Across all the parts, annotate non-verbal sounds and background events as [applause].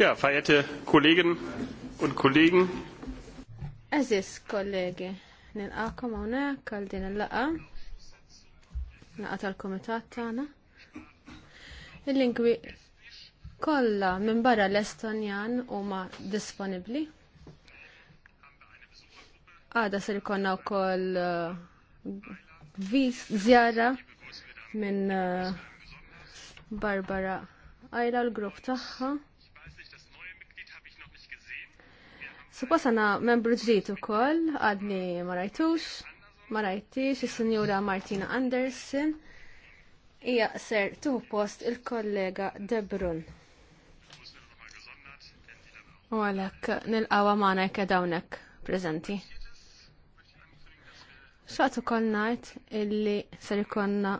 Ja, verehrte Kolleginnen und Kollegen. Eżis, kollegi, nil-għakom għonek għal din il-laqa, laqa tal-komitat tana. Il-lingwi kolla minn barra l-Estonjan u ma disponibli. Għada ser ikonna wkoll uh, zjara minn uh, Barbara Ajla l grup taħħa. Suppost għana membru ġdijt u koll, għadni marajtux, marajtix, il-senjura Martina Andersen, ija ser tuħu post il-kollega Debrun. U għalek, nil għawa maħna jke dawnek prezenti. Xaħtu kol najt illi ser ikonna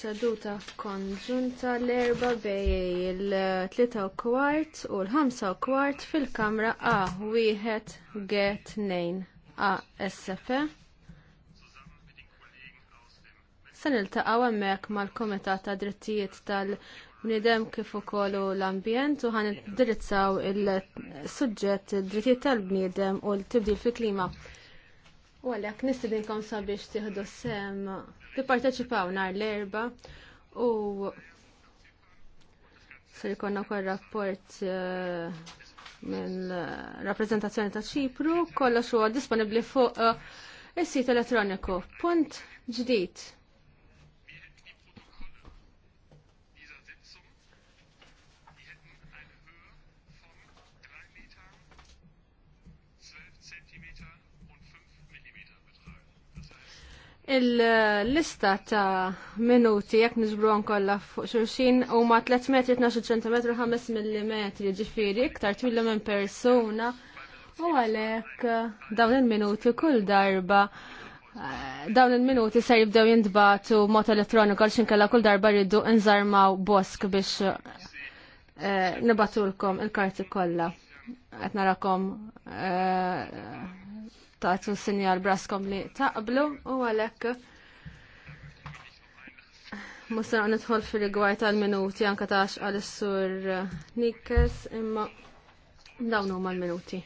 seduta f'konġunta l-erba bej il-3 u kwart u l-5 u kwart fil-kamra A1 G2 ASF. Se niltaqgħu hemmhekk mal-Kumitat ta' Drittijiet tal-Bniedem kif ukoll l-ambjent u ħan indirizzaw il-suġġett drittijiet tal-bniedem u l-tibdil fil-klima. U għalhekk nistidinkom sabiex tieħdu sem tipparteċipaw nhar l-erba u ser konna kol rapport eh, minn rappresentazzjoni ta' ċipru, kollox huwa disponibbli fuq eh, is-sit elettroniku. Punt ġdid Il-lista ta' minuti jekk niżbruhom kollha fuq xulxin huma 3 metri 12 cm 5 mm ġifiri iktar twillu minn persuna u għalhekk dawn il-minuti kull darba eh, dawn il-minuti se jibdew jintbatu mod elettroniku għal xinkella kull darba rridu nżarmaw bosk biex eh, nibatulkom il-karti kollha. Qed narakom eh, s sinjal braskom li taqblu u għalhekk Musa nidħol fil-rigward tal-minuti anka tax għal-sur eh, Nikkes imma dawn huma l-minuti.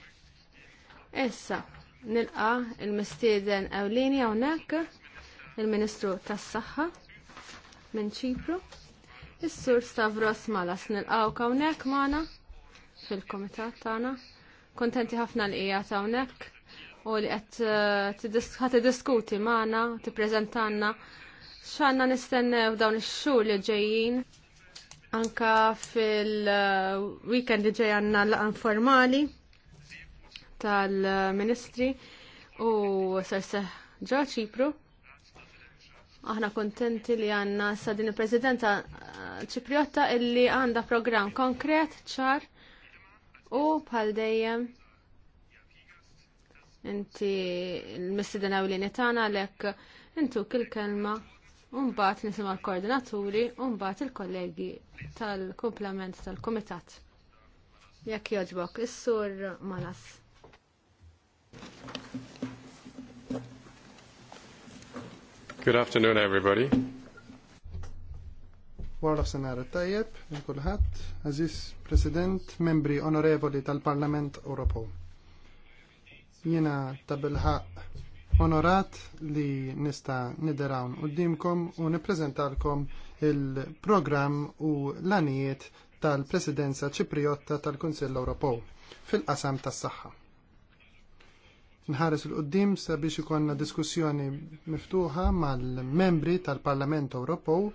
Issa nilqa il-mistieden Ewlini hawnhekk il-Ministru tas-Saħħa minn Ċipru. Is-Sur Stavros Malas nilqgħu hawnhekk maħna fil-kumitat tagħna. Kontenti ħafna l-qija hawnhekk u li qed maħna, eh, magħna, prezentanna x'għandna nistennew dawn ix xur li ġejjin anka fil-weekend li ġej għandna laqa informali tal-Ministri u serseħ ġo Ċipru. Aħna kontenti li għanna sa din il prezidenta eh, Ċipriotta illi għanda program konkret ċar u bħal dejjem Inti l-missidina u l-lini lek intu kil-kelma Umbat nisim l-koordinaturi, umbat il-kollegi tal-komplement tal-komitat. Jekk joġbok, is-sur Malas. Good afternoon, everybody. Warraf senar tajjeb, kulħadd, Aziz President, membri onorevoli tal-Parlament Ewropew. Jiena ta' onorat li nista' u dimkom u nippreżentalkom il program u l-anijiet tal-Presidenza Ċipriotta tal-Kunsill Ewropew fil-qasam tas-saħħa. Nħares l qoddim sabiex ikonna diskussjoni miftuħa mal-membri tal-Parlament Ewropew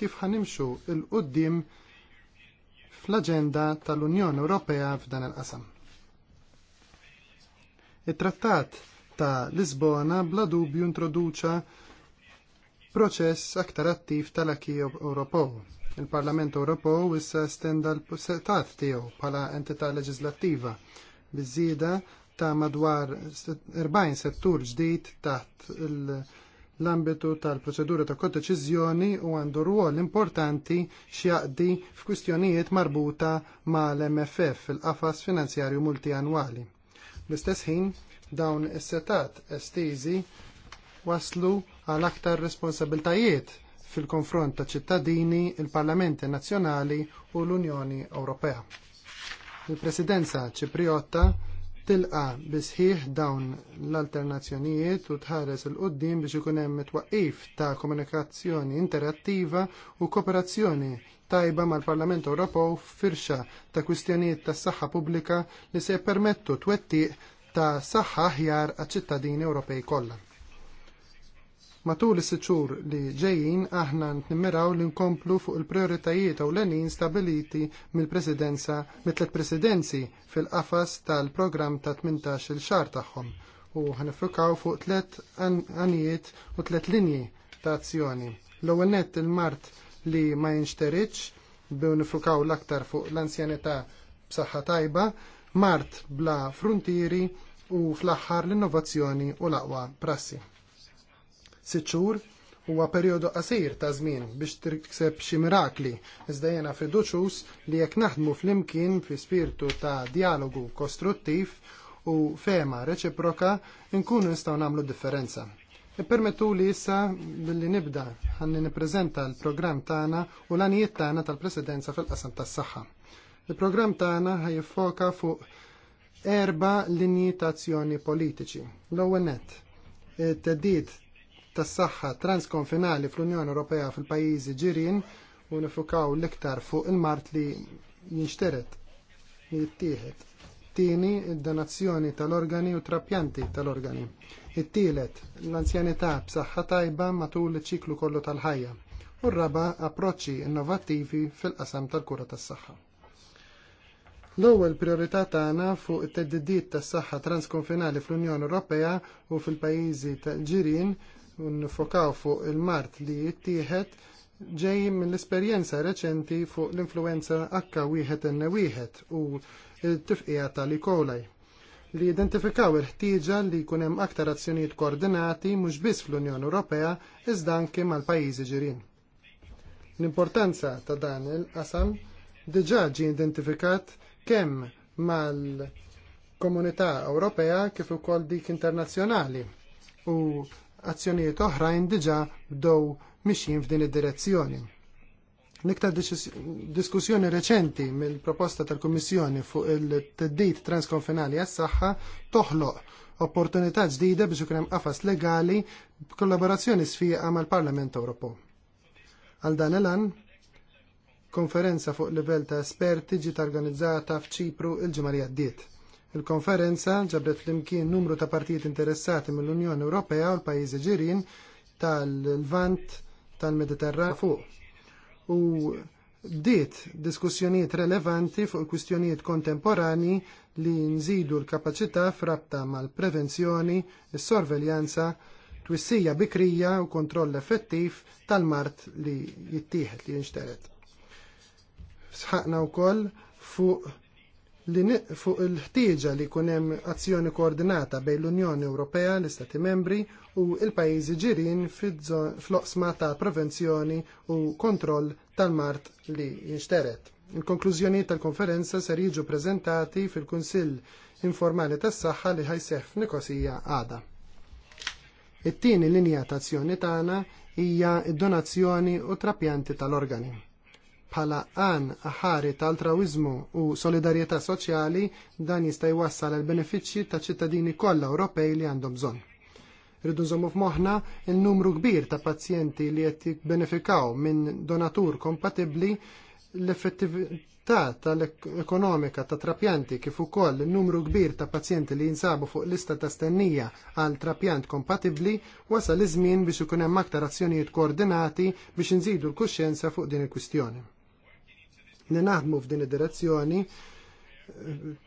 kif ħanimxu l qoddim fl-aġenda tal-Unjoni Ewropea f'dan il-qasam. Il-trattat ta' Lisbona bla dubju introduċa proċess aktar attiv tal-Aki Ewropew. Il-Parlament Ewropew issa stenda l-setat tiegħu bħala entità leġislattiva li-żieda ta' madwar 40 settur ġdid taħt l-ambitu tal-proċedura ta' kodeċiżjoni u għandu rwol importanti x'jaqdi f'kwistjonijiet marbuta mal-MFF, il-qafas finanzjarju multianwali l istess ħin, dawn is-setat estiżi waslu għal aktar responsabiltajiet fil-konfront ta' ċittadini, il-Parlamenti Nazzjonali u l-Unjoni Ewropea. Il-Presidenza Ċipriotta tilqa bisħiħ dawn l-alternazzjonijiet u tħares il-qoddim biex ikun hemm it-twaqqif ta' komunikazzjoni interattiva u kooperazzjoni tajba mal-Parlament Ewropew firxa ta' kwistjonijiet tas saħħa pubblika li se permettu twettiq ta' saħħa aħjar għaċ-ċittadini Ewropej kollha. Matul is-sitt li ġejjin aħna nimmiraw li nkomplu fuq il-prioritajiet l-enin stabiliti mill-presidenza mit tlet presidenzi fil-qafas tal-programm ta' 18 il xahar tagħhom u ħanifrukaw fuq tliet għanijiet u tliet linji ta' azzjoni. L-ewwel nett il-Mart li ma jinxteriċ bi l-aktar fuq l-anzjanità b'saħħa tajba, mart bla frontieri u fl-aħħar l-innovazzjoni u l-aqwa prassi. Sitt xhur huwa perjodu qasir ta' żmien biex tikseb xi mirakli, iżda jiena fiduċus li jekk naħdmu flimkien fi spirtu ta' dialogu kostruttiv u fema reċiproka nkunu nistgħu nagħmlu differenza. Permettu li issa billi nibda ħanni niprezenta l-programm tagħna u l għanijiet tagħna tal-Presidenza fil-qasam tas-saħħa. Il-programm tagħna ħajfoka fuq erba' linji ta' azzjoni politiċi. L-ewwel nett, it-teddid tas-saħħa transkonfinali fl-Unjoni Ewropea fil-pajjiżi ġirien u nifukaw l-iktar fuq il-mart li jinxteret jittieħed. Tieni, id-donazzjoni tal-organi u trapjanti tal-organi. It-tielet, l-anzjanità b'saħħa tajba matul iċ-ċiklu kollu tal-ħajja. U r-raba, approċċi innovattivi fil-qasam tal-kura tas-saħħa. L-ewwel priorità tagħna fuq it tedidiet tas-saħħa transkonfinali fl-Unjoni Ewropea u fil-pajjiżi tal-ġirien u nfokaw fuq il-mart li jittieħed ġej mill-esperjenza reċenti fuq l-influenza H1N1 u il-tifqija tal-ikolaj li identifikaw il-ħtieġa li jkun hemm aktar azzjonijiet koordinati mhux biss fl-Unjoni Ewropea iżda anke mal-pajjiżi ġirien. L-importanza ta' dan il-qasam diġà ġie identifikat kemm mal-Komunità Ewropea kif ukoll dik internazzjonali u azzjonijiet oħrajn diġà bdew mixjin f'din id-direzzjoni. Niktar diskussjoni reċenti mill-proposta tal-Kummissjoni fuq il-teddit transkonfinali għas-saħħa toħloq opportunità ġdida biex ikun hemm qafas legali b'kollaborazzjoni sfiqa mal-Parlament Ewropew. Għal dan il-an, konferenza fuq livell ta' esperti ġiet organizzata f'Ċipru il-ġimgħa li għaddiet. Il-konferenza ġabret flimkien numru ta' partijiet interessati mill-Unjoni Ewropea u l-pajjiżi ġirien tal levant tal-Mediterran fuq u bdiet diskussjonijiet relevanti fuq kwistjonijiet kontemporani li nżidu l-kapaċità frabta mal-prevenzjoni, is-sorveljanza, twissija bikrija u kontroll effettiv tal-mart li jittieħed li jinxteret. Sħaqna wkoll fuq li fuq il-ħtieġa li jkun hemm azzjoni koordinata bejn l-Unjoni Ewropea, l-Istati Membri u l-pajjiżi ġirin fl-oqsma ta' prevenzjoni u kontroll tal-mart li jinxteret. Il-konklużjoni tal-konferenza ser jiġu preżentati fil-Kunsill Informali tas-Saħħa li ħajseħ Nikosija għada. It-tieni linja ta' azzjoni tagħna hija d donazzjoni u trapjanti tal-organi bħala għan aħari ta' altrawizmu u solidarjetà soċjali dan jista' jwassal għal benefiċċji ta' ċittadini kollha Ewropej li għandhom bżonn. Rridu nżommu f'moħħna il-numru kbir ta' pazjenti li qed jibbenefikaw minn donatur kompatibbli l-effettività tal-ekonomika ta' trapjanti kif ukoll il-numru kbir ta' pazjenti li jinsabu fuq lista ta' stennija għal trapjant kompatibbli wasal iż-żmien biex ikun hemm aktar azzjonijiet koordinati biex inżidu l-kuxjenza fuq din il-kwistjoni li naħdmu f'din id-direzzjoni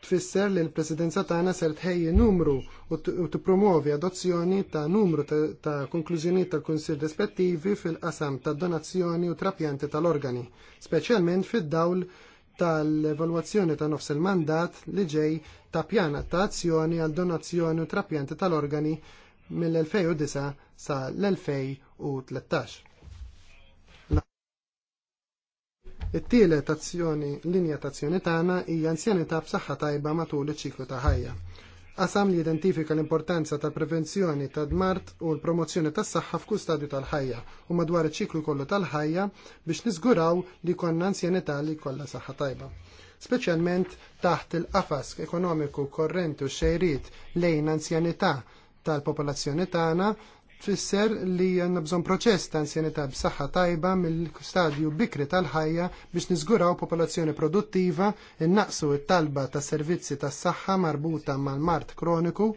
tfisser li l-presidenza tagħna ser tħejji numru u tippromovi adozzjoni ta' numru ta' konklużjonijiet tal-Kunsill rispettivi fil-qasam ta' donazzjoni u trapjanti tal-organi, speċjalment fid-dawl tal-evalwazzjoni ta' nofs il-mandat li ġej ta' pjana ta' azzjoni għal donazzjoni u trapjanti tal-organi mill-2009 sa l-2013. It-tielet azzjoni linja ta' azzjoni tagħna hija anzjanità b'saħħa tajba matul iċ-ċiklu ta' ħajja. Qasam li identifika l-importanza tal prevenzjoni ta' dmart u l-promozzjoni tas saħħa f'kull stadju tal-ħajja u madwar iċ-ċiklu kollu tal-ħajja biex niżguraw li konna anzjanità li kollha saħħa tajba speċjalment taħt il-qafas ekonomiku korrenti u xejrit lejn anzjanità tal-popolazzjoni tagħna tfisser li għanna bżon proċess ta' ansjenità b'saħħa tajba mill-stadju bikri tal-ħajja biex niżguraw popolazzjoni produttiva, innaqsu it-talba ta' servizzi tas saħħa marbuta mal-mart kroniku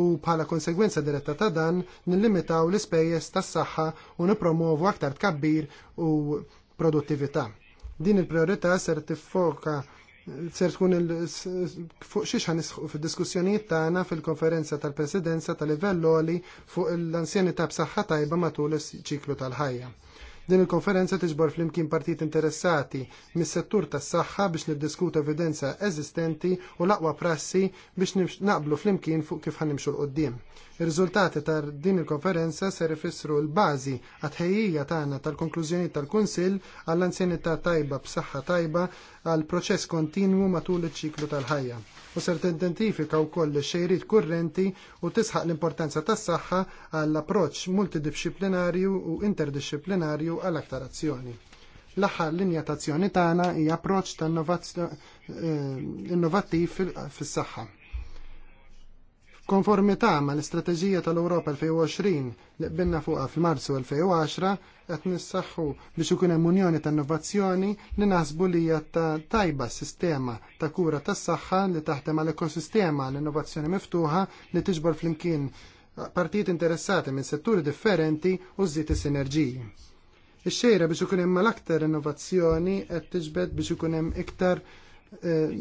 u bħala konsegwenza diretta ta' dan nillimitaw l-ispejjeż tas saħħa u nipromuovu aktar tkabbir u produttività. Din il-priorità ser tiffoka ser tkun fuq xiex ħanisħu fil-diskussjonijiet tagħna fil-konferenza tal-presidenza tal-livell loli fuq l-ansjenità b'saħħa tajba matul is-ċiklu tal-ħajja. Din il-konferenza tiġbor flimkien partit interessati mis-settur tas-saħħa biex niddiskuta evidenza eżistenti u l-aqwa prassi biex naqblu flimkien fuq kif ħanimxu l-qoddim. Ir-riżultati tar din il-konferenza ser ifissru l-bażi għat-ħejjija tagħna tal-konklużjoni tal-Kunsill għall-anzjanità tajba b'saħħa tajba għal proċess kontinwu matul iċ-ċiklu tal-ħajja. U ser tidentifika wkoll xejrit kurrenti u tisħaq l-importanza tas-saħħa għall approċċ multidisciplinarju u interdisciplinarju għal aktar azzjoni. L-aħħar linja ta' azzjoni tagħna hija approċċ ta' eh, innovattiv fis-saħħa. Konformità ma l-istrateġija tal-Europa 2020 li qbilna fuqha f'Marzu 2010 qed nissaħħu biex ikun hemm unjoni ta' innovazzjoni li naħsbu li hija ta' tajba sistema ta' kura tas-saħħa li taħdem għal ekosistema l-innovazzjoni miftuħa li tiġbor flimkien partijiet interessati minn setturi differenti u żżid is-sinerġiji. Ix-xejra biex ikun hemm mal-aktar innovazzjoni qed tiġbed biex ikun hemm iktar eh,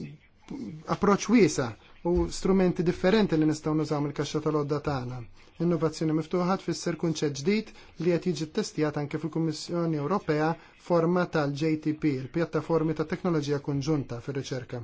approċċ wiesa' u strumenti differenti li nistgħu nużaw mill-kaxxa tal-odda tagħna. Innovazzjoni miftuħa tfisser kunċett ġdid li qed jiġi ttestjat anke fil-Kummissjoni Ewropea forma tal-JTP, il-pjattaformi ta' teknoloġija konġunta fir-riċerka.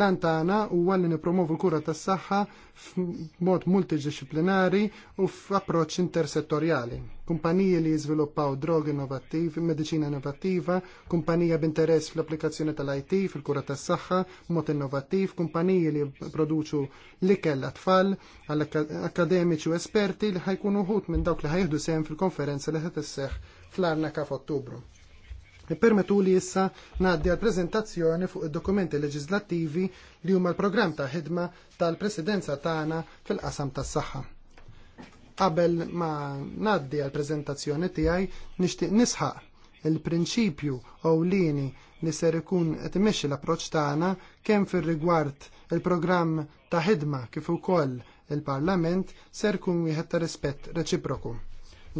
Lan tagħna huwa li nippromovu l-kura tas-saħħa f'mod multidisciplinari u f'approċċ intersettorjali. Kumpaniji li jiżviluppaw drogi innovattivi, mediċina innovattiva, kumpanija b'interess fl-applikazzjoni tal-IT fil-kura tas-saħħa, mod innovattiv, kumpaniji li produċu l-ikel tfal għall akademiċi u esperti li ħajkunu ħut minn dawk li ħajħdu sehem fil-konferenza li ħed isseħħ fl-Arnaka f'Ottubru. Permetu li issa naddi għal prezentazzjoni fuq id-dokumenti leġislattivi li huma l-programm ta' ħidma tal-presidenza tagħna fil-qasam tas-saħħa. Qabel ma naddi għal prezentazzjoni tiegħi nixtieq nisħaq il-prinċipju ewlieni li ser ikun qed imexxi l-approċċ tagħna kemm fir-rigward il-programm ta' ħidma kif ukoll il-Parlament ser kun wieħed ta' rispett reċiproku.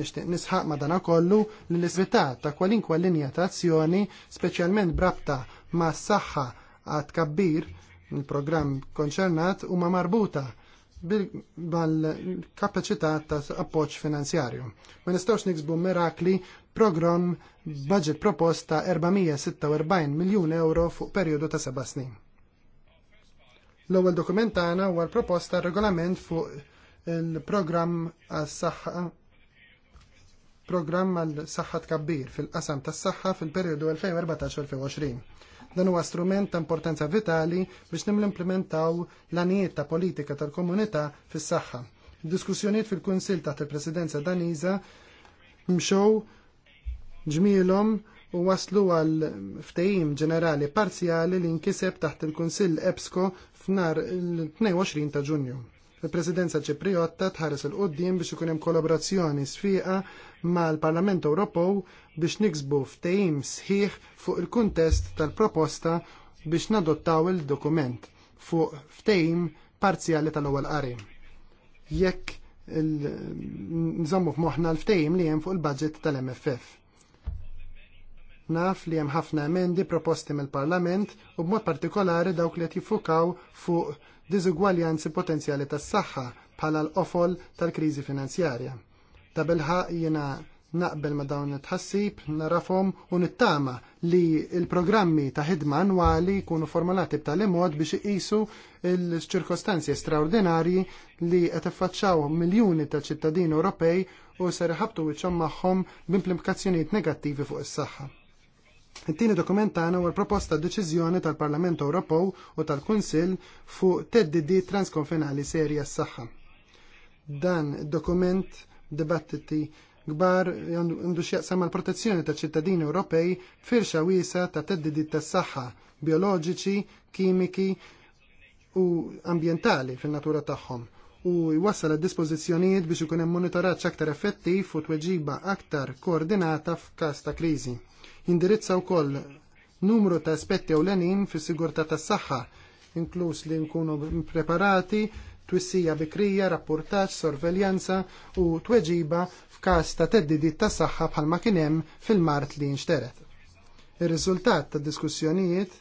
Nixtieq nisħaq madana kollu l-isvità ta' kwalinkwa linja ta' azzjoni, speċjalment brabta ma' s-saħħa għad kabbir il-programm konċernat huma marbuta mal kapacita ta' appoġġ finanzjarju. Ma nistgħux niksbu mirakli programm budget proposta 446 miljun euro fuq perjodu ta' seba' snin. L-ewwel dokumentana huwa l-proposta regolament fuq il-programm għas-saħħa programm għal saħħat kabbir fil-qasam tas saħħa fil-periodu 2014-2020. Dan huwa strument ta' importanza vitali biex implementaw l-anijiet ta' politika tal-komunità fis-saħħa. Diskussjoniet fil-Kunsil taħt il-Presidenza Daniża mxow ġmielhom u waslu għal ftehim ġenerali parzjali li nkiseb taħt il-Kunsill EBSCO f'nar il-22 ta' Ġunju Il-Presidenza Ċipriotta tħares il-qoddim biex ikun hemm kollaborazzjoni sfiqa mal-Parlament Ewropew biex niksbu ftehim sħiħ fuq il-kuntest tal-proposta biex nadottaw il-dokument fuq ftehim parzjali tal-ewwel qari. Jekk nżammu f'moħħna l-ftehim li hemm fuq il-budget tal-MFF. Naf li hemm ħafna emendi proposti mill-Parlament u b'mod partikolari dawk li qed jiffukaw fuq diżugwaljanzi potenzjali tas-saħħa bħala l-qofol tal-kriżi finanzjarja. Ta' bilħa jiena naqbel ma dawn it-ħassib, narafhom u nittama li il-programmi ta' ħidma anwali jkunu formulati b'tali mod biex iqisu l-ċirkostanzi straordinarji li qed iffaċċaw miljuni ta' ċittadini Ewropej u ser iħabtu wiċċhom magħhom bimplikazzjonijiet negattivi fuq is-saħħa. It-tieni dokument tagħna huwa proposta deċiżjoni tal-Parlament Ewropew u tal-Kunsill fuq TDD transkonfinali serja s-saħħa. Dan dokument dibattiti kbar għandu xieqsam mal-protezzjoni ta' ċittadini Ewropej firxa wiesa ta' teddidi tas-saħħa bioloġiċi, kimiki u ambjentali fin-natura tagħhom u jwassal għad-dispożizzjonijiet biex ikun hemm monitoraġġ aktar effettiv u tweġiba aktar koordinata f'każ ta' kriżi jindirizza wkoll numru ta' aspetti ewlenin fis-sigurtà tas-saħħa, inkluż li nkunu preparati, twissija bikrija, rapportaġġ, sorveljanza u tweġiba f'każ ta' teddidiet tas-saħħa bħalma kien hemm fil-Mart li nxteret. Ir-riżultat tad diskussjonijiet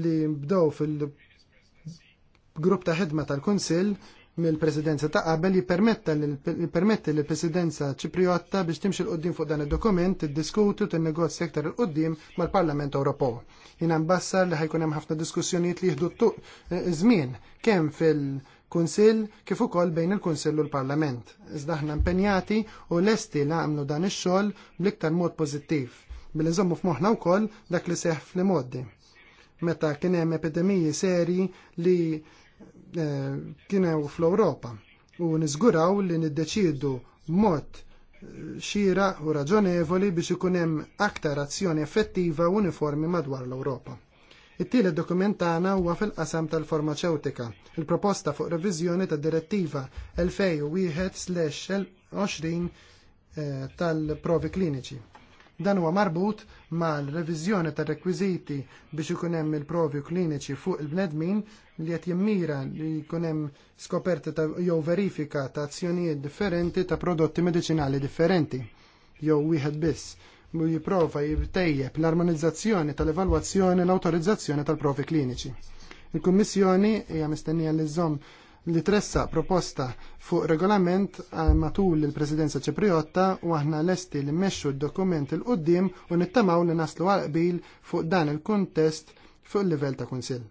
li bdew fil-grupp ta' ħidma tal-Kunsill mill-presidenza ta' qabel jipermetta permetti li presidenza ċipriotta biex timxil qoddim fuq dan id-dokument tiddiskutu tin-negozja aktar il qoddim mal-Parlament Ewropew. Jien mbassar li ħajkun hemm ħafna diskussjonijiet li jieħdu tuq eh, żmien kemm fil-Kunsill kif ukoll bejn il-Kunsill u l-Parlament. Iżda aħna impenjati u lesti li għamlu dan ix-xogħol bl-iktar mod pożittiv billi nżommu f'moħħna wkoll dak li seħħ fl-modi meta kien hemm epidemiji serji li Eh, kienew fl-Ewropa u niżguraw li niddeċidu mod eh, xira u raġonevoli biex ikun hemm aktar azzjoni effettiva u uniformi madwar l-Ewropa. it tile dokumentana huwa fil-qasam tal-farmaceutika, il-proposta fuq reviżjoni tad direttiva 2001/20 eh, tal-provi kliniċi. Dan huwa marbut mal-reviżjoni tar rekwiżiti biex ikun hemm il-provi kliniċi fuq il-bnedmin li qed jimmira li jkun hemm skoperta ta' jew verifika ta' azzjonijiet differenti ta' prodotti mediċinali differenti jew wieħed biss u jipprova jibtejjeb l-armonizzazzjoni tal-evalwazzjoni l-awtorizzazzjoni tal-provi kliniċi. Il-Kummissjoni hija mistennija li żomm li tressa proposta fuq regolament eh, matul il-Presidenza Ċipriotta u aħna lesti li meċu d-dokument il qoddim u nittamaw li naslu għalqbil fuq dan il-kuntest fuq il-livell ta' kunsill.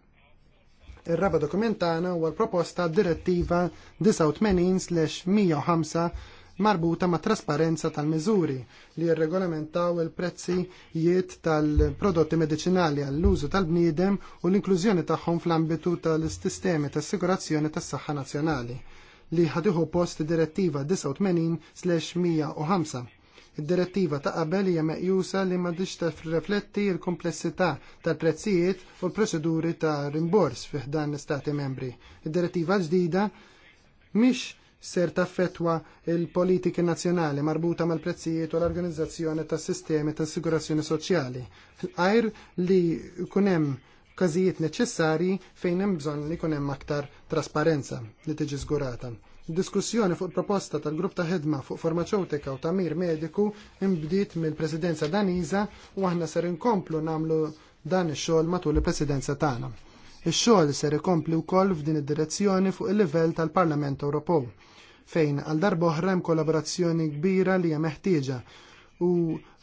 Ir-raba dokumentana huwa l-proposta direttiva 89/105 marbuta ma' trasparenza tal-miżuri li jirregolamentaw il-prezzijiet tal-prodotti medicinali għall-użu tal-bniedem u l-inklużjoni tagħhom fl-ambitu tal-sistemi tas sigurazzjoni tas-saħħa nazzjonali li ħadiħu post direttiva 89/105. Id-direttiva ta' qabel hija meqjusa li ma tix rifletti l-komplessità tal-prezzijiet u l-proċeduri ta' rimbors fih dan l-Istati membri. Id-direttiva ġdida mhix ser taffetwa il-politiki nazzjonali marbuta mal-prezzijiet u l-organizzazzjoni tas sistemi ta' assigurazzjoni soċjali. l għajr li kunem kazijiet neċessari fejn hemm bżonn li kunem aktar trasparenza li tiġi żgurata. Diskussjoni fuq proposta tal-grupp ta' ħedma fuq farmaceutika u tamir mediku imbdiet mill-presidenza Daniża u aħna ser inkomplu namlu dan ix-xogħol matul il-presidenza tagħna. Ix-xogħol ser ikompli wkoll f'din id-direzzjoni fuq il-livell tal-Parlament Ewropew fejn għal darba oħra hemm kollaborazzjoni kbira li hija meħtieġa u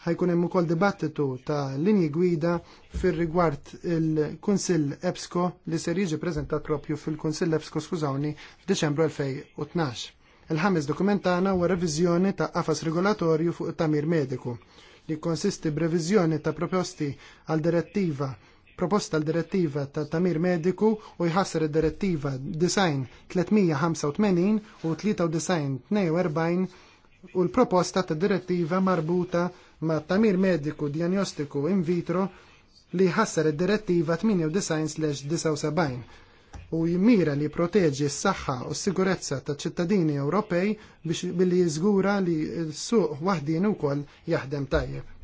ħajkun hemm ukoll dibattitu ta' linji gwida fir-rigward il-Kunsill EBSCO li ser jiġi preżentat propju fil-Kunsill EBSCO skużawni f'Diċembru 2012. Il-ħames dokumentana huwa reviżjoni ta' qafas regolatorju fuq it-tamir mediku li konsisti b'reviżjoni ta' proposti għal direttiva proposta l-direttiva ta' tamir mediku u jħassar id-direttiva design 385 u 93 u l-proposta ta' direttiva marbuta ma' tamir mediku diagnostiku in vitro li jħassar id-direttiva 89 79 u jimmira li proteġi s-saħħa u s-sigurezza ta' ċittadini Ewropej biex billi jiżgura li s-suq waħdin ukoll jaħdem tajjeb.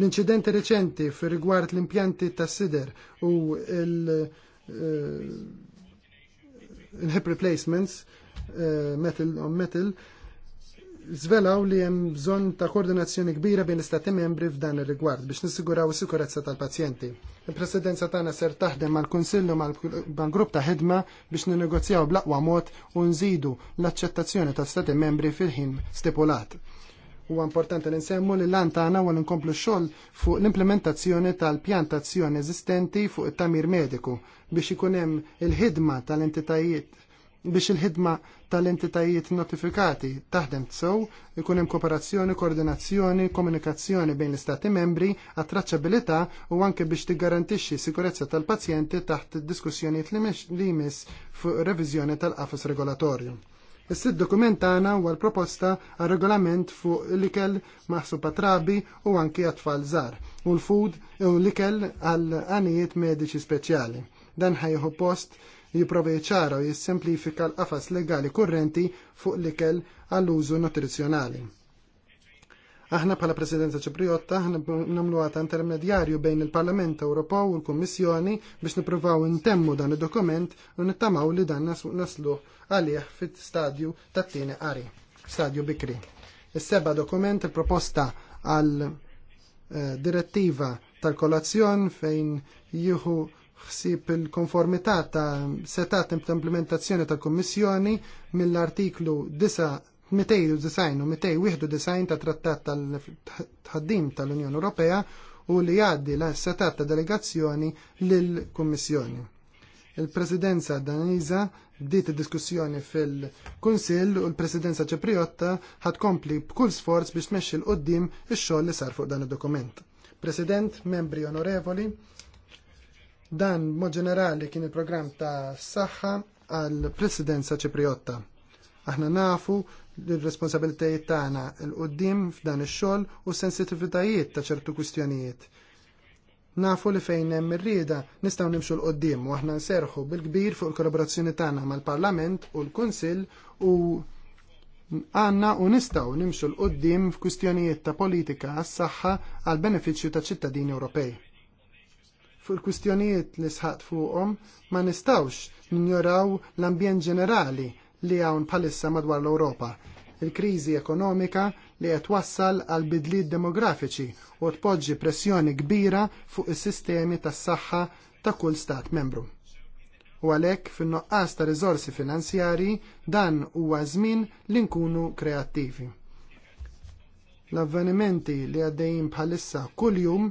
L-inċidenti reċenti fir rigward l-impjanti ta' sider u eh, l-hip replacements eh, metal on metal zvelaw li hemm bżonn ta' koordinazzjoni kbira bejn l-istati membri f'dan ir-rigward biex nissiguraw is-sikurezza tal-pazjenti. Il-presidenza tagħna ser taħdem mal-Kunsillu mal-grupp ta' ħidma biex ninegozjaw bl-aqwa mod u nżidu l-aċċettazzjoni tal-stati membri fil-ħin stipulat. Huwa importanti li nsemmu li lan tagħna wara nkomplu xogħol fuq l-implementazzjoni tal-pjantazzjoni eżistenti fuq it-tamir mediku biex ikun hemm il-ħidma tal-entitajiet biex il-ħidma tal-entitajiet notifikati taħdem tsow, ikun hemm kooperazzjoni, koordinazzjoni, komunikazzjoni bejn l-istati membri għat traċċabilità u anke biex tiggarantixxi sikurezza tal-pazjenti taħt diskussjonijiet li jmiss fuq reviżjoni tal-qafas regolatorju. Is-sid dokument tagħna huwa l-proposta għal regolament fuq l-ikel maħsub patrabi u anki għat-tfal żgħar u l-food u l-ikel għal għanijiet mediċi speċjali. Dan ħajħu post jipprova ċara u jissimplifika l-qafas legali kurrenti fuq l-ikel għall-użu nutrizjonali. Aħna bħala Presidenza Ċipriotta aħna namlu għata intermedjarju bejn il-Parlament Ewropew u l-Kummissjoni biex nippruvaw intemmu dan id-dokument u nittamaw li dan naslu għalih fit-stadju tat-tieni qari, stadju bikri. Is-seba' dokument il-proposta għal eh, direttiva tal-kolazzjon fejn jieħu ħsib il-konformità ta' setat implementazzjoni tal-Kommissjoni mill-artiklu 9 290 u design ta' trattat tal-ħaddim tal-Unjoni Ewropea u li għaddi l setat ta' delegazzjoni lill-Kummissjoni. Il-Presidenza Daniza bdiet id-diskussjoni fil-Kunsill u l-Presidenza Ċepriotta ħad kompli b'kull sforz biex tmexxi l qoddim ix-xogħol li sar fuq dan id-dokument. President, membri onorevoli, dan mod ġenerali kien il-programm ta' saħħa għall-Presidenza Ċepriotta. Aħna nafu l-responsabilitajiet tagħna l-qoddim f'dan ix-xogħol u s-sensitivitajiet ta' ċertu kwistjonijiet. Nafu li fejn hemm ir-rieda nistgħu nimxu l-qoddim u aħna nserħu bil-kbir fuq il-kollaborazzjoni tagħna mal-Parlament u l-Kunsill u għanna u nistgħu nimxu l-qoddim f'kwistjonijiet ta' politika għas-saħħa għal benefiċċju ta' ċittadini Ewropej. Fuq il-kwistjonijiet li sħaqt fuqhom ma nistgħux ninjoraw l-ambjent ġenerali li hawn bħalissa madwar l-Ewropa. Il-kriżi ekonomika li qed wassal għal bidliet demografiċi u tpoġġi pressjoni kbira fuq is-sistemi tas-saħħa ta' kull stat membru. U għalhekk fin-noqqas ta' riżorsi finanzjarji dan huwa żmien li nkunu kreattivi. L-avvenimenti li għaddejjin bħalissa kuljum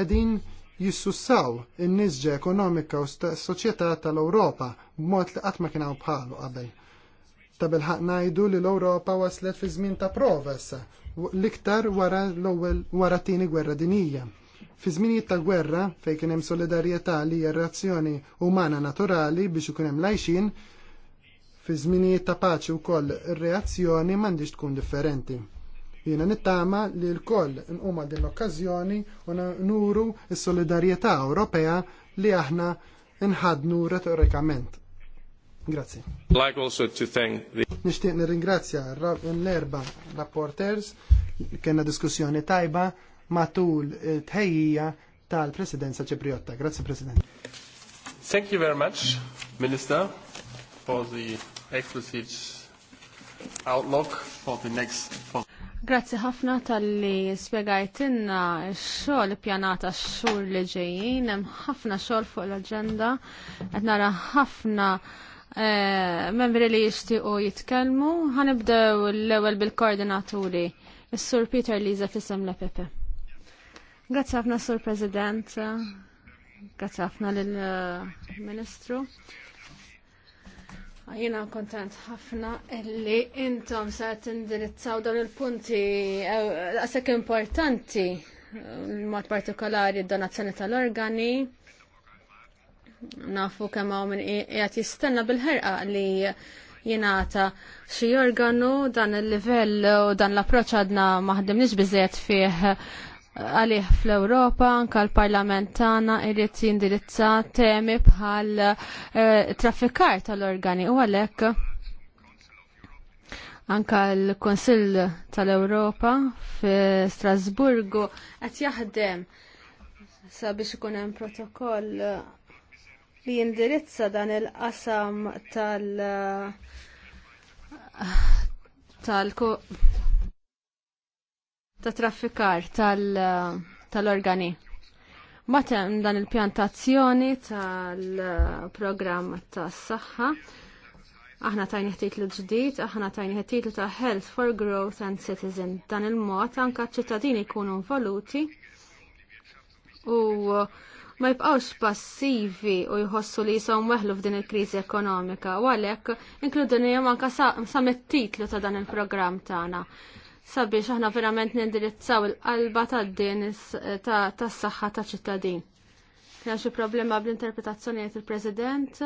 qegħdin jissussaw in-nisġa ekonomika u s-soċjetà tal-Ewropa b'mod li qatt ma kien hawn bħalu qabel. Ta' bilħaq ngħidu li l-Ewropa waslet fi żmien ta' prova issa, l-iktar wara l-ewwel wara t-tieni gwerra dinija. Fi żminijiet ta' gwerra fejn kien hemm solidarjetà li hija reazzjoni umana naturali biex ikun hemm lajxin, fi żminijiet ta' paċi wkoll ir-reazzjoni m'għandix tkun differenti. Jiena nittama li l-koll nquma din l-okkażjoni u nuru s-solidarjetà Ewropea li aħna nħadnu retorikament. Grazzi. Like also to thank the... Nishtiq nirringrazzja l-erba rapporters kena diskussjoni tajba matul tħejjija tal-Presidenza Ċipriotta. Grazie, President. Thank you very much, Minister, for the explicit outlook for the next... For... Grazzi ħafna tal-li spiegajtinna xol pjanata x li ġejjin, ħafna xol fuq l-agenda, qed nara ħafna Eh, membri li jixtiequ jitkellmu. Ħanibdew l-ewwel bil-koordinaturi. Is-Sur Peter Liza fissam la Pepe. Grazzi ħafna Sur President, grazzi ħafna lill-Ministru. Jina kontent ħafna illi intom se tindirizzaw dawn il-punti eh, għasek importanti mod partikolari d-donazzjoni tal-organi nafu kemm hawn min qiegħed jistenna bil-ħerqa li jingħata xi organu dan il-livell u dan l-approċċ għadna nix biżejjed fih għalih fl-Europa, anka l-Parlament tagħna irid jindirizza temi bħal eh, traffikar tal-organi u għalhekk anka l-Konsill tal-Ewropa fi Strasburgu qed jaħdem sabiex ikun hemm protokoll li jindirizza dan il-qasam tal- tal ta' traffikar tal-organi. Tal Matem dan il-pjantazzjoni tal-programm tas saħħa aħna tajni l ġdid, aħna tajni ħtitlu ta' Health for Growth and Citizen. Dan il-mod anka ċittadini jkunu involuti u ma jibqawx passivi u jħossu li jisom weħlu f'din il-kriżi ekonomika u għalhekk inkludunihom anke sa mit-titlu ta' dan il-programm tagħna sabiex aħna verament nindirizzaw il-qalba ta' din tas-saħħa ta' ċittadin. Kena xi problema bl-interpretazzjoni il-President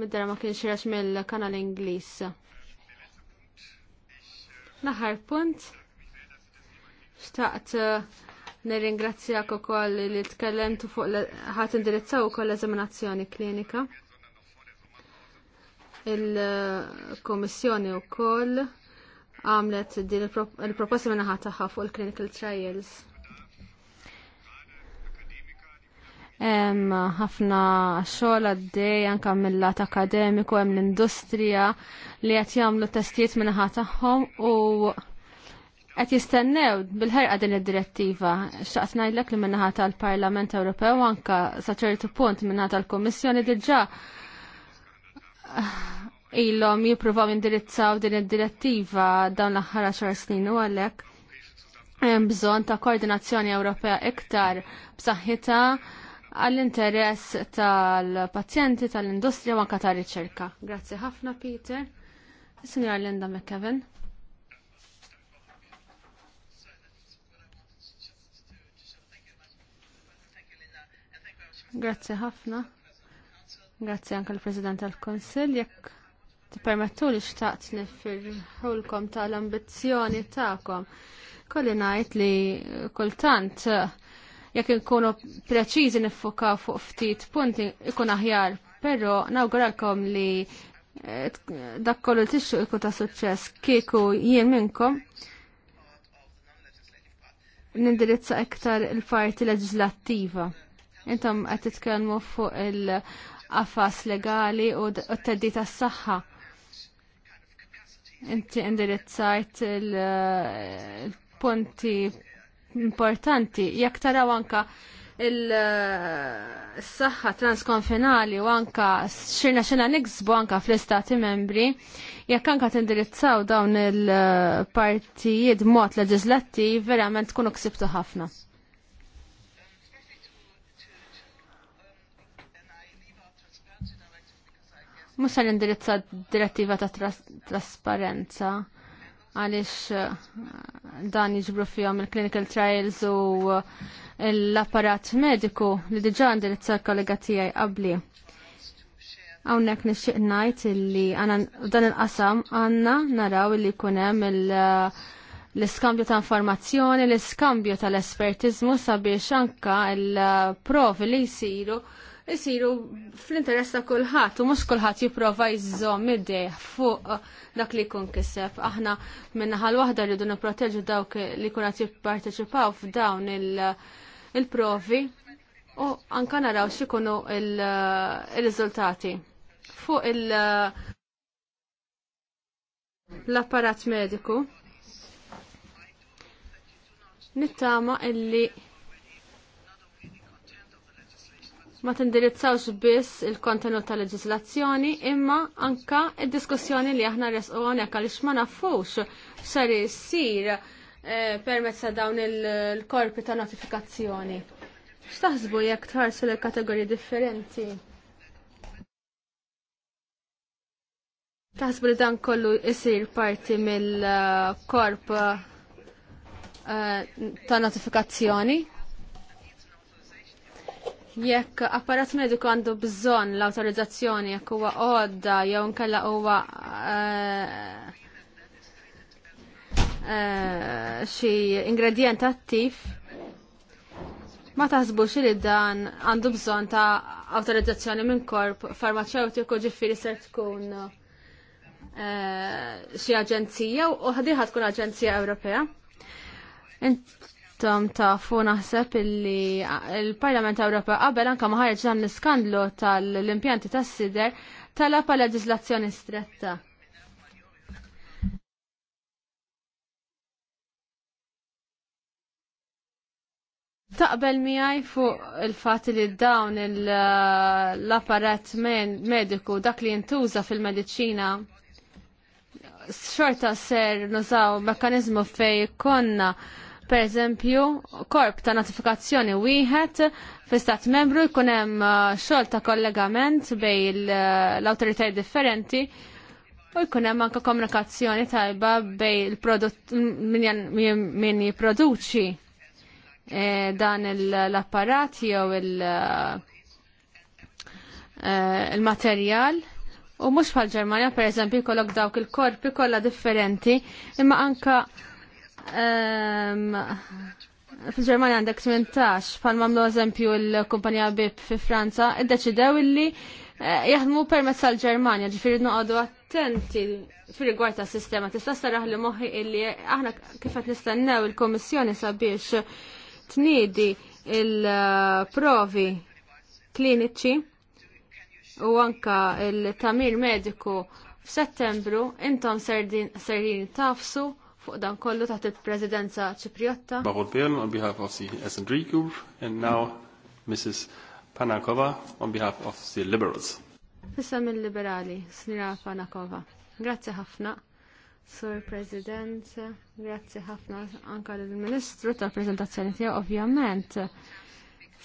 mid ma kienx jirax mill-kanal Ingliż. Naħar punt xtaqt Nirringrazzjak ukoll li tkellemtu fuq ħadd indirizzaw ukoll eżaminazzjoni klinika. il kummissjoni wkoll għamlet din il-proposta ħadd tagħha fuq il-clinical trials. Hemm ħafna xogħol għaddej anke mill-lat akademiku hemm l-industrija li qed jagħmlu testijiet ħadd tagħhom u qed jistennew bil-ħerqa din id-direttiva. Xtaqt najdlek li minnaħa tal-Parlament Ewropew anka sa ċertu punt minnaħa tal-Kummissjoni diġà eh, ilhom jippruvaw indirizzaw din id-direttiva dawn l-aħħar xar snin u għalhekk hemm bżonn ta' koordinazzjoni Ewropea iktar b'saħħitha għall-interess tal-pazjenti, tal-industrija u anka tar-riċerka. Grazzi ħafna Peter. Signor Linda McKevin. Grazzi ħafna. Grazzi anke l-President tal-Konsil. Jekk tippermettu li xtaqt ħulkom tal-ambizzjoni tagħkom. Kolli ngħid li kultant jekk inkunu preċiżi niffukaw fuq ftit punti ikun aħjar, però nawguralkom li eh, dak kollu tixu ikun ta' suċċess kieku jien minnkom nindirizza iktar il-parti leġislattiva. Intom qed titkellmu fuq il-qafas legali u t-teddi tas-saħħa. Inti indirizzajt il-punti importanti jekk taraw anka il-saħħa transkonfinali u anka xirna xena niksbu anka fl-istati membri, jekk anka tindirizzaw dawn il-partijiet mod leġislattiv verament tkunu ksibtu ħafna. mhux se indirizza direttiva ta' trasparenza għaliex eh, dan jiġbru fihom il-clinical trials u eh, l-apparat mediku li diġà indirizza l-kollega tiegħi qabli. Hawnhekk nixtieq ngħid illi dan il-qasam għandna naraw illi jkun hemm il- eh, l-iskambju ta' informazzjoni, l-iskambju tal-espertizmu sabiex anka l provi li jisiru isiru fl-interess ta' kulħadd u mhux kulħadd jipprova jżomm idejh fuq uh, dak li jkun kiseb. Aħna minnaħa l-waħda rridu nipproteġu dawk li jkun qed jipparteċipaw f'dawn uh, il-provi u anka naraw x'ikunu uh, il-riżultati. Fuq l-apparat mediku nittama illi ma tindirizzawx biss il-kontenut tal leġislazzjoni imma anka id-diskussjoni li aħna resqu hawnhekk għaliex ma nafux xar issir eh, permezz ta' dawn il-korpi ta' notifikazzjoni. X'taħsbu jekk tħarsu l kategoriji differenti? Taħsbu li dan kollu jisir parti mill-korp eh, ta' notifikazzjoni? Jekk apparat mediku għandu bżonn l-autorizzazzjoni jekk huwa għodda jew nkella huwa eh, eh, xi ingredient attiv, ma taħsbux li dan għandu bżonn ta' autorizzazzjoni minn korp farmaceutiku ġifieri ser tkun eh, xi aġenzija u ħadiħa tkun aġenzija Ewropea ta' tafu naħseb illi il-Parlament Ewropew qabel anke ma ħareġ dan l-iskandlu tal-impjanti tas-sider talab għal leġislazzjoni stretta. Taqbel miħaj fuq il-fat li dawn l-apparat mediku dak li jintuża fil-medicina xorta ser nużaw mekanizmu fej konna Per eżempju, korp ta' notifikazzjoni wieħed fi stat membru jkun hemm uh, xogħol ta' kollegament bej uh, l-awtoritajiet differenti u jkun hemm anke komunikazzjoni tajba bej il min jipproduċi eh, dan l-apparat jew uh, eh, il-materjal. U mhux bħal ġermania per eżempju, jkollok dawk il-korpi kollha differenti, imma anka Ehm, Fil-Ġermanja għandek 18, pan mamlu eżempju l-kumpanija BIP fi Franza, id-deċidew illi eh, jaħdmu permezz għal ġermanja ġifiri noqogħdu attenti fil rigward tas sistema. Tista' saraħ li moħħi illi aħna kif qed nistennew il-Kummissjoni sabiex tniedi il-provi kliniċi u anka il-tamir mediku f'Settembru intom serdin tafsu fuq dan kollu taħt il-Presidenza Ċipriotta. Bahut Bern on behalf of the S&D Group and now Mrs. Panakova on behalf of the Liberals. Fissa mill-Liberali, Snira Panakova. Grazie ħafna, Sir President, grazie ħafna anka l-Ministru ta' prezentazzjoni tiegħu ovvjament.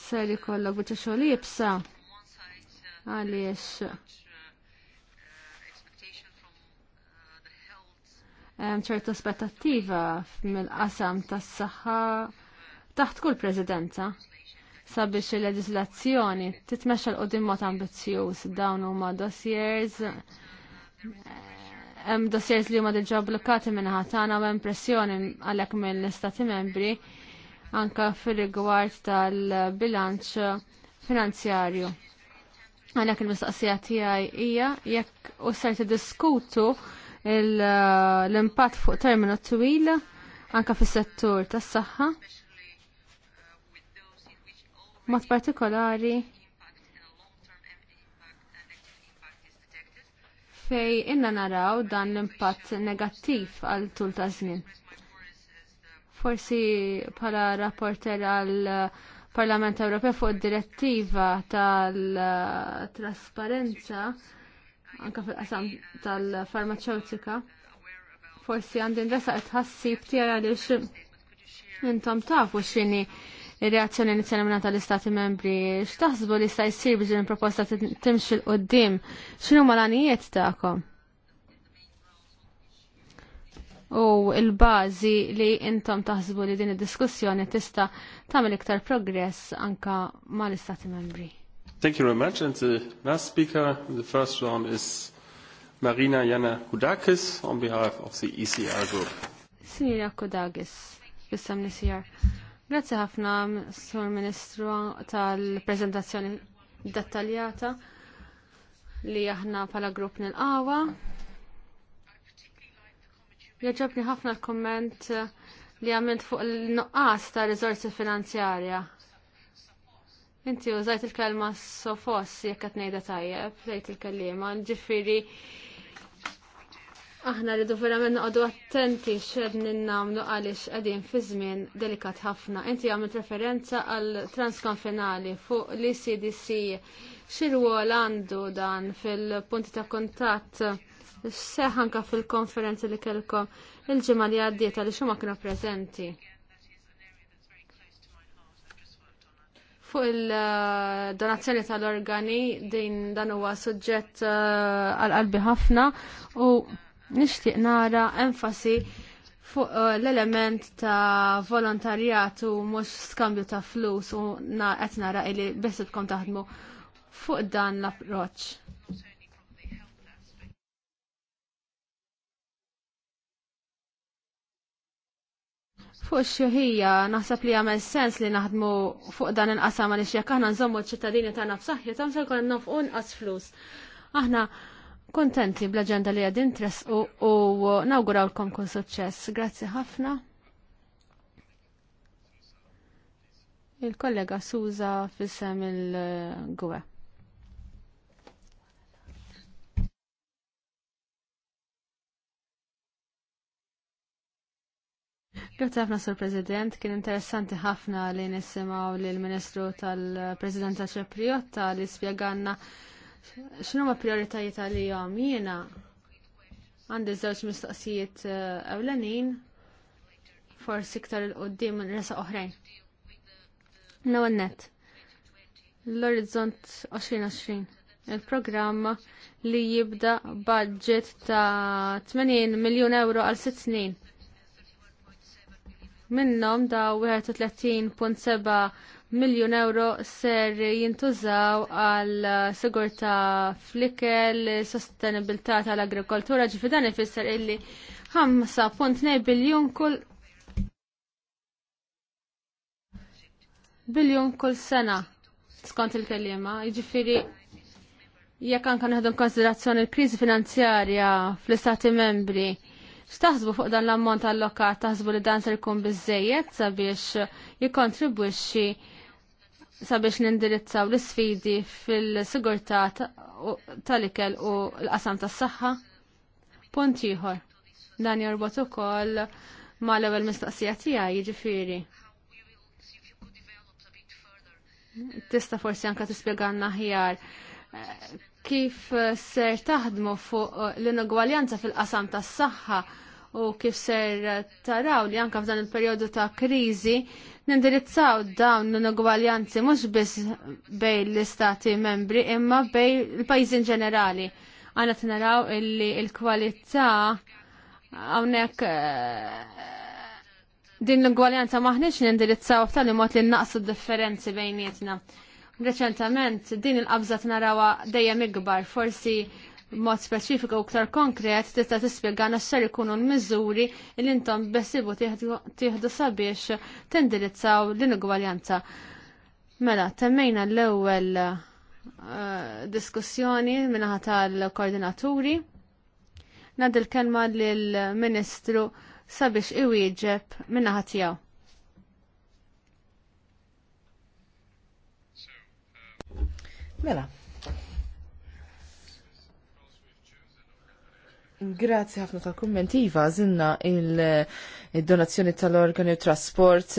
Ser jkollok bieċa xogħol jibsa għaliex ċertu spettattiva mill-qasam tas-saħħa taħt kull prezidenza sabiex il-leġislazzjoni titmexxa l-qudiem mod ambizzjuż dawn huma dossiers hemm dossiers li huma diġà blokkati minn tagħna u hemm pressjoni għalhekk mill-Istati Membri anka fir rigward tal-bilanċ finanzjarju. Għalhekk il-mistaqsija tiegħi hija jekk u ser tiddiskutu Uh, l-impatt fuq terminu twil anka fis-settur tas-saħħa. Mod partikolari fej inna naraw dan l-impatt negattiv għal tul ta' żmien. Forsi bħala rapporter għal Parlament Ewropew fuq id direttiva tal-trasparenza anka fil-qasam tal-farmaceutika. Forsi għandi ndresa tħassib tiegħi għaliex intom tafu x'inhi ir-reazzjoni minna tal-Istati membri. X'taħsbu li sta jsir biex proposta timxi l qoddim Xinu malanijiet għanijiet tagħkom? U l-bażi li intom taħsbu li din id-diskussjoni tista' tagħmel iktar progress anka mal-Istati membri. Thank you very much. And the last speaker in the first round is Marina Jana Kudakis on behalf of the ECR Group. Sinjira Kudakis, jissam l-ECR. Grazie ħafna, Sur Ministru, tal-prezentazzjoni dettaljata li aħna pala grupp nil-qawa. Jaġobni ħafna l-komment li għamilt fuq l-nuqqas ta' rizorsi finanzjarja Inti użajt il-kelma sofos jekk qed ngħidha tajjeb, tgħid il-kelliema, ġifieri aħna rridu verament noqogħdu attenti x'qed nagħmlu għaliex qegħdin fi żmien delikat ħafna. Inti għamilt referenza għal transkonfinali fuq l X'i X'irwol għandu dan fil-punti ta' x'seħħ seħanka fil-konferenza li kellkom il-ġimgħa li għaddiet għaliex huma kienu preżenti. Fuq il-donazzjoni tal-organi din dan huwa suġġett uh, għal-qalbi ħafna u nixtieq nara enfasi fuq uh, l-element ta' volontarjat u mhux skambju ta' flus u qed nara li biss tkun taħdmu fuq dan l-approċċ. Fuq xuħija, naħseb li għamel sens li naħdmu fuq dan il-qasam għal jekk aħna nżommu ċittadini tagħna b'saħħi tam se jkun nafqu nqas flus. Aħna kontenti bl-aġenda li għad tres u, u nawgurawlkom kun suċċess. Grazzi ħafna. Il-kollega Suza fissem il-Gwe. Grazie ħafna, Sur President. Kien interessanti ħafna li nisimaw li l-Ministru tal-Presidenta Ċepriotta li spjeganna xinu ma prioritajiet għalihom. Jiena għandi żewġ mistoqsijiet eh, ewlenin forsi iktar il-qoddim minn resa oħrajn. L-ewwel net. L-Orizzont 2020. Il-programm li jibda budget ta' 80 miljun euro għal sitt snin Minnom da 31.7 miljon euro ser jintużaw għal sigurta flikel, sostenibilità tal-agrikoltura, ġifi dan ifisser illi 5.2 biljun kull biljun kull sena skont il-kelima, ġifiri jekk anka naħdu konsiderazzjoni l-kriżi finanzjarja fl-istati membri X'taħsbu fuq dan l-ammont allokat taħsbu li dan se jkun biżejjed sabiex jikkontribwixxi sabiex nindirizzaw l-sfidi fil-sigurtà tal-ikel u l-qasam tas-saħħa? Punt ieħor. Dan jorbot ukoll mal ewwel mistoqsija tiegħi jiġifieri. Tista' forsi anke tispjegalna aħjar eh, kif eh, ser taħdmu fuq eh, l-inugwaljanza fil-qasam tas saħħa u kif ser eh, taraw li anka f'dan il-perjodu ta' kriżi nindirizzaw dawn l-inugwaljanzi mhux biss bejn l-istati membri imma bejn il-pajjiżi ġenerali. Għana t-naraw illi il-kwalità hawnhekk din l-ingwaljanza maħniċ nindirizzaw f'tali mod li naqsu differenzi bejnietna. Reċentament din il-qabża narawa dejjem ikbar, forsi mod speċifiku u ktar konkret tista' tispjegana x'ser ikunu l-miżuri li intom besibu tieħdu sabiex tindirizzaw l-inugwaljanza. Mela, temmejna l-ewwel eh, diskussjoni minnaħa tal-koordinaturi. Nadil kelma lill-Ministru sabiex iwieġeb minnaħat tiegħu. Mela. Grazzi ħafna tal kommentiva zinna il-donazzjoni tal-organi u trasport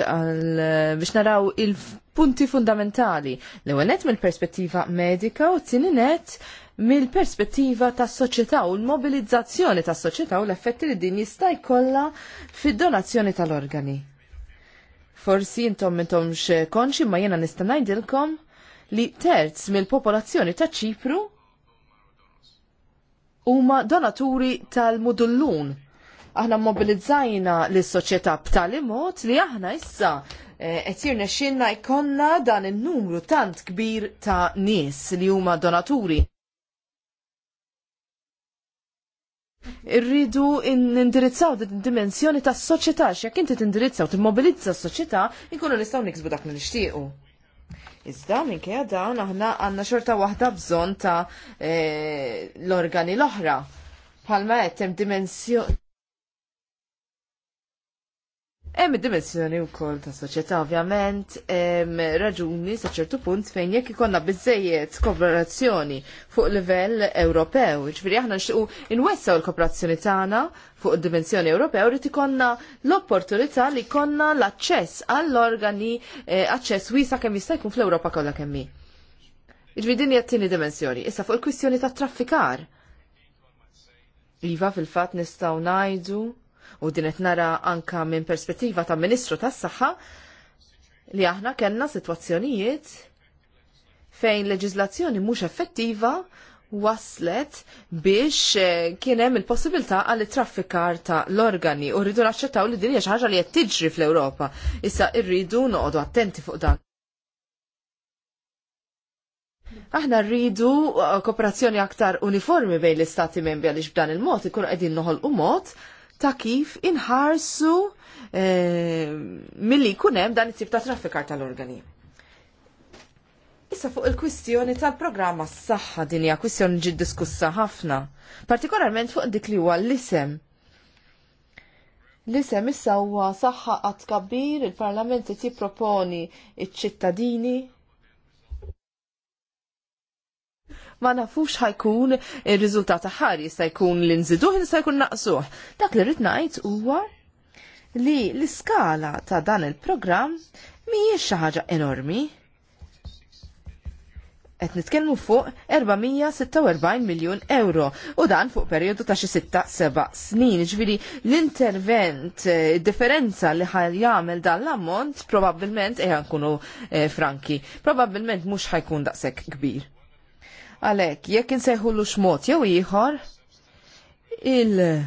biex naraw il-punti fundamentali. L-ewenet mill-perspettiva medika u t tininet mill-perspettiva ta' soċjetà u l-mobilizzazzjoni ta' soċjetà u l-effetti li din jista' jkollha fid-donazzjoni tal-organi. Forsi intom intom konxi ma jena nistanajdilkom li terz mill-popolazzjoni ta' Ċipru huma donaturi tal-mudullun. Aħna mobilizzajna lis soċjetà b'tali mod li aħna issa eh, qed jirnexxinna jkollna dan in-numru tant kbir ta' nies li huma donaturi. irridu nindirizzaw din dimensjoni ta' soċjetà x'jekk inti tindirizzaw timmobilizza s-soċjetà, inkunu nistgħu niksbu dak li nixtiequ. Iżda minkejja dawn aħna għandna xorta waħda bżonn ta' eh, l-organi l-oħra. Palma qed hemm dimensjoni Hemm id-dimensjoni wkoll ta' soċjetà ovvjament raġuni sa ċertu punt fejn jekk ikollna biżejjed kooperazzjoni fuq livell Ewropew. Ġifieri aħna nxtiequ inwessaw l-kooperazzjoni tagħna fuq id-dimensjoni Ewropew rid ikollna l-opportunità li konna l-aċċess għall-organi eh, aċċess wiesa kemm jista' jkun fl-Ewropa kollha kemm hi. Ġifieri din t-tieni dimensjoni. Issa fuq il-kwistjoni tat traffikar. Iva fil-fatt nistgħu ngħidu u din nara anka minn perspettiva ta' Ministru tas-Saħħa li aħna kellna sitwazzjonijiet fejn leġizlazzjoni mhux effettiva waslet biex eh, kien hemm il-possibilità għal traffikar ta' l-organi u rridu naċċettaw li din hija xi ħaġa li qed tiġri fl-Ewropa. Issa rridu noqogħdu attenti fuq dan. Aħna rridu eh, kooperazzjoni aktar uniformi bejn l-istati membri għaliex b'dan il-mod ikunu qegħdin noħolqu mod ta' kif inħarsu eh, milli jkun hemm dan it-tip ta' traffikar tal-organi. Issa fuq il-kwistjoni tal-programma s-saxħa dinja kwistjoni ġid diskussa ħafna, partikolarment fuq dik li huwa l-isem. L-isem issa huwa saħħa għat kabbir il-parlamenti ti proponi iċ-ċittadini ma nafux ħajkun ir rizultat ħar jista' jkun li nżiduh jista' jkun naqsuh. Dak li rrid ngħid huwa li l-iskala ta' dan il-programm mhijiex xi ħaġa enormi. Qed nitkellmu fuq 446 miljun euro u dan fuq perjodu ta' xi 6-7 snin. Ġifieri l-intervent eh, differenza li ħal jagħmel dan l-ammont probabbilment eħan eh, nkunu eh, franki. Probabbilment mhux ħajkun daqshekk kbir. Għalek, jekk insejħu l mod jew ieħor, il-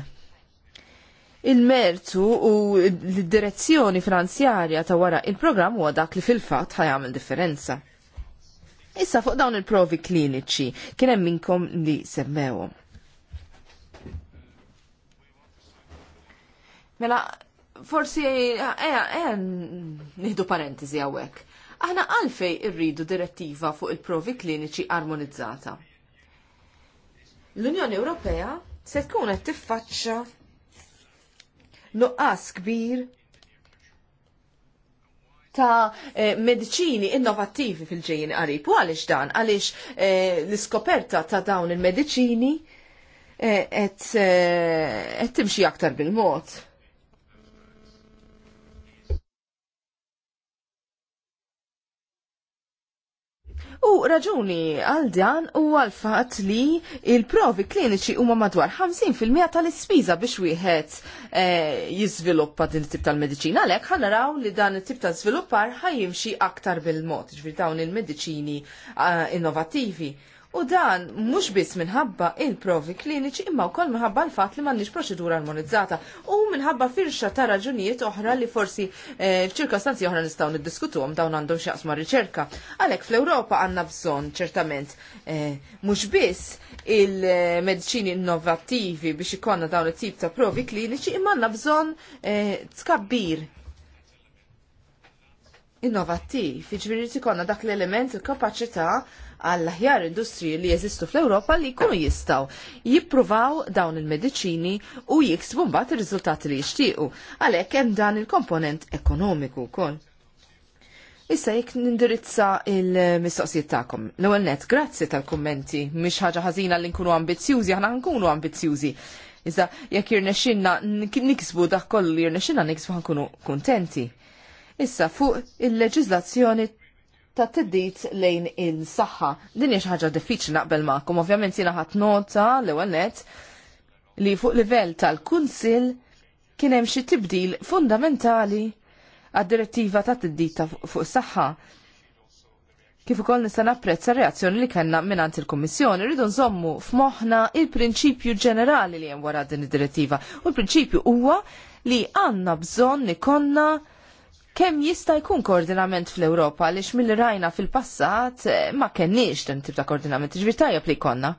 il-mertu u l-direzzjoni finanzjarja ta' wara il-programm huwa dak li fil-fatt ħajamil differenza. Issa fuq dawn il-provi kliniċi kien hemm minkom li semmewhom. Mela, forsi, eħan, eh, eh, eh, nihdu parentesi għawek aħna għalfej irridu direttiva fuq il-provi kliniċi armonizzata. L-Unjoni Ewropea se tkun qed tiffaċċa nuqqas kbir ta' eh, mediċini innovattivi fil-ġejjin qarib. U għaliex dan? Għaliex eh, l-iskoperta ta' dawn il-mediċini eh, qed timxi aktar bil-mod. U raġuni għal dan u għal fatt li il-provi kliniċi huma madwar 50% tal-ispiża biex wieħed e, jiżviluppa din tip tal-mediċina għalhekk ħanaraw li dan it-tip ta' żviluppar ħajjimxi aktar bil-mod, ġifieri dawn il-mediċini eh, innovattivi. U dan mhux biss minħabba il-provi kliniċi imma wkoll minħabba l-fatt li m'għandniex proċedura armonizzata u minħabba firxa ta' raġunijiet oħra li forsi eh, f'ċirkostanzi oħra nistgħu niddiskutuhom dawn għandhom qasma riċerka. Għalhekk fl-Ewropa għandna bżonn ċertament eh, mhux biss il-mediċini innovattivi biex ikonna dawn it-tip ta' provi kliniċi imma għandna bżonn eh, tkabbir innovattiv, iġviri tikonna dak l-element il-kapacità għall aħjar industriji li jeżistu fl-Ewropa li jkunu jistaw jippruvaw dawn il-mediċini u jiksbu mbagħad ir-riżultati li jixtiequ. Għalhekk hemm dan il-komponent ekonomiku wkoll. Issa jek nindirizza il-mistoqsijiet tagħkom. L-ewwel net, grazzi tal-kummenti. Mhix ħaġa ħażina li nkunu ambizzjużi, aħna nkunu ambizzjużi. Iżda jekk jirnexxinna niksbu dak kollu li jirnexxinna niksbu ħankunu kuntenti. Issa fuq il leġislazzjoni ta' tiddit lejn il-saħħa. Din hija xi ħaġa diffiċli naqbel magħkom, ovvjament jiena ħat nota l-ewwel nett li fuq livell tal kunsil kien hemm xi tibdil fundamentali għad-direttiva ta' tiddit fuq saħħa. Kif ukoll nista' napprezza reazzjoni li kellna mingħand il-Kummissjoni, rridu nżommu f'moħħna il-prinċipju ġenerali li hemm wara din id-direttiva. U l-prinċipju huwa li għandna bżonn ikonna kemm jista' jkun koordinament fl-Ewropa għaliex mill rajna fil-passat eh, ma kenniex dan tip ta' koordinament, ġbir tajjeb li konna.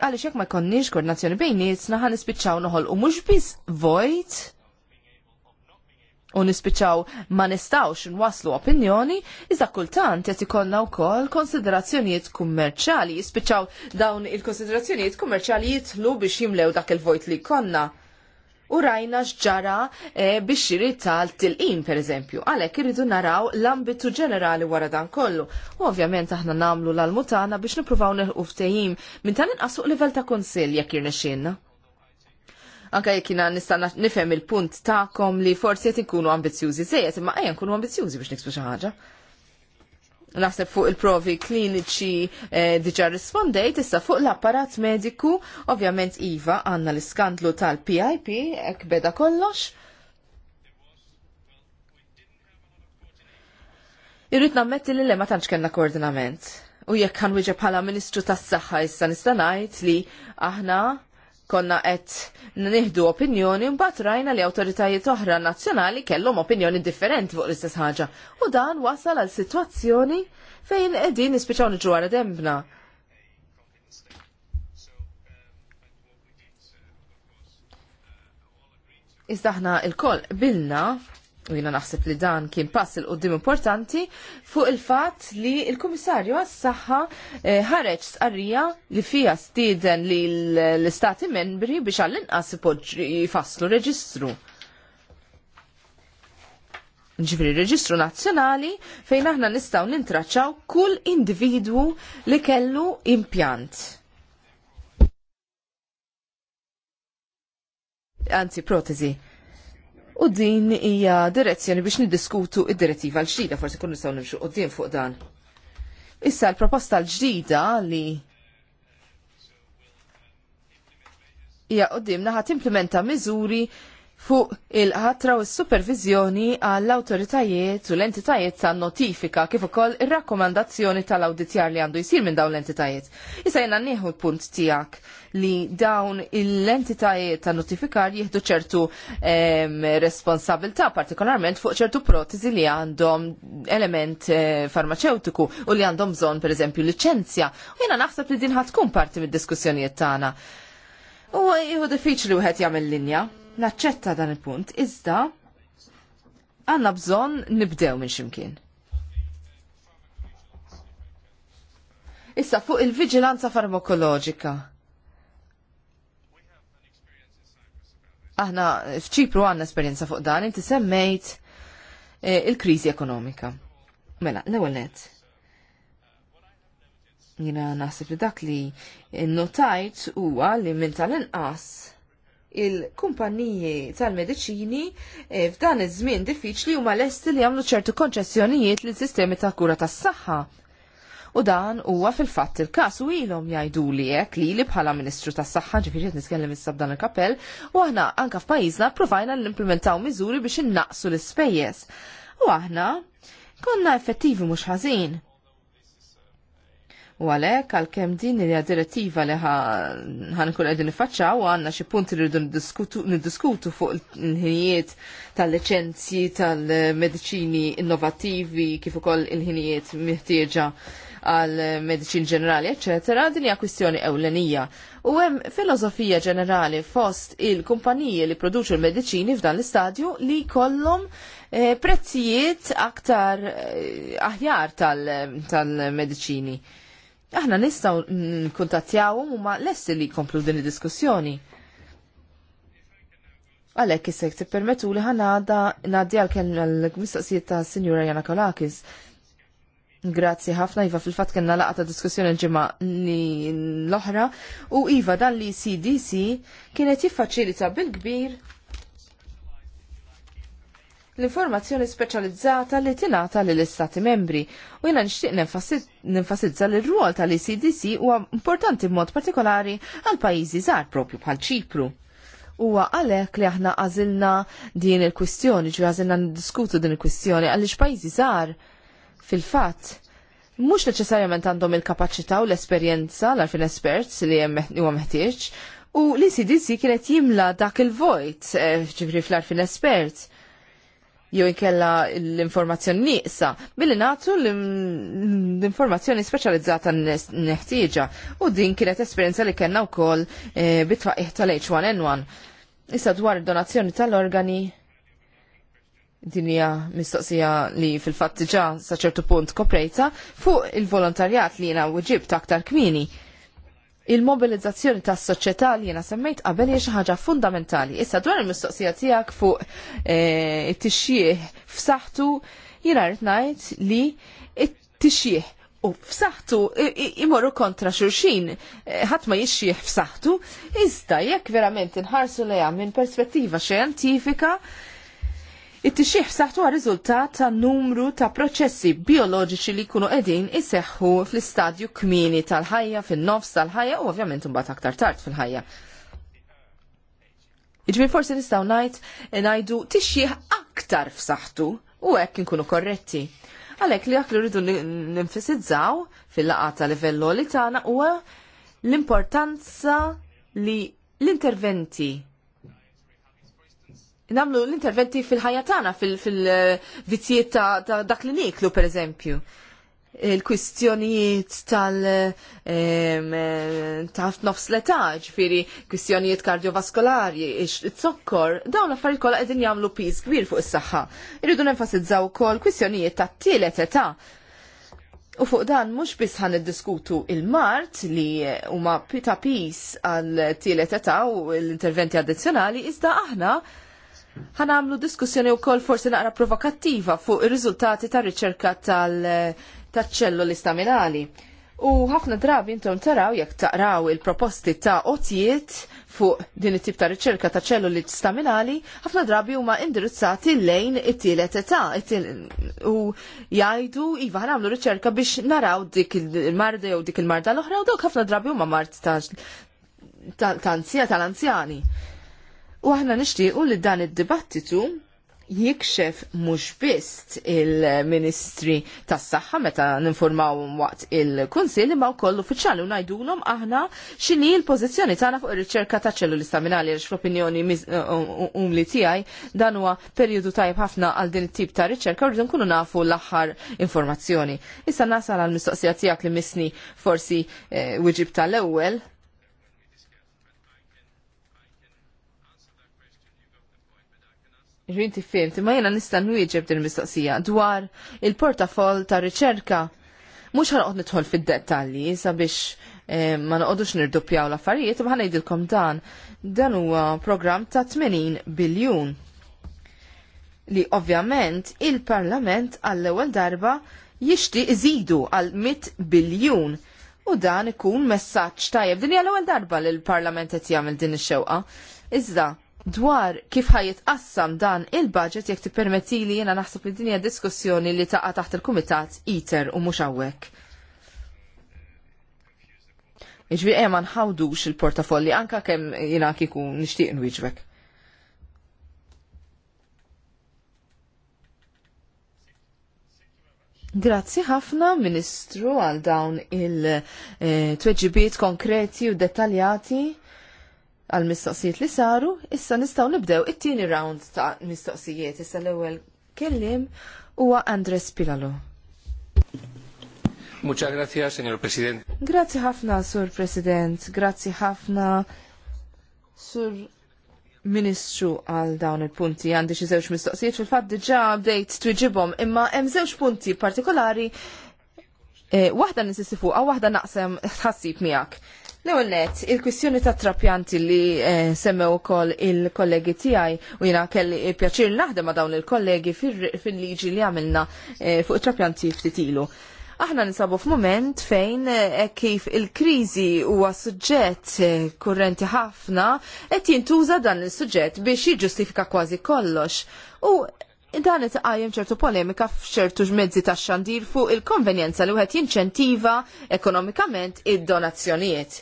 Għaliex jekk ma jkonniex koordinazzjoni bejnietna ħan nispiċċaw noħol u mhux biss vojt u nispiċċaw ma nistawx nwaslu opinjoni, iżda kultant qed ikollna wkoll konsiderazzjonijiet kummerċali, jispiċċaw dawn il-konsiderazzjonijiet kummerċali jitlu biex jimlew dak il-vojt li konna u rajna xġara e, biex tal tilqim per eżempju. Għalek irridu naraw l-ambitu ġenerali wara dan kollu. U ovvjament aħna namlu l-almutana biex nipruvaw neħu ftehim minn tan inqasuq livell ta' konsil jekk irnexxinna. Anka jekk jiena nista' nifhem il-punt tagħkom li forsi qed ikunu ambizzjużi żejjed, imma ejja nkunu ambizzjużi biex niksbu xi ħaġa naħseb fuq il-provi kliniċi eh, diġa rispondejt, issa fuq l-apparat mediku, ovvjament Iva għanna l-iskandlu tal-PIP, ek beda kollox. Irrit nammetti li ma tantx kellna koordinament. U jekk kan wieġeb bħala Ministru tas-Saħħa issa nista' ngħid li aħna konna qed nieħdu opinjoni mbagħad rajna li awtoritajiet oħra nazzjonali kellhom opinjoni differenti fuq l-istess ħaġa. U dan wasal għal sitwazzjoni fejn qegħdin nispiċaw niġu wara dembna. Iżda aħna il-koll bilna U jina naħseb li dan kien pass il qoddim importanti fuq il-fat li il-Komissarju għas-saħħa eh, ħareġ sqarrija li fija stiden li l-Istati membri biex għall-inqas jfasslu reġistru. Ġifri reġistru nazzjonali fejn aħna nistgħu nintraċċaw kull individwu li kellu impjant. Anzi, protezi U din hija direzzjoni biex niddiskutu id-direttiva l-ġdida, forsi kun nistgħu nimxu din fuq dan. Issa l-proposta l-ġdida li hija qoddimna naħat implementa miżuri fuq il-ħatra u s-supervizjoni għall awtoritajiet u l-entitajiet ta' notifika kif ukoll ir-rakkomandazzjoni tal-awditjar li għandu jsir minn dawn l-entitajiet. Issa jena nieħu l-punt tiegħek li dawn l-entitajiet ta' notifikar jieħdu ċertu responsabilità partikolarment fuq ċertu protezi li għandhom element eh, farmaceutiku u li għandhom bżonn pereżempju liċenzja. U jiena naħseb li din ħatkun parti mid-diskussjonijiet tagħna. U jihdu diffiċli wieħed jagħmel linja naċċetta dan il-punt, iżda għanna bżon nibdew minn ximkien. Issa fuq il-vigilanza farmakoloġika. Aħna fċipru għanna esperienza fuq dan, inti semmejt eh, il-krizi ekonomika. Mela, l net. Jina naħseb li dak li notajt huwa li minn tal-inqas il-kumpanniji tal-mediċini eh, f'dan iż-żmien diffiċli huma lesti li jagħmlu ċertu konċessjonijiet lil sistemi ta' kura tas-saħħa. U dan huwa fil-fatt il-każ u ilhom jgħidu li hekk li li bħala Ministru tas-Saħħa ġifieri qed niskellem issa b'dan il-kapell u aħna anke f'pajjiżna pprovajna nimplementaw miżuri biex innaqsu l-ispejjeż. U aħna konna effettivi mhux ħażin U għalhekk għalkemm din hija direttiva li ħankun qegħdin nifacċaw, għandna xi punti li rridu niddiskutu fuq il-ħinijiet tal-liċenzji tal-mediċini innovattivi kif ukoll il-ħinijiet miħtieġa għal medicin ġenerali, eccetera, din hija kwistjoni ewlenija. U hemm filosofija ġenerali fost il-kumpaniji li produċu l-mediċini f'dan l-istadju li kollhom eh, prezzijiet aktar eh, aħjar tal-mediċini. Tal aħna nistaw nkuntattjawhom huma lessi li jkomplu din id-diskussjoni. Għalhekk ti permetu li ħanada ngħaddi għal-kelm għal-mistaqsijiet ta' Sinjura Jana Kolakis. Grazzi ħafna, Iva, fil-fat kena laqa ta' diskussjoni l-ġimma l-oħra, u Iva, dan li CDC kienet jiffaċilita bil-kbir l-informazzjoni speċjalizzata li tingħata lill istati membri u jiena nixtieq nenfasizza li r-rwol tal-ECDC huwa importanti b'mod partikolari għal pajjiżi żgħar propju bħal Ċipru. Huwa għalhekk li aħna għażilna din il-kwistjoni, ġi għażilna ndiskutu din il-kwistjoni għaliex pajjiżi żgħar fil-fatt mhux neċessarjament għandhom il-kapaċità u l-esperjenza l-arfin esperts li huwa meħtieġ u l-ECDC kienet jimla dak il-vojt eh, ġifri fl-arfin esperts jew inkella l-informazzjoni nieqsa billi nagħtu l-informazzjoni speċjalizzata neħtieġa u din kienet esperjenza li kellna wkoll bit eh, bitfaqih tal-H1N1. Issa dwar donazzjoni tal-organi dinja mistoqsija li fil-fatt ġa sa ċertu punt koprejta fuq il-volontarjat li jena wġib aktar kmini il-mobilizzazzjoni tas soċjetà li jiena semmejt qabel hija xi ħaġa fundamentali. Issa dwar il-mistoqsija tiegħek fuq e, it-tixjih f'saħħtu jiena rrid ngħid li it-tixjih u f'saħħtu imorru kontra xulxin e, ħadd ma jixxieħ f'saħħtu, iżda jekk verament inħarsu lejha minn perspettiva xjentifika it tixieħ saħtu għal riżultat ta' numru ta' proċessi bioloġiċi li kunu edin iseħħu fl-istadju kmini tal-ħajja, fin-nofs tal-ħajja u ovvjament un aktar tard fil-ħajja. Iġbir forsi nistaw najt najdu tixieħ aktar f'saħħtu u hekk inkunu korretti. Għalhekk li aktar rridu ninfisizzaw fil-laqgħa livello li tagħna huwa l-importanza li l-interventi namlu l-interventi fil-ħajja tagħna fil-vizzijiet ta' dak li niklu pereżempju. Il-kwistjonijiet tal- ta' nofs l-età, ġifieri kwistjonijiet kardiovaskolari, il zokkor dawn l-affarijiet kollha qegħdin jagħmlu pis kbir fuq is-saħħa. Irridu nenfasizzaw ukoll kwistjonijiet tat-tielet età U fuq dan mhux biss ħan id-diskutu il-mart li huma pita' pis għal tielet età u l-interventi addizzjonali iżda aħna għamlu diskussjoni wkoll forsi naqra provokattiva fuq ir-riżultati tar-riċerka tal-ċelluli staminali. U ħafna drabi intom taraw jekk taqraw il-proposti ta' otjiet fuq din it-tip ta' riċerka ta' ċelluli staminali, ħafna drabi huma indirizzati lejn it-tielet età u jgħidu iva għamlu riċerka biex naraw dik il-marda jew dik il-marda l-oħra u dawk ħafna drabi huma mart ta' anzija tal-anzjani. Ta U aħna nixtiequ li dan id-dibattitu jikxef mhux biss il-Ministri tas-Saħħa meta ninformaw waqt il-Kunsill imma wkoll uffiċjali u ngħidulhom aħna x'inhi l-pożizzjoni tagħna fuq ir-riċerka ta' ċelluli staminali għax fl-opinjoni umli tiegħi dan huwa perjodu tajb ħafna għal din it-tip ta' riċerka u rridu nkunu nafu l-aħħar informazzjoni. Issa nasal għal mistoqsija tiegħek li misni forsi eh, wieġib tal-ewwel Rinti fimt, ma jena nista' nwieġeb din mistoqsija dwar il-portafol ta' riċerka. Mux ħanqot nitħol fid-dettalji sabiex eh, ma noqodux nirduppjaw l-affarijiet, ma ħanajdilkom dan. Dan huwa program ta' 80 biljun li ovvjament il-Parlament għall-ewwel darba jixti iżidu għal 100 biljun. U dan ikun messaġġ tajjeb din hija l-ewwel darba li l-Parlament qed jagħmel din ix-xewqa. Iżda, dwar kif ħajitqassam dan il-budget jekk tippermetti li jena naħseb li dinja diskussjoni li taqa taħt il-kumitat iter u mhux hawnhekk. Iġvi eh, ma nħawdux il-portafolli anka kemm jiena kieku nixtieq nwieġbek. Grazzi ħafna, Ministru, għal dawn il-tweġibiet eh, konkreti u dettaljati għal mistoqsijiet li saru, issa nistaw nibdew it-tieni round ta' mistoqsijiet. Issa l-ewwel kellim huwa Andres Pilalo. Muchas gracias, señor President. Grazzi ħafna, Sur President. Grazzi ħafna, Sur Ministru għal dawn il-punti għandi xi żewġ mistoqsijiet fil-fatt diġà bdejt twiġibhom imma hemm żewġ punti partikolari Eh, waħda nisisti għaw waħda naqsem tħassib miegħek. L-ewwel nett, il-kwistjoni ta' trapjanti li eh, semmew ukoll il-kollegi tiegħi u jiena kelli pjaċir naħdem ma' dawn il-kollegi fil-liġi li għamilna eh, fuq it-trapjanti ftit ilu. Aħna nisabu f'mument fejn kif il-kriżi huwa suġġett kurrenti ħafna qed jintuża dan il suġġett biex jiġġustifika kważi kollox. U dan it-qajjem ċertu polemika f'ċertu mezzi ta' xandir fuq il-konvenjenza li wieħed jinċentiva ekonomikament id-donazzjonijiet.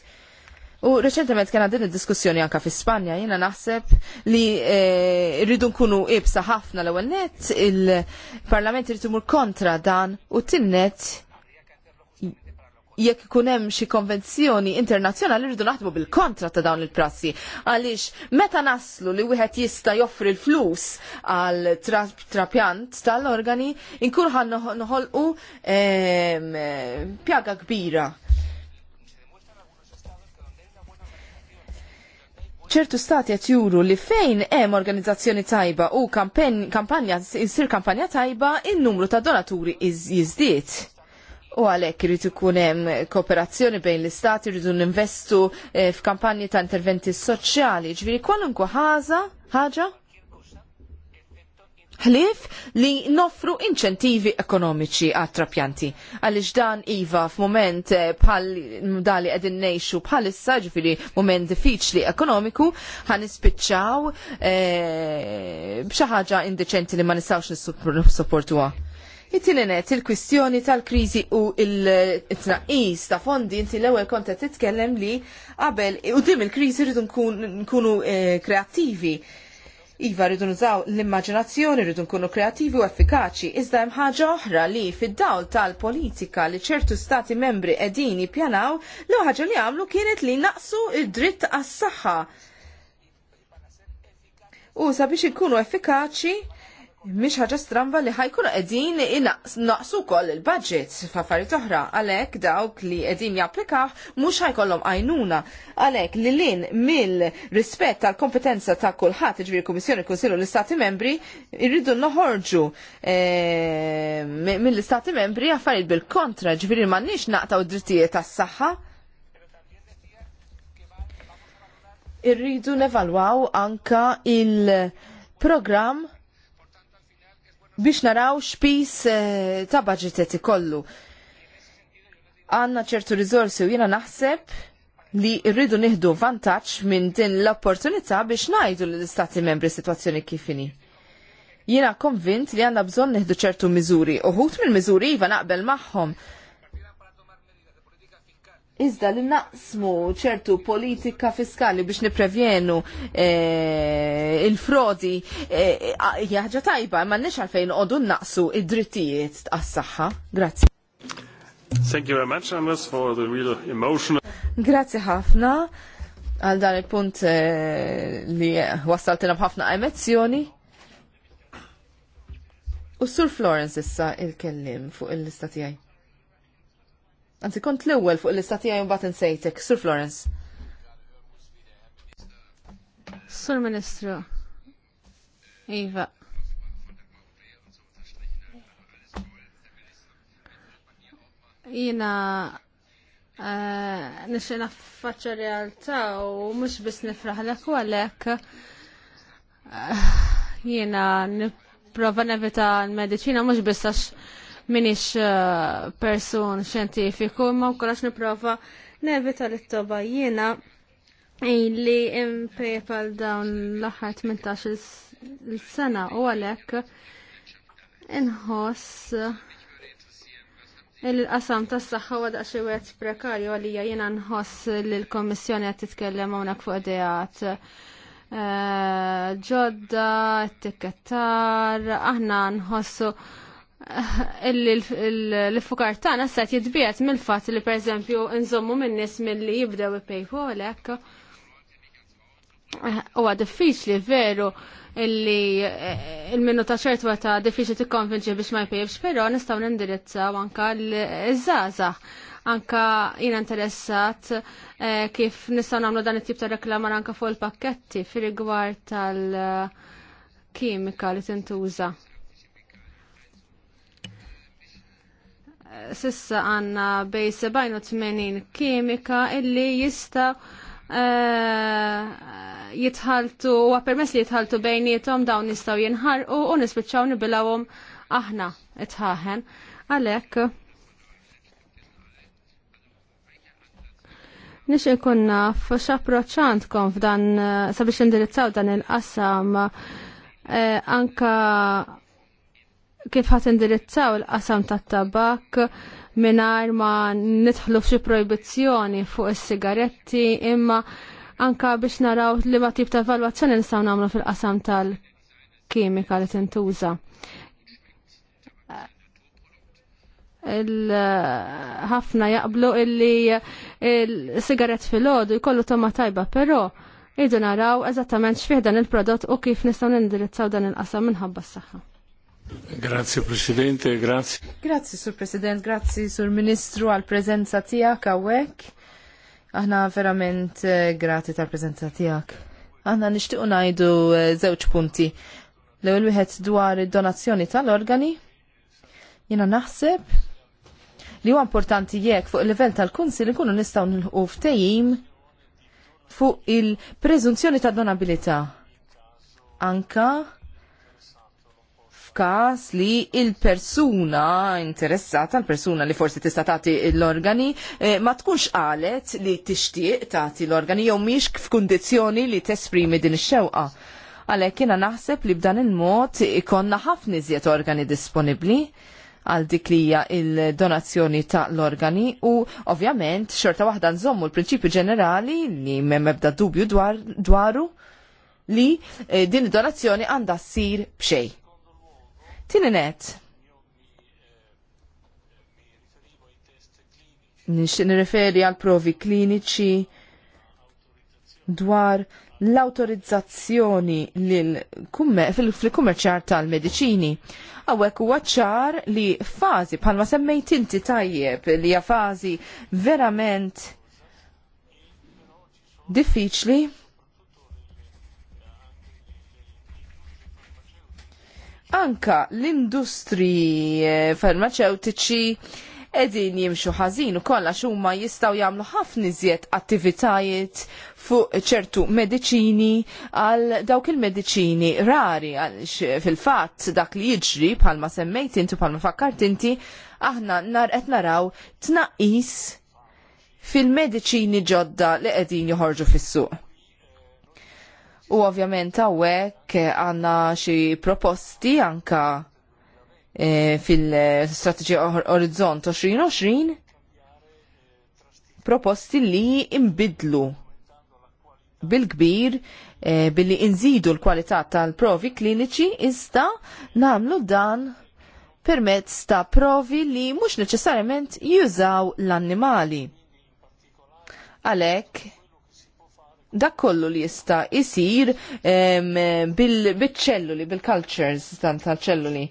U reċentement kena din id-diskussjoni anka fi Spanja, jina naħseb li eh, rridu nkunu ibsa ħafna l ewwel net, il-parlament rridu mur kontra dan u tinnet jekk ikun hemm xi konvenzjoni internazzjonali rridu naħdmu bil-kontra ta' dawn il-prassi. Għaliex meta naslu li wieħed jista' joffri l-flus għal trapjant tal-organi, inkun ħan noħolqu pjaga kbira. ċertu stati qed juru li fejn hemm organizzazzjoni tajba u kampanja insir kampanja tajba in-numru ta' donaturi jiżdied u għalhekk irid ikun hemm kooperazzjoni bejn l-istati rridu ninvestu eh, f'kampanji ta' interventi soċjali. Ġifieri kwalunkwe ħaża ħaġa ħlif li noffru inċentivi ekonomiċi għat trapjanti. Għalix dan Iva f'moment eh, bħal dali għedin nejxu bħalissa ġifiri moment diffiċli ekonomiku ħan ispiċċaw e, eh, ħaġa indeċenti li ma nistawx nissupportuha it il-kwistjoni tal-krizi u il-tnaqis ta' fondi inti l-ewel konta titkellem li qabel u dim il-krizi rridu nkunu eh, kreativi. Iva rridu nżaw l-immaġinazzjoni rridu nkunu kreativi u effikaċi, iżda hemm ħaġa oħra li fid-dawl tal-politika li ċertu stati membri qegħdin jippjanaw l ħaġa li għamlu kienet li naqsu id-dritt għas-saħħa. U sabiex ikunu effikaċi, Mish ħaġa stramba li ħajkunu qegħdin naqsu wkoll il-budget f'affarijiet oħra għalhekk dawk li qegħdin japplikaw mhux ħajkollhom għajnuna. Għalhekk li lin mill-rispett tal-kompetenza ta' kulħadd iġbir Kummissjoni Kunsillu l-Istati Membri irridu noħorġu eh, mill-Istati Membri affarijiet bil-kontra ġifieri m'għandniex naqtaw drittijiet tas-saħħa irridu nevalwaw anka il-programm biex naraw xpis eh, ta' budgetet ikollu. Għanna ċertu rizorsi u jena naħseb li rridu nieħdu vantaġġ minn din l-opportunità biex ngħidu lill istati membri situazzjoni kifini. Jiena konvint li għandna bżonn nieħdu ċertu miżuri, uħut mill-miżuri iva naqbel magħhom, Iżda li naqsmu ċertu politika fiskali biex niprevjenu eh, il-frodi eh, hija jaħġa tajba, ma nix għalfejn għodu naqsu id-drittijiet għas-saxħa. Grazzi. Thank you very much, Amos, for the real emotional. Grazzi ħafna għal dan il-punt eh, li wasaltina bħafna emozzjoni. U Sur Florence issa il-kellim fuq il-lista tiegħi. Anzi, kont l-ewwel fuq l-istati għaj bat nsejtek, Sur Florence. Sur Ministru, Iva. Jina uh, eh, nixi naffaċa realtà u mux bis nifraħlek u għalek eh, jina niprofa nevita l-medicina mux bis għax minix uh, person xjentifiku, ma u kolax niprofa nevita li t-toba jina li impejpal dawn l-aħħar 18 sena u għalhekk inħoss Il-qasam tas saħħa għadda xewet prekarju għalija jena nħoss li l-Komissjoni għat titkellem għunak fuq dejat uh, ġodda, t-tikettar, aħna nħossu l-fukar tagħna set jitbiet mill-fatt li eżempju nżommu min-nies milli jibdew ipejfu U Huwa diffiċli veru illi eh, il-minu ta' ċertu ta' diffiċli tikkonvinċi biex ma jpejbx, però nistgħu nindirizzaw anka l izzaza Anka jina interessat eh, kif nistgħu nagħmlu dan it-tip ta' reklamar anka fuq il-pakketti fir gwar tal- eh, kimika li tintuża. sissa għanna bej 87 kimika illi jista eh, jitħaltu, u permess li jitħaltu bejnietom dawn nistaw jinħarqu u nispiċċaw nibilawhom aħna itħaħen. Għalek. Nix ikun naf x'approċċantkom f'dan eh, sabiex indirizzaw dan il-qasam eh, anka kif ħat indirizzaw il-qasam tat tabak minar ma nitħlu xi proibizzjoni fuq is-sigaretti imma anka biex naraw li ma tip ta' valwazzjoni nistgħu nagħmlu fil-qasam tal-kimika li tintuża. ħafna jaqblu illi il-sigaret fil-ħodu jkollu tomma tajba, pero idu naraw eżattament xfih dan il-prodott u kif nistgħu nindirizzaw dan il-qasam minħabba s-saħħa. Grazie Presidente, grazie. Grazie Sur President, grazie Sur Ministru għal prezenza tijak għawek. Aħna verament eh, grati tal prezenza tijak. Aħna nishtiqu najdu eh, zewċ punti. L-ewel wieħed dwar id-donazzjoni tal-organi. Jena naħseb li huwa importanti jekk fuq il-livell tal-kunsil ikunu nistgħu nilħu ftehim fuq il-preżunzjoni ta' donabilità. Anka Każ li il-persuna interessata, l-persuna li forsi tista' tagħti l-organi, eh, ma tkunx qalet li tixtieq tagħti l-organi jew mhix f'kundizzjoni li tesprimi din ix-xewqa. Għalhekk jiena naħseb li b'dan il-mod ikonna ħafna iżjed organi disponibbli għal dik li hija il-donazzjoni ta' l-organi u ovvjament xorta waħda nżommu l-prinċipju ġenerali li m'hemm ebda dubju dwar, dwaru li eh, din id-donazzjoni għandha ssir b'xejn. Tini net. Nireferi għal provi kliniċi dwar l-autorizzazzjoni fil-kummerċar tal-medicini. Għawek huwa ċar li fazi bħalma semmejt inti tajjeb li hija verament diffiċli anka l-industri eh, farmaceutiċi edin jimxu ħażin u kollha xumma jistgħu jagħmlu ħafna iżjed attivitajiet fuq ċertu medicini għal dawk il-mediċini rari għaliex fil-fatt dak li jiġri bħalma semmejt intu bħalma fakkart inti aħna nar qed naraw tnaqqis fil-mediċini ġodda li qegħdin joħorġu fis-suq. U ovvjament hawnhekk għandna xi proposti anka e, fil-strateġija Orizzont 2020 proposti li imbidlu bil-kbir e, billi inżidu l-kwalità tal-provi kliniċi iżda nagħmlu dan permezz ta' provi li mhux neċessarjament jużaw l-annimali. Għalhekk dak kollu li jista isir bil-ċelluli, bil-cultures tal-ċelluli.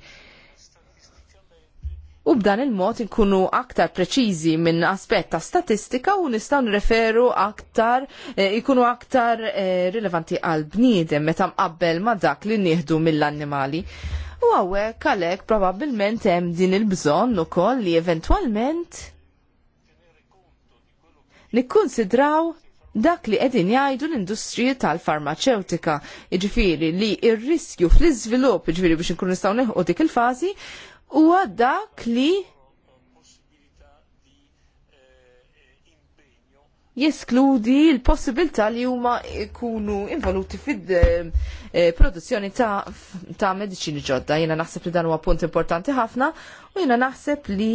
U b'dan il-mod nkunu aktar preċiżi minn aspett ta' statistika u nistgħu nreferu aktar eh, ikunu aktar eh, rilevanti għal bniedem meta mqabbel ma' dak li nieħdu mill-annimali. U għawek għalek probabbilment hemm din il-bżonn ukoll li eventwalment nikkunsidraw dak li qegħdin jgħidu l-industriji tal-farmaceutika. Jiġifieri li r-riskju fl-iżvilupp, jiġifieri biex inkunu nistgħu neħu dik il-fażi, huwa dak li jeskludi l-possibilità li huma jkunu involuti fid-produzzjoni eh, eh, ta', ta mediċini ġodda. Jena naħseb li dan huwa punt importanti ħafna u jena naħseb li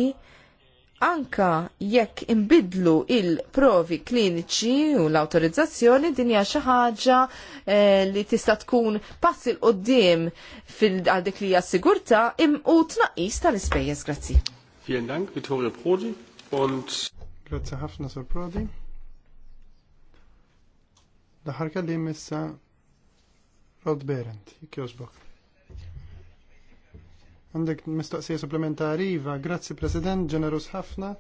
anka jekk imbidlu il-provi kliniċi u l-autorizzazzjoni din hija xi ħaġa eh, li tista' tkun passi il qoddim għal dik li hija sigurtà u tnaqqis tal-ispejjeż grazzi. Vielen Dank, Vittorio Prodi. Und Grazie ħafna Sir Prodi. Daħar kelli missa Rod Berend, jekk jogħġbok. Għandek mistoqsija supplementari, Iva, grazzi President, ġenerus ħafna.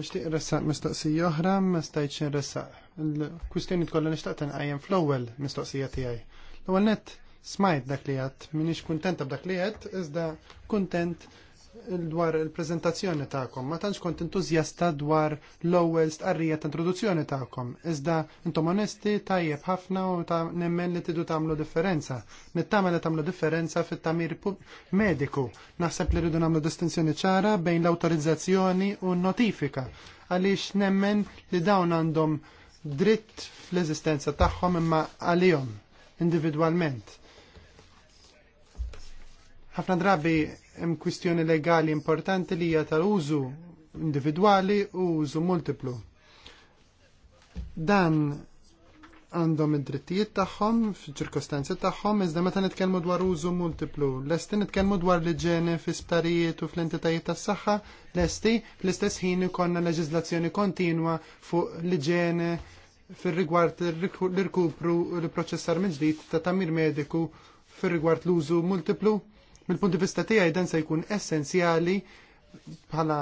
Nishtiq ressaq mistoqsija oħra, ma stajċ ressaq. Il-kustjoni nishtaq ten għajem fl ewel mistoqsija tiegħi. L-ewwel net smajt dak li għat, minix kuntenta b'dak li għat, iżda kontent dwar il-prezentazzjoni tagħkom. Ma tantx kont entużjasta dwar l-ewwel stqarrija ta' introduzzjoni tagħkom. Iżda intom onesti tajjeb ħafna u ta' nemmen li tidu tagħmlu differenza. Nittama li tagħmlu differenza fit-tamir mediku. Naħseb li rridu nagħmlu distinzjoni ċara bejn l-awtorizzazzjoni u n-notifika. Għaliex nemmen li dawn għandhom dritt fl-eżistenza tagħhom imma għalihom individwalment Ħafna drabi hemm kwistjoni legali importanti li hija tal-użu individwali u użu multiplu. Dan għandhom id-drittijiet tagħhom, fil-ċirkostanzi tagħhom, iżda meta nitkellmu dwar użu multiplu. Lesti nitkellmu dwar l-ġeni fl-isptarijiet u fl-entitajiet tas-saħħa, lesti fl-istess ħin ikollna leġiżlazzjoni kontinwa fuq l-ġeni fir-rigward l-irkupru u l-proċessar mill-ġdid ta' tamir mediku fir-rigward l-użu multiplu. Mill-punti vista tiegħi dan se jkun essenzjali bħala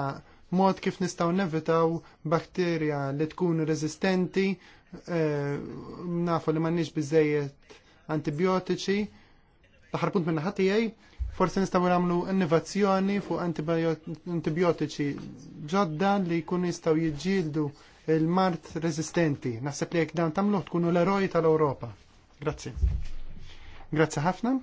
mod kif nistgħu nevitaw bakterja li tkun rezistenti, eh, nafu li m'għandniex biżejjed antibiotiċi. L-aħħar punt minn ħadd tiegħi, forsi nistgħu nagħmlu innovazzjoni fuq antibiotiċi ġodda li jkunu jistgħu jiġġieldu il-mart rezistenti. Naħseb li jekk dan tagħmluh tkunu l-eroj tal-Ewropa. Grazzi. Grazzi ħafna.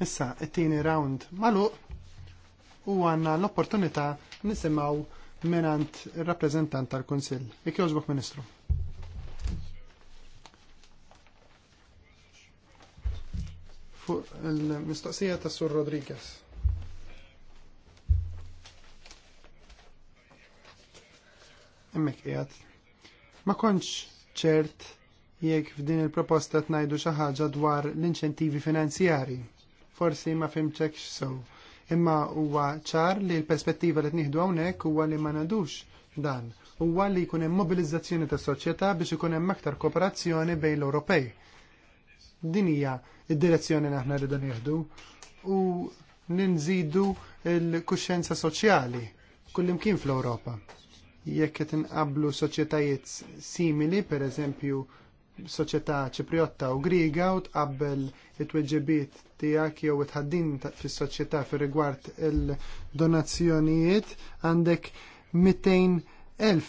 Issa, it-tieni round maluq u għanna l-opportunità nisimaw menant il-rappresentant tal-Konsil. Ik jożbok Ministru. Fuq il-mistoqsija ta' Sur Rodriguez. Emmek qiegħed. Ma kontx ċert jekk f'din il-proposta t xi ħaġa dwar l-inċentivi finanzjarji forsi ma fimċek so. Imma huwa ċar li l-perspettiva li tnieħdu hawnhekk huwa li ma nadux dan. Huwa li jkun hemm mobilizzazzjoni ta' soċjetà biex ikun hemm aktar kooperazzjoni bejn l-Ewropej. Din hija id-direzzjoni naħna aħna rridu nieħdu u ninżidu l-kuxjenza soċjali kullimkien fl-Ewropa. Jekk qed inqablu soċjetajiet simili, pereżempju soċjetà ċipriotta u griga u tqabbel it-tweġibiet tiegħek jew it-ħaddin fis-soċjetà fir-rigward il-donazzjonijiet għandek 200,000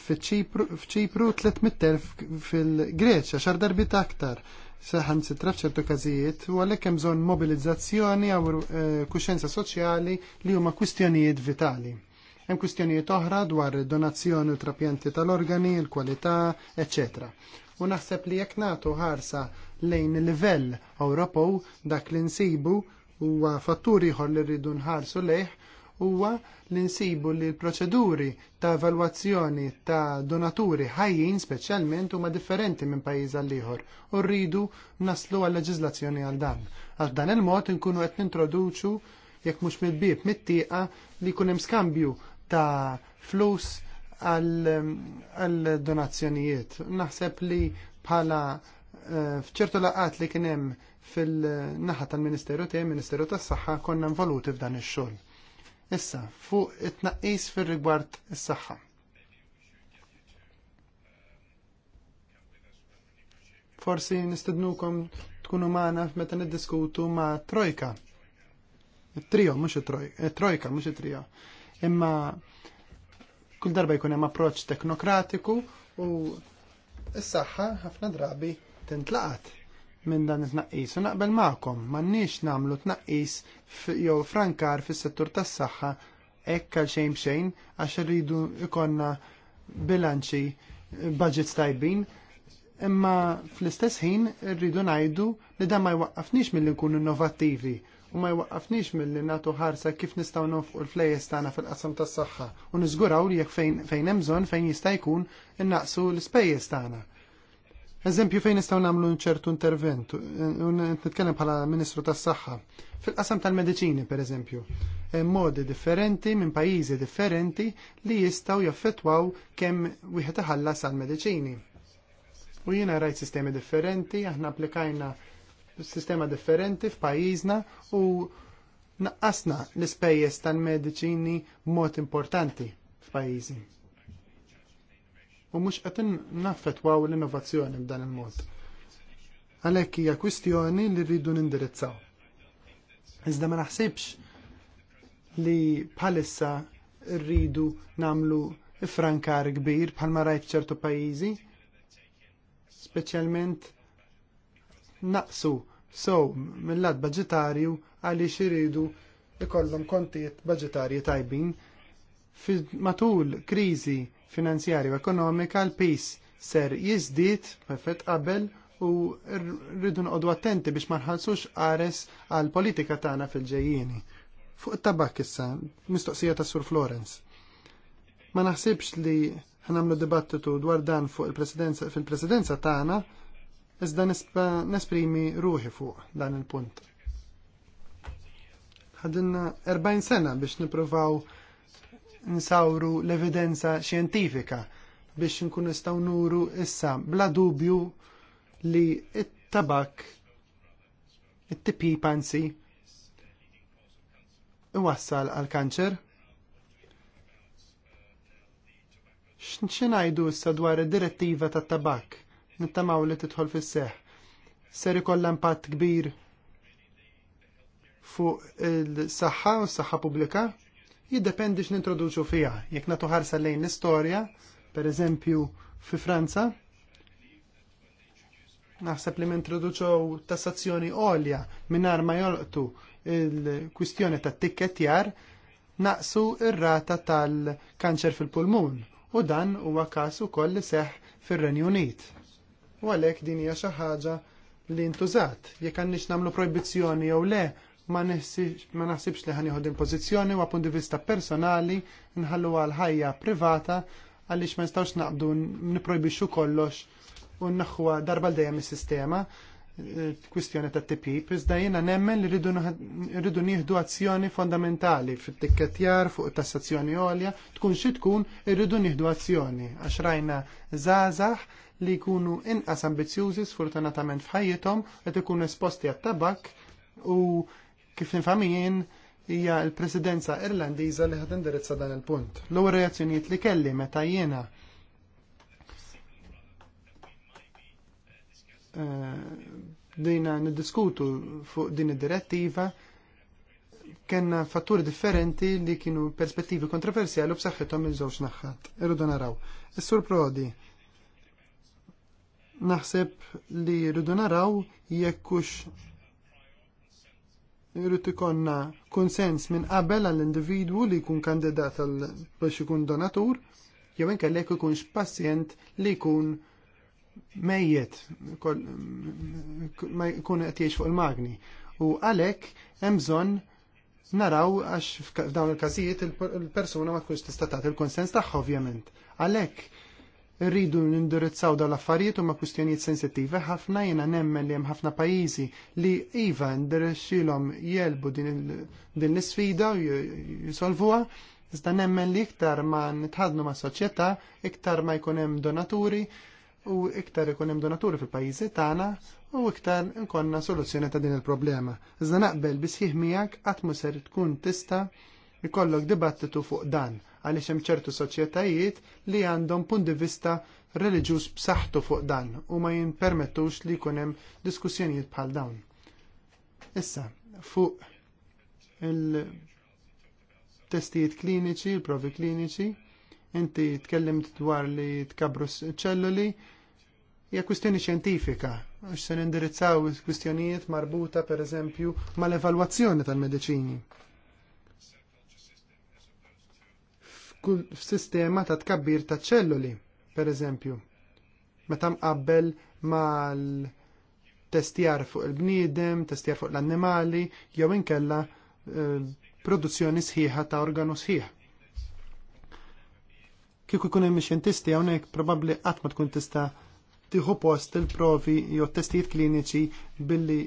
f'Ċipru u 300,000 fil-Greċja, xar darbit aktar. Saħan sitraf ċertu każijiet u għalhekk hemm bżonn mobilizzazzjoni għaw eh, kuxenza soċjali li huma kwistjonijiet vitali. Hemm kwistjonijiet oħra dwar donazzjoni u trapjanti tal-organi, il-kwalità, eccetera u naħseb li jekk nagħtu ħarsa lejn il-livell Ewropew dak li nsibu huwa fattur ieħor li rridu nħarsu lejh huwa li nsibu li l-proċeduri ta' evalwazzjoni ta' donaturi ħajjin speċjalment huma differenti minn pajjiż għal ieħor u rridu naslu għal leġiżlazzjoni għal dan. Għal dan il-mod inkunu qed nintroduċu jekk mhux mill-bib mit-tieqa li jkun hemm skambju ta' flus għal donazzjonijiet. Naħseb li bħala eh, fċertu laqat li kien hemm fil-naħa tal-Ministeru tiegħi Ministeru tas-Saħħa konna involuti f'dan ix-xogħol. Issa, fuq it-tnaqqis fir-rigward is-saħħa. Forsi nistednukom tkunu magħna meta niddiskutu ma' Trojka. Trio, mhux it-Trojka, eh, mhux it-Trio. Imma Kull darba jkun hemm approċċ teknokratiku u s-saħħa ħafna drabi tintlaqat minn dan it-tnaqqis. U naqbel magħkom m'għandniex nagħmlu tnaqqis jew frankar fis-settur tas-saħħa hekk għal xejn xejn għax irridu ikonna bilanċi budgets tajbin. Imma fl-istess ħin rridu ngħidu li dan ma jwaqqafniex milli nkunu innovattivi u ma mill milli nagħtu ħarsa kif nistgħu nofqu l-flejes tagħna fil-qasam tas-saħħa u niżguraw li jekk fejn hemm bżonn fejn jista' jkun innaqsu l-ispejjeż tagħna. Eżempju fejn nistgħu nagħmlu ċertu intervent, nitkellem bħala Ministru tas-Saħħa. Fil-qasam tal-mediċini pereżempju, hemm modi differenti minn pajjiżi differenti li jistgħu jaffettwaw kemm wieħed iħallas għall mediċini U jiena rajt sistemi differenti, aħna applikajna sistema differenti f'pajjiżna u naqqasna l-ispejjeż tal-mediċini b'mod importanti f'pajjiżi. U mhux qed naffetwaw l-innovazzjoni b'dan il-mod. Għalhekk hija kwistjoni li rridu nindirizzaw. Iżda ma naħsibx li bħalissa rridu namlu ifrankar kbir bħalma rajt ċertu pajjiżi, speċjalment naqsu sow mill-lat budgetarju għaliex iridu ikollhom kontijiet budgetarji tajbin matul kriżi finanzjarju ekonomika l-pis ser jiżdied perfett qabel u rridu noqogħdu attenti biex ma nħallsux qares għal politika tagħna fil-ġejjieni. Fuq it-tabak issa, mistoqsija ta' Sur Florence. Ma naħsibx li ħanamlu dibattitu dwar dan fuq il-presidenza fil-presidenza tagħna iżda nesprimi ruħi fuq dan il-punt. Ħadinna 40 sena biex nipruvaw nsawru l-evidenza xjentifika biex nkun nistgħu nuru issa bla dubju li it-tabak it-tipi pansi iwassal għal kanċer. X'ngħidu issa dwar id-direttiva tat-tabak? nittamaw li tidħol fis seħħ Ser ikollha impatt kbir fuq il-saħħa u s-saħħa pubblika jiddependi x'nintroduċu fiha. Jekk nagħtu ħarsa lejn l-istorja, pereżempju fi Franza, naħseb li mintroduċew tassazzjoni għolja mingħajr ma jolqtu il-kwistjoni tat-tikketjar naqsu ir-rata tal-kanċer fil-pulmun u dan huwa każ ukoll li seħħ fir-Renju Unit u għalhekk din hija xi ħaġa li ntużat. Jekk għandniex nagħmlu projbizzjoni jew le, ma naħsibx li ħanieħu il-pożizzjoni u punti vista personali nħallu għal ħajja privata għaliex ma nistgħux naqbdu niprojbixxu kollox u naħħuha darba l-dejjem is-sistema eh, kwistjoni ta' tipi iżda jiena nemmen li rridu nieħdu azzjoni fondamentali fit-tikketjar fuq tassazzjoni għolja, tkun xi tkun irridu nieħdu azzjoni għax rajna zazax li jkunu inqas ambizjużi sfortunatament f'ħajjithom qed ikunu esposti għat-tabak u kif nifhem jien hija l-Presidenza Irlandiża li ħad indirizza dan il-punt. L-ewwel reazzjonijiet li kelli meta jiena eh, dejna niddiskutu fuq din id-direttiva kena fatturi differenti li kienu perspettivi kontroversjali u b'saħħithom il żewġ naħat. Irridu naraw. Is-Sur Prodi Naħseb li rridu naraw jekkux irrid ikonna konsens minn qabel għall-individwu li jkun kandidat għal biex ikun donatur, jew inkella jekk ikunx pazjent li jkun mejjet, ma jkun qed jgħix fuq il-magni. U għalhekk hemm bżonn naraw għax f'dawn il każijiet il-persuna ma tkunx tista' tagħti il-konsens tagħha ovvjament. Għalhekk rridu nindirizzaw dal affarijiet huma kwistjonijiet sensittivi ħafna jiena nemmen li hemm ħafna pajjiżi li iva ndirixxilhom jelbu din l-isfida u jisolvuha, iżda nemmen li iktar ma nitħadnu ma' soċjetà, iktar ma jkun hemm donaturi u iktar ikun hemm donaturi fil-pajjiżi tagħna u iktar nkonna soluzzjoni ta' din il-problema. Iżda naqbel bisħiħ miegħek qatt mu ser tkun tista' ikollok dibattitu fuq dan għaliex hemm ċertu soċjetajiet li għandhom punt di vista reliġjuż b'saħħtu fuq dan u ma jimpermettux li jkun hemm diskussjonijiet bħal dawn. Issa, fuq il-testijiet kliniċi, il-provi kliniċi, inti tkellimt dwar li tkabru ċelluli, hija kwistjoni xjentifika, għax se nindirizzaw kwistjonijiet marbuta pereżempju mal-evalwazzjoni tal-mediċini Kull f'sistema ta' tkabbir ta' ċelluli, per eżempju. Meta mqabbel mal testjar fuq il-bniedem, testjar fuq l-annimali, jew inkella eh, produzzjoni sħiħa ta' organu sħiħ. Kieku jkun hemm xjentisti hawnhekk probabbli qatt ma tkun tista' tieħu post il-provi jew testijiet kliniċi billi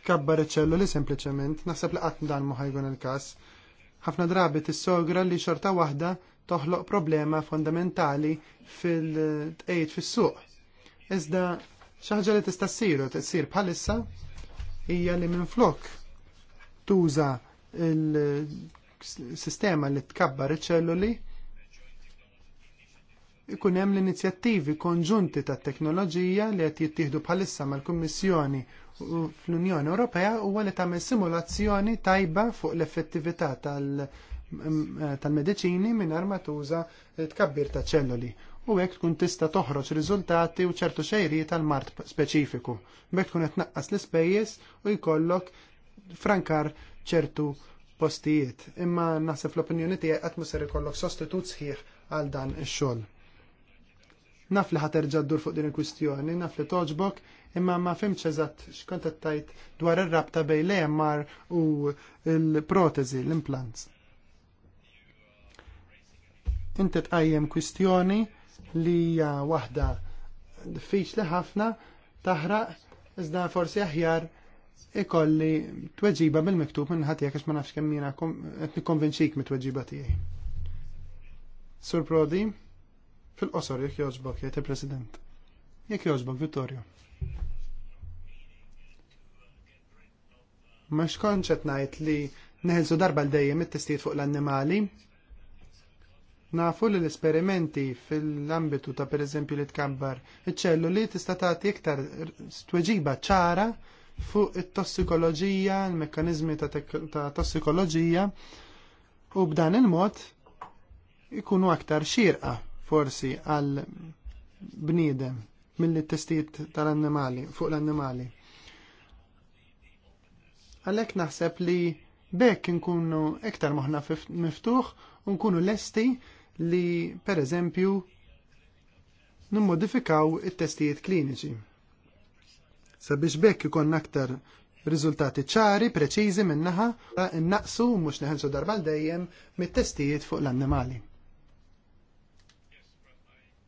tkabbar iċ-ċelluli sempliċement, naħseb li qatt dan ma ħajgun il-każ ħafna drabi tissogra li xorta waħda toħloq problema fondamentali fil-tqejt fis-suq. Iżda xaħġa li tista' ssiru tissir bħalissa hija li minflok tuża il-sistema li tkabbar iċ-ċelluli ikun hemm l-inizjattivi konġunti tat teknoloġija li qed jittieħdu bħalissa mal-Kummissjoni fl-Unjoni Ewropea huwa li tagħmel simulazzjoni tajba fuq l-effettività tal-mediċini mingħajr ma tuża tkabbir ta' ċelloli u hekk tkun tista' toħroġ riżultati u ċertu xejri tal-mart speċifiku. B'hekk tkun qed tnaqqas l-ispejjeż u jkollok frankar ċertu postijiet. Imma naħseb l-opinjoni tiegħek qatt mhux ser ikollok sostitut sħiħ għal dan ix-xogħol. Naf li ħaterġa ddur fuq din il-kwistjoni, naf li toġbok, imma ma fimx eżatt xkont tajt dwar ir-rabta bej l-EMR u l-protezi, l-implants. Inti tqajjem kwistjoni li hija waħda diffiċli ħafna taħraq iżda forsi aħjar ikolli tweġiba bil-miktub minn ħadd għax ma nafx kemm jiena qed nikkonvinċik mit-tweġiba tiegħi. Sur Prodi? Fil-qosor, jek joġbok, jgħid il-President. Jek joġbok, Vittorio. Mux konċet najt li neħelsu darba l-dejjem it-testijiet fuq l-annimali. Nafu li l-esperimenti fil-ambitu ta' per eżempju li tkabbar iċ-ċellu li tista' tagħti iktar tweġiba ċara fuq it-tossikoloġija, il-mekkanizmi ta' tossikoloġija u b'dan il-mod ikunu aktar xirqa forsi għal bniedem mill-testijiet tal-annimali, fuq l-annimali. Għalhekk naħseb li bekk nkunu iktar moħna miftuħ u nkunu lesti li pereżempju modifikaw it-testijiet kliniċi. Sabiex bekk ikon aktar riżultati ċari, preċiżi minnaħa, innaqsu mhux neħelsu darba dejjem mit-testijiet fuq l-annimali.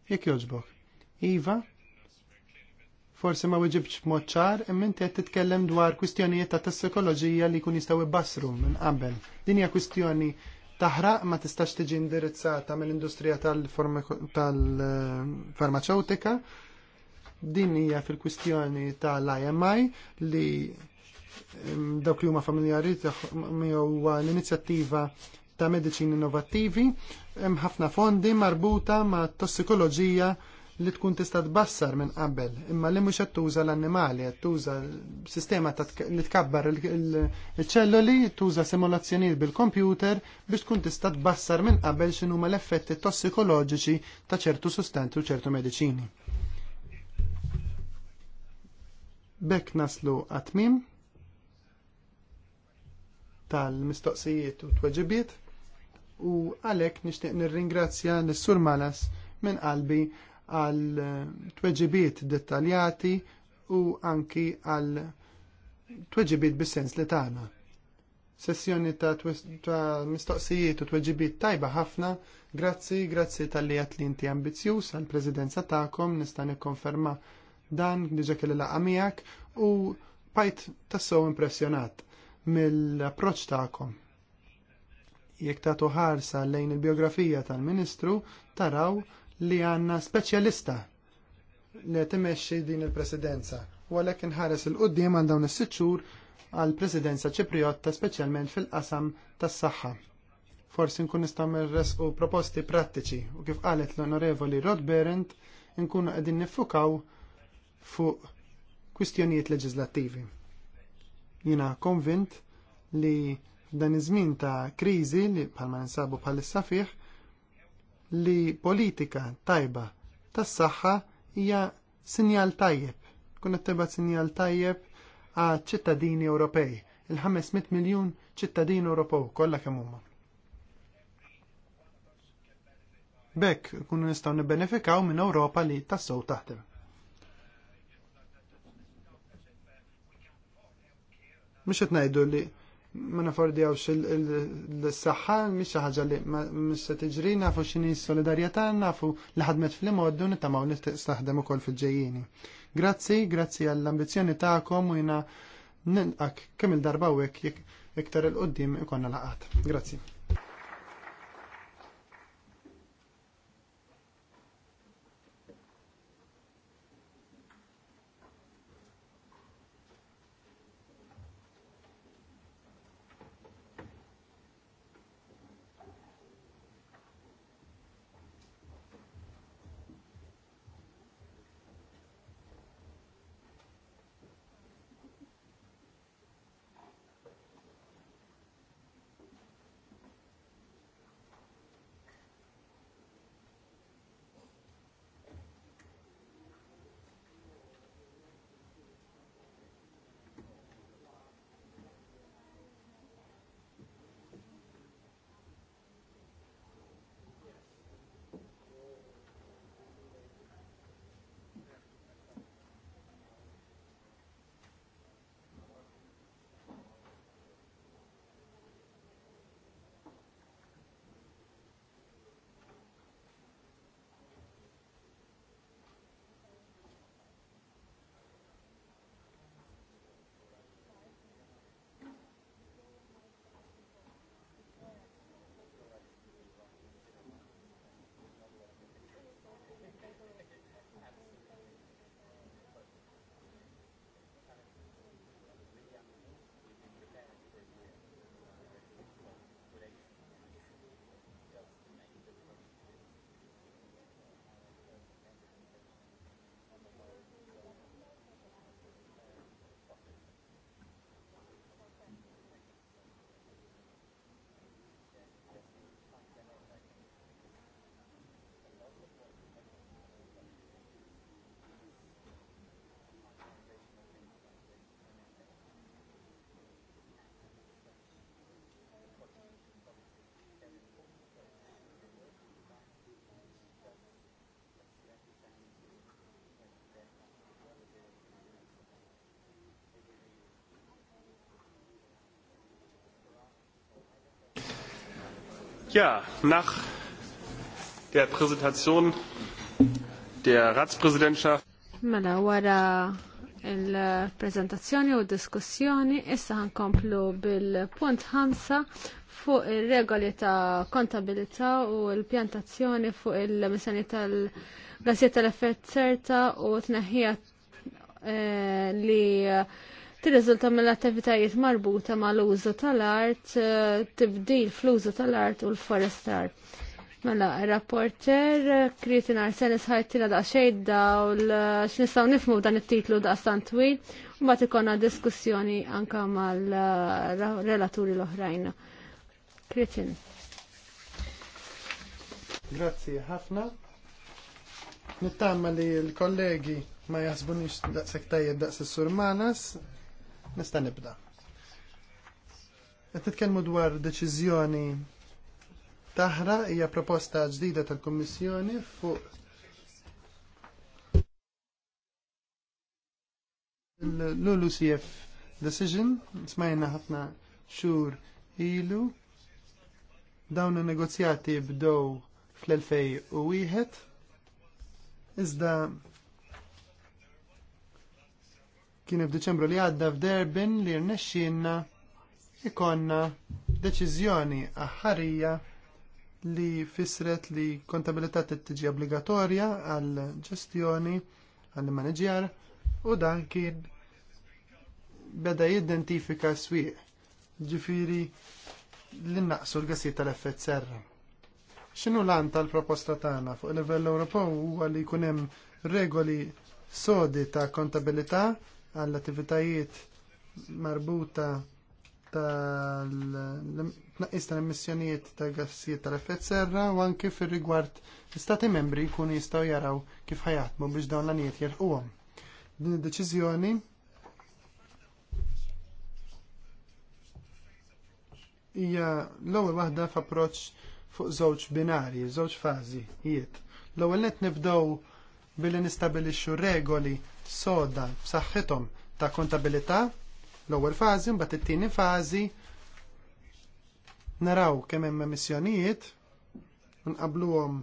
Jekk jogħġbok. Iva, forsi ma weġibx b'mod ċar, imma inti qed titkellem dwar kwistjonijiet ta' tas-sikoloġija li jkun jistgħu jbassru minn qabel. Din hija kwistjoni taħraq ma tistax tiġi indirizzata mill-industrija tal-farmaceutika. Din hija fil-kwistjoni tal-IMI li mm, dawk li huma familjari miegħu l-inizjattiva ta' mediċini innovattivi, hemm ħafna fondi marbuta ma' tossikoloġija li tkun tista' tbassar minn qabel, imma li mhux qed tuża l-annimali, qed tuża sistema li tkabbar il-ċelloli, tuża simulazzjonijiet bil-kompjuter biex tkun tista' tbassar minn qabel x'inhu huma l-effetti tossikoloġiċi ta' ċertu sustanti u ċertu mediċini. Bekk naslu għatmim tal-mistoqsijiet u tweġibiet u għalhekk nixtieq nirringrazzja lis sur Malas minn qalbi għal tweġibiet dettaljati u anki għal tweġibiet bis-sens li tagħna. Sessjoni ta', ta mistoqsijiet u tweġibiet tajba ħafna, grazzi, grazzi tal-li għat li inti ambizjuż għal prezidenza tagħkom nista' nikkonferma dan diġa kelli laqa miegħek u bajt tassew impressjonat mill-approċ tagħkom jekk tagħtu ħarsa lejn il-biografija tal-Ministru taraw li għandna speċjalista li timexxi din il-Presidenza. U għalhekk inħares il-qudiem għal dawn is-sitt xhur għall presidenza Ċipriotta speċjalment fil-qasam tas-saħħa. Forsi nkun nistgħu resqu proposti prattiċi u kif qalet l-Onorevoli Rod Berend nkunu qegħdin niffukaw fuq kwistjonijiet leġislattivi. Jina konvint li dan iż-żmien ta' kriżi li bħalma nsabu bħalissa fih li politika tajba tas-saħħa hija sinjal tajjeb. Kun qed sinjal tajjeb għaċ ċittadini Ewropej, il-500 miljun ċittadin Ewropew kollha kemm huma. Bekk kunu nistgħu nibbenefikaw minn Ewropa li tassew taħdem. Mhux qed ngħidu li ma nafordjawx il-saxħa, mis xi ħaġa li mis se tiġri, nafu x'inhi s nafu li ħadmet fl-imoddu nittamaw li t-istahdemu ukoll fil ġejjini Grazzi, grazzi għall-ambizzjoni tagħkom u jina nilqak kemm il-darba hekk iktar il-qudiem ikonna laqat. Grazzi. Ja, nach der Präsentation der Ratspräsidentschaft. Mela wara il-prezentazzjoni u diskussjoni issa ħankomplu bil-punt ħamsa fuq ir-regoli ta' kontabilità u l-pjantazzjoni fuq il-missjoni tal-gazzetta tal-effett certa u tneħħija eh, li tirriżulta mill-attivitajiet marbuta mal-użu tal-art, eh, tibdil fl-użu tal-art u l-forestar. Mela, rapporter, kritin arsen ħajtina da xejn dawl, eh, x'nistgħu nifmu dan it-titlu da twil, u mbagħad ikonna diskussjoni anka mal-relaturi l-oħrajn. Kritin. Grazzi ħafna. Nittamma li l-kollegi ma jasbunix daqsek tajjeb daqs s-surmanas, Nista' nibda. Qed titkellmu dwar deċiżjoni taħra hija proposta ġdida tal-Kummissjoni fuq l-LUCF decision smajna ħafna xhur ilu dawn in-negozjati bdew fl-2001 iżda kien f'Diċembru li għadda f'Derbin li rnexxinna ikonna deċiżjoni aħħarija li fisret li kontabilità tiġi obbligatorja għall ġestjoni għall maniġjar u dan kien beda jidentifika swieq ġifiri li naqsu l gassi tal-effett serra. X'inhu l-għan tal-proposta tagħna fuq livell Ewropew huwa li jkun hemm regoli sodi ta' kontabilità għall-attivitajiet marbuta tal-tnaqqis tal-emissjonijiet ta' gassijiet tal-effett serra u anke fir rigward l-Stati membri jkunu jistgħu jaraw kif ħajatmu biex dawn l-anijiet jelħquhom. Din id-deċiżjoni hija l-ewwel waħda f'approċċ fuq żewġ binarji, żewġ fażi jiet. L-ewwel nett nibdew billi nistabilixxu regoli soda b'saħħithom ta' kontabilità l-ewwel fażi mbagħad it-tieni fażi naraw kemm hemm emissjonijiet nqabluhom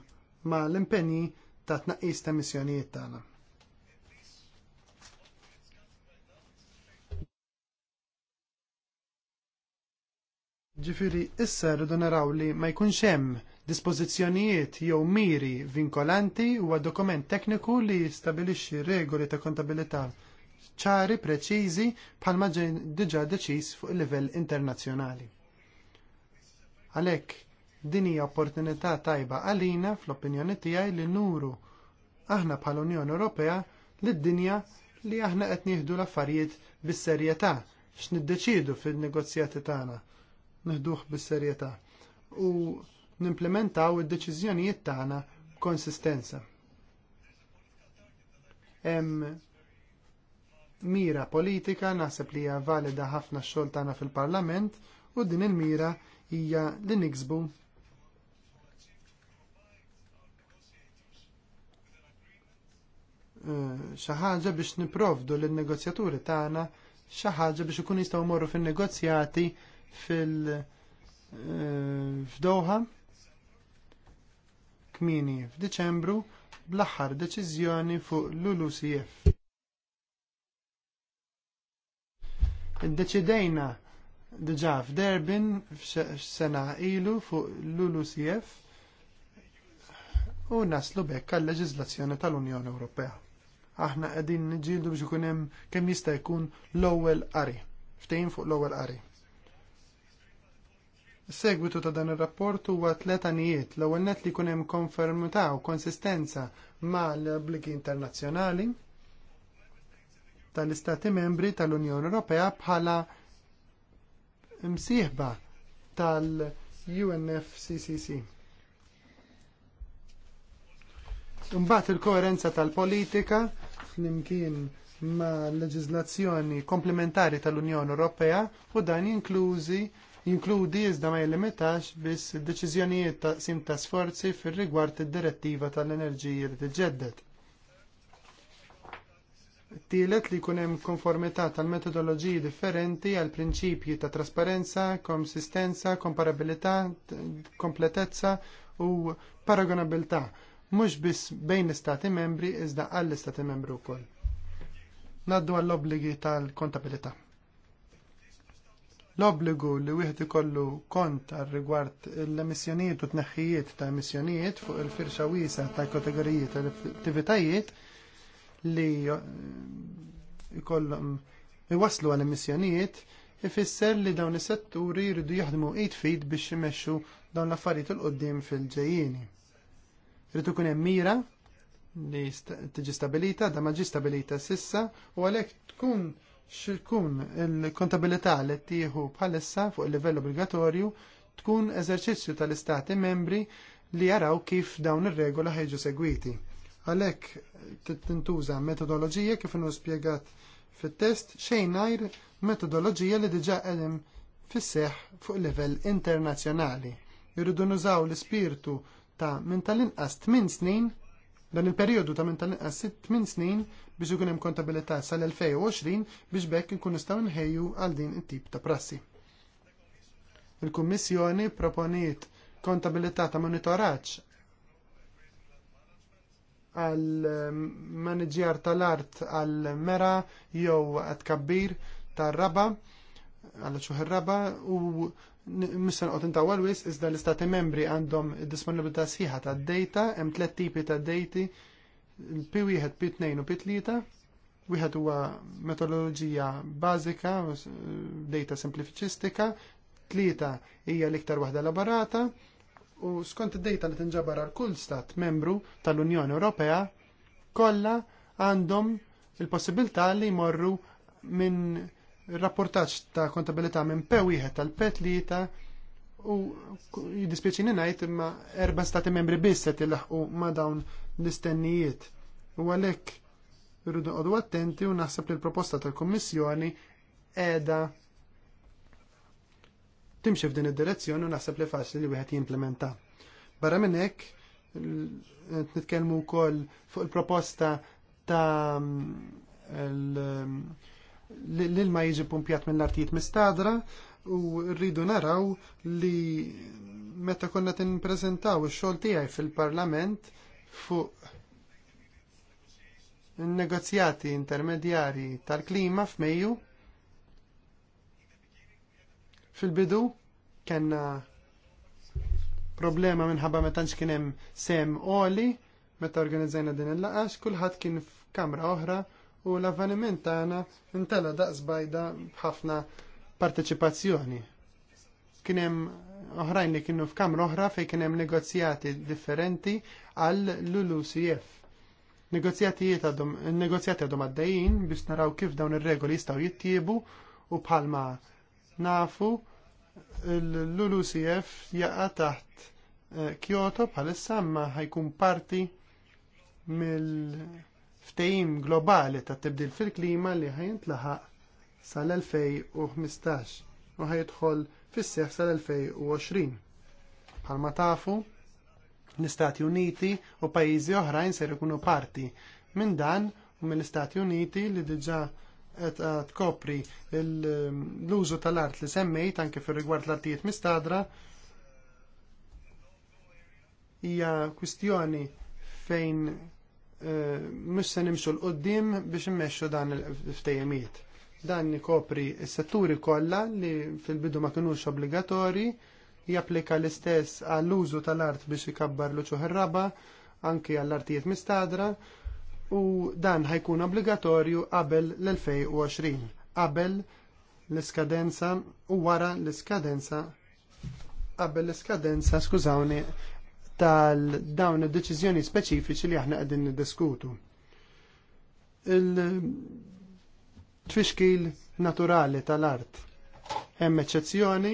ma' l-impenji ta' tnaqqis ta' emissjonijiet tagħna. Ġifieri issa rridu naraw li ma jkunx hemm Dispożizzjonijiet jew miri vinkolanti huwa dokument tekniku li jistabilixxi regoli ta' kontabilità ċari preċiżi bħalma diġà deċiż fuq livell internazzjonali. Għalhekk din hija opportunità tajba għalina fl-opinjoni tiegħi li nuru aħna bħala Unjoni Ewropea lid-dinja li aħna qed nieħdu l-affarijiet bis-serjetà x'niddeċiedu fin-negozjati tagħna. Nieħduh bis-serjetà. U nimplementaw id-deċiżjonijiet tagħna b'konsistenza. Hemm mira politika naħseb li hija valida ħafna x-xogħol tagħna fil-Parlament u din il-mira hija li niksbu eh, xi ħaġa biex nipprovdu lin negozjaturi tagħna xi ħaġa biex ikun jistgħu jmorru fin-negozjati fil- eh, doha kmieni f'Diċembru bl-aħħar deċiżjoni fuq l-ULUCF. Iddeċidejna diġà f'Derbin f'sena ilu fuq l-ULUCF u naslu bekk għal leġiżlazzjoni tal-Unjoni Ewropea. Aħna qegħdin niġġieldu biex ikun hemm kemm jista' jkun l-ewwel qari, ftehim fuq l-ewwel qari. Segwitu ta' dan ir-rapport huwa tleta anijiet l-ewwel net li kun hemm konfermità u konsistenza mal-obbligi internazzjonali tal-Istati Membri tal-Unjoni Ewropea bħala msieħba tal-UNFCCC. Imbagħad il-koerenza tal-politika flimkien ma' leġiżlazzjoni komplementari tal-Unjoni Ewropea u dan jinklużi jinkludi iżda ma jillimitax biss id-deċiżjonijiet ta' sim ta' sforzi fir-rigward id-direttiva tal-enerġija li tiġġedded. Tielet li jkun hemm konformità tal-metodoloġiji differenti għal prinċipji ta' trasparenza, konsistenza, komparabilità, kompletezza u paragonabilità, mhux biss bejn l-istati membri iżda għall-istati membri wkoll. Naddu għall obbligi tal-kontabilità l-obbligu li wieħed ikollu kont għal rigward l-emissjonijiet u t tneħħijiet ta' emissjonijiet fuq il-firxa wiesa ta' kategoriji ta' attivitajiet li eh, ikollhom iwaslu għal emissjonijiet ifisser li dawn is-setturi jridu jaħdmu id fit biex imexxu dawn l-affarijiet il qudiem fil-ġejjieni. Rrid ikun hemm mira li tiġi stabilita, da ma ġi stabilita sissa u għalhekk tkun xilkun il-kontabilità li tieħu bħalissa fuq il-livell obbligatorju tkun eżerċizzju tal-istati membri li jaraw kif dawn ir-regola ħejġu segwiti. Għalhekk tintuża metodoloġija kif inhu spjegat fit-test xejn ngħid metodoloġija li diġà qegħdem fis-seħħ fuq livell internazzjonali. Irridu nużaw l-ispirtu ta' minn tal-inqas 8 snin Dan il-perjodu ta' minn tal-inqas 8 snin biex ikun hemm kontabilità sal-2020 biex bekk ikun nistgħu nħejju għal din it-tip ta' prassi. Il-Kummissjoni proponiet kontabilità ta' monitoraġġ għal ehm, maniġjar tal-art għal mera jew għat kabbir tar-raba għal ċuħ raba u Missa nqot intawal wis iżda l-istati membri għandhom disponibilità sħiħa ta' data, hemm tliet tipi ta' dejti P1, P2 u P3. Wieħed huwa metodoloġija bażika, data simplifiċistika, tlieta hija l-iktar waħda elaborata u skont id-data li tinġabar għal kull stat membru tal-Unjoni Ewropea kollha għandhom il-possibilità li jmorru minn il-rapportaċ ta' kontabilità minn pewiħet tal tal li ta' u jidispieċini ngħid imma erba stati membri biss il jilaħqu ma' dawn l-istennijiet. U għalhekk rridu għadu attenti u naħseb li l-proposta tal-Kummissjoni qiegħda timxi f'din id-direzzjoni u naħseb li faċli li wieħed jimplementa. Barra minn hekk nitkellmu wkoll fuq il-proposta ta' mm, mm, l-ilma jiġi pumpjat mill-artijiet mistadra u rridu naraw li meta konna tinpreżentaw ix-xogħol tiegħi fil-Parlament fuq negozjati intermedjari tal-klima f'Mejju. Fil-bidu kena problema minħabba meta tantx kien hemm sem oli meta organizzajna din il-laqax, kulħadd kien f'kamra oħra u l-avveniment tagħna intela daqs bajda b'ħafna parteċipazzjoni. Kien hemm oħrajn li kienu f'kamra oħra fejn kien hemm negozjati differenti għal l-UCF. Negozjatijiet għadhom negozjati għadhom għaddejjin biex naraw kif dawn ir-regoli jistgħu jittiebu u bħalma nafu l-UCF jaqa' taħt eh, Kyoto bħalissa ma ħajkun parti mill ftehim globali ta' tibdil fil-klima li jintlaħaq sal-2015 u ħajidħol fis-seħ sal-2020. Bħalma tafu, l-Istati Uniti u pajjiżi oħrajn ser ikunu parti minn dan u mill-Istati Uniti li diġà qed tkopri l-użu tal-art li semmejt anke fir-rigward l-artijiet mistadra hija kwistjoni fejn mussa nimxu l qoddim biex immexxu dan il-ftejjemiet. Dan ikopri s-setturi kollha li fil-bidu ma kinux obbligatorji, japplika l-istess għall-użu tal-art biex ikabbar l ir-raba, anki għall-artijiet mistadra, u dan ħajkun obbligatorju qabel l-2020, qabel l-iskadenza u wara l-iskadenza qabel l-iskadenza, skużawni, tal-dawn id-deċiżjoni speċifiċi li aħna qegħdin niddiskutu. Il-tfixkil naturali tal-art hemm eċċezzjoni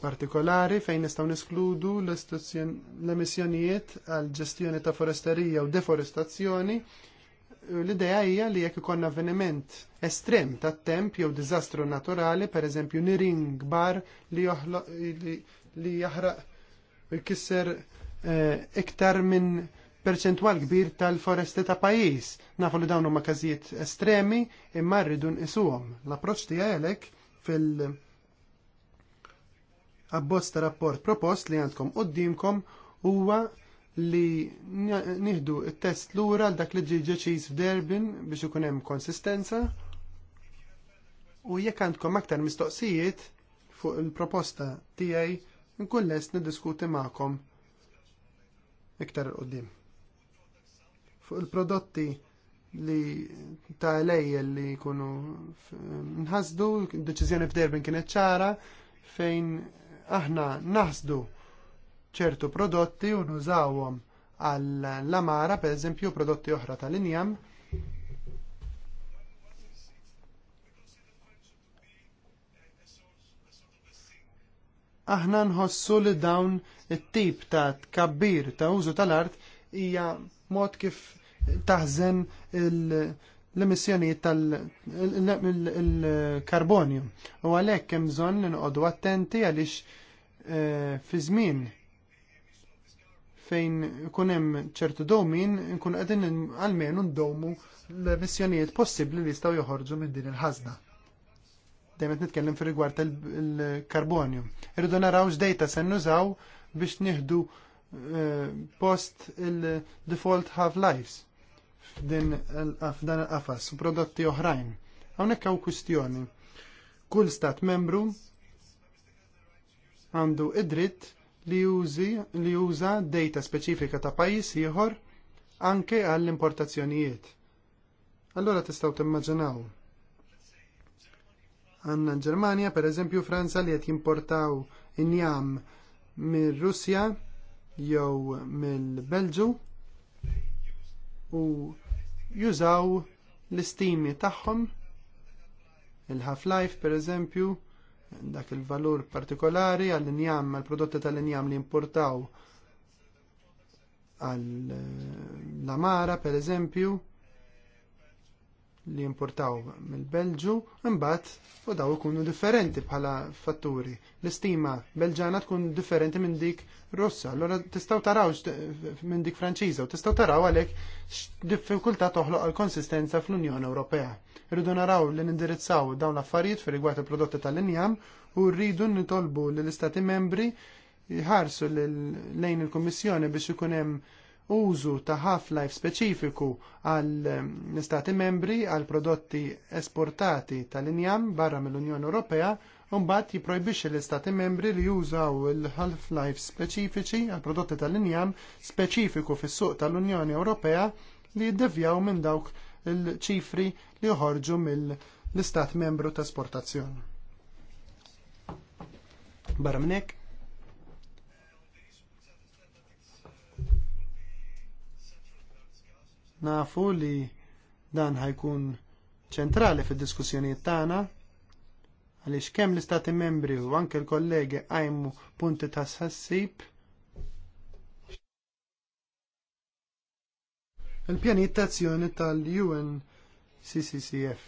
partikolari fejn nistgħu niskludu l-emissjonijiet għal ġestjoni ta' foresterija u deforestazzjoni. L-idea hija li jekk ikun avveniment estrem tat temp jew diżastru naturali, pereżempju nirin kbar li, li jaħraq ikisser eh, iktar minn perċentwal kbir tal-foresti ta' pajis. Nafu li dawn huma każijiet estremi imma rridu nqisuhom. L-approċċ tiegħek fil- abbozz ta' rapport propost li għandkom d-dimkom huwa li nieħdu t test lura għal dak li ġi ġeċiż f'Derbin biex ikun hemm konsistenza. U jekk għandkom aktar mistoqsijiet fuq il-proposta tiegħi nkun lest niddiskuti ma'kom iktar il-qoddim. Fuq il-prodotti li ta' lejja li jkunu nħasdu, deċiżjoni f'Derbin kienet ċara fejn aħna naħsdu ċertu prodotti u nużawhom għall-lamara, per eżempju, prodotti oħra tal-injam, aħna nħossu li dawn it-tip ta' tkabbir ta' użu tal-art hija mod kif taħżen l-emissjonijiet tal-karbonju. U għalhekk hemm bżonn inqogħdu attenti għaliex eh, fi żmien fejn ikun hemm ċertu domin nkun qegħdin għalmenu ndomu l-emissjonijiet possibbli li jistgħu joħorġu minn din il-ħażna dejjem qed nitkellem fir-rigward il-karbonju. Irridu naraw x'dejta se nużaw biex nieħdu eh, post il-default half-lives f'dan il-qafas u prodotti oħrajn. Hawnhekk hawn kwistjoni. Kull stat membru għandu id-dritt li jużi li juża data speċifika ta' pajjiż ieħor anke għall-importazzjonijiet. Allora tistgħu timmaġinaw Għanna Ġermanja, per eżempju, Franza li qed jimportaw injam mir-Russja jew mill-Belġu u jużaw l-istimi tagħhom il-half-life per eżempju dak il-valur partikolari għall-injam għall-prodotti tal-injam li importaw għall-lamara per eżempju li importaw mill-Belġu, imbagħad u daw ikunu differenti bħala fatturi. L-istima Belġana tkun differenti minn dik Russa, allora tistgħu taraw minn dik Franċiża u tistgħu taraw għalhekk diffikultà toħloq għall-konsistenza fl-Unjoni Ewropea. Irridu naraw li nindirizzaw dawn l-affarijiet fir rigward il-prodotti tal-injam u rridu nitolbu lill istati membri jħarsu lejn il-Kummissjoni biex ikun hemm użu ta' half-life speċifiku għal ehm, istati membri għal prodotti esportati tal-injam barra mill-Unjoni Ewropea mbagħad jipprojbixxi l-istati membri li jużaw il-half-life speċifiċi għal prodotti tal-injam speċifiku fis-suq tal-Unjoni Ewropea li jiddevjaw minn dawk il-ċifri li joħorġu mill-istat membru ta' esportazzjoni. Barra minnek, Nafu li dan ħajkun ċentrali fid-diskussjonijiet tagħna għaliex kemm l-istati membri u anke l-kollegi għajmu punti ta' sħassib. il-pjanijiet ta' azzjoni tal-UNCCCF.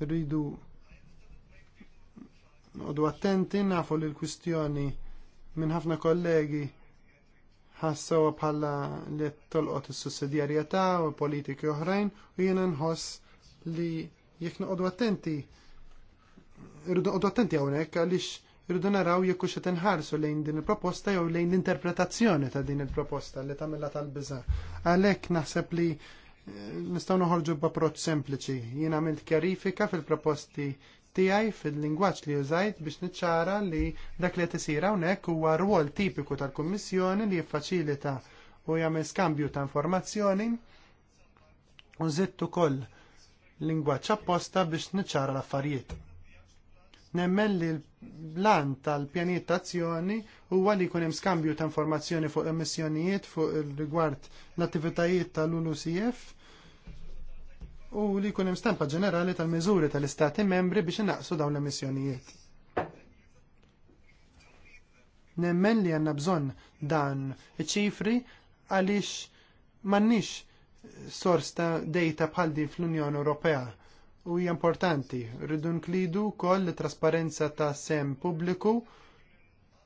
Rridu noqdu attenti nafu li l-kwistjoni minn ħafna kollegi ħassew bħala li tolqot is-sussidjarjetà u politiki oħrajn u jiena nħoss li jekk noqogħdu attenti irridu noqogħdu attenti hawnhekk għaliex irridu naraw jekk hux qed inħarsu lejn din il-proposta jew lejn l-interpretazzjoni ta' din il-proposta li tagħmilha tal-biża. Għalhekk naħseb li eh, nistgħu noħorġu b'approċċ sempliċi. Jien għamilt kjarifika fil-proposti tiegħi fil-lingwaġġ li użajt biex niċċara li dak li qed isir hawnhekk huwa rwol tipiku tal-Kummissjoni li jiffaċilita u jagħmel skambju ta' informazzjoni u żitt ukoll lingwaġġ apposta biex niċċara l-affarijiet. Nemmen li l-plan tal-pjaniet ta' azzjoni huwa li jkun hemm skambju ta' informazzjoni fuq emissjonijiet fuq rigward l-attivitajiet tal-UNUCF u li jkun hemm stampa ġenerali tal-miżuri tal-istati membri biex innaqsu dawn l-emissjonijiet. Nemmen li għandna bżonn dan iċ-ċifri għaliex m'għandniex sors ta' data bħal din fl-Unjoni Ewropea u hija importanti. Rridu nklidu wkoll trasparenza ta' sem pubbliku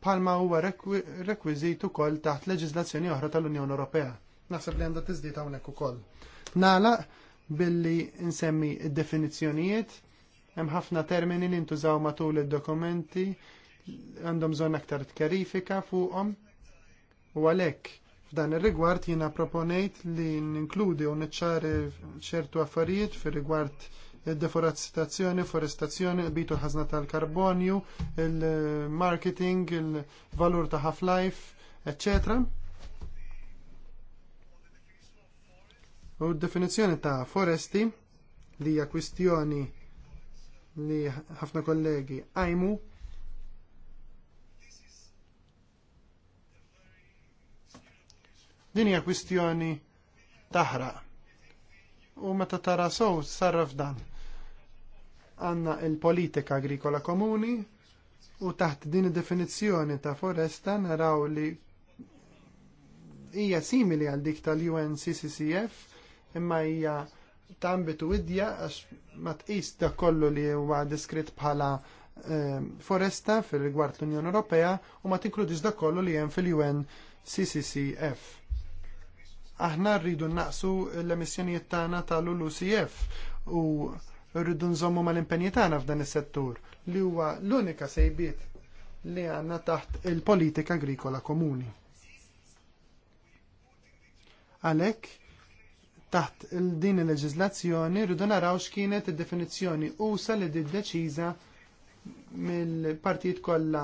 bħalma huwa rekwiżit ukoll taħt leġiżlazzjoni oħra tal-Unjoni Ewropea. Naħseb li għandha tiżdiet hawnhekk ukoll. Nagħlaq billi nsemmi id-definizzjonijiet, hemm ħafna termini li ntużaw matul id-dokumenti għandhom bżonn aktar tkarifika fuqhom. U għalhekk f'dan ir-rigward jiena proponejt li ninkludi u niċċar ċertu affarijiet fir-rigward id deforestazzjoni forestazzjoni, bitu ħazna tal-karbonju, il-marketing, il-valur ta' half-life, eccetera. U d-definizzjoni ta' foresti li hija kwistjoni li ħafna kollegi għajmu din hija kwistjoni taħraq. U meta tara sow sarraf dan. Għanna il-politika agrikola komuni u taħt din id-definizzjoni ta' foresta naraw li hija simili għal dik tal-UNCCCF imma hija ta' ambitu idja għax ma tqis da kollu li huwa diskrit bħala eh, foresta fil-rigward l-Unjoni Ewropea u ma tinkludix da kollu li hemm fil-UN CCCF. Aħna rridu naqsu l-emissjonijiet tagħna tal-ULUCF u rridu nżommu mal-impenji tagħna f'dan is-settur li huwa l-unika sejbiet li għandna taħt il-politika agrikola komuni. Għalhekk taħt din il-leġizlazzjoni rridu naraw x'kienet id-definizzjoni usa li deċiża mill-partijiet kollha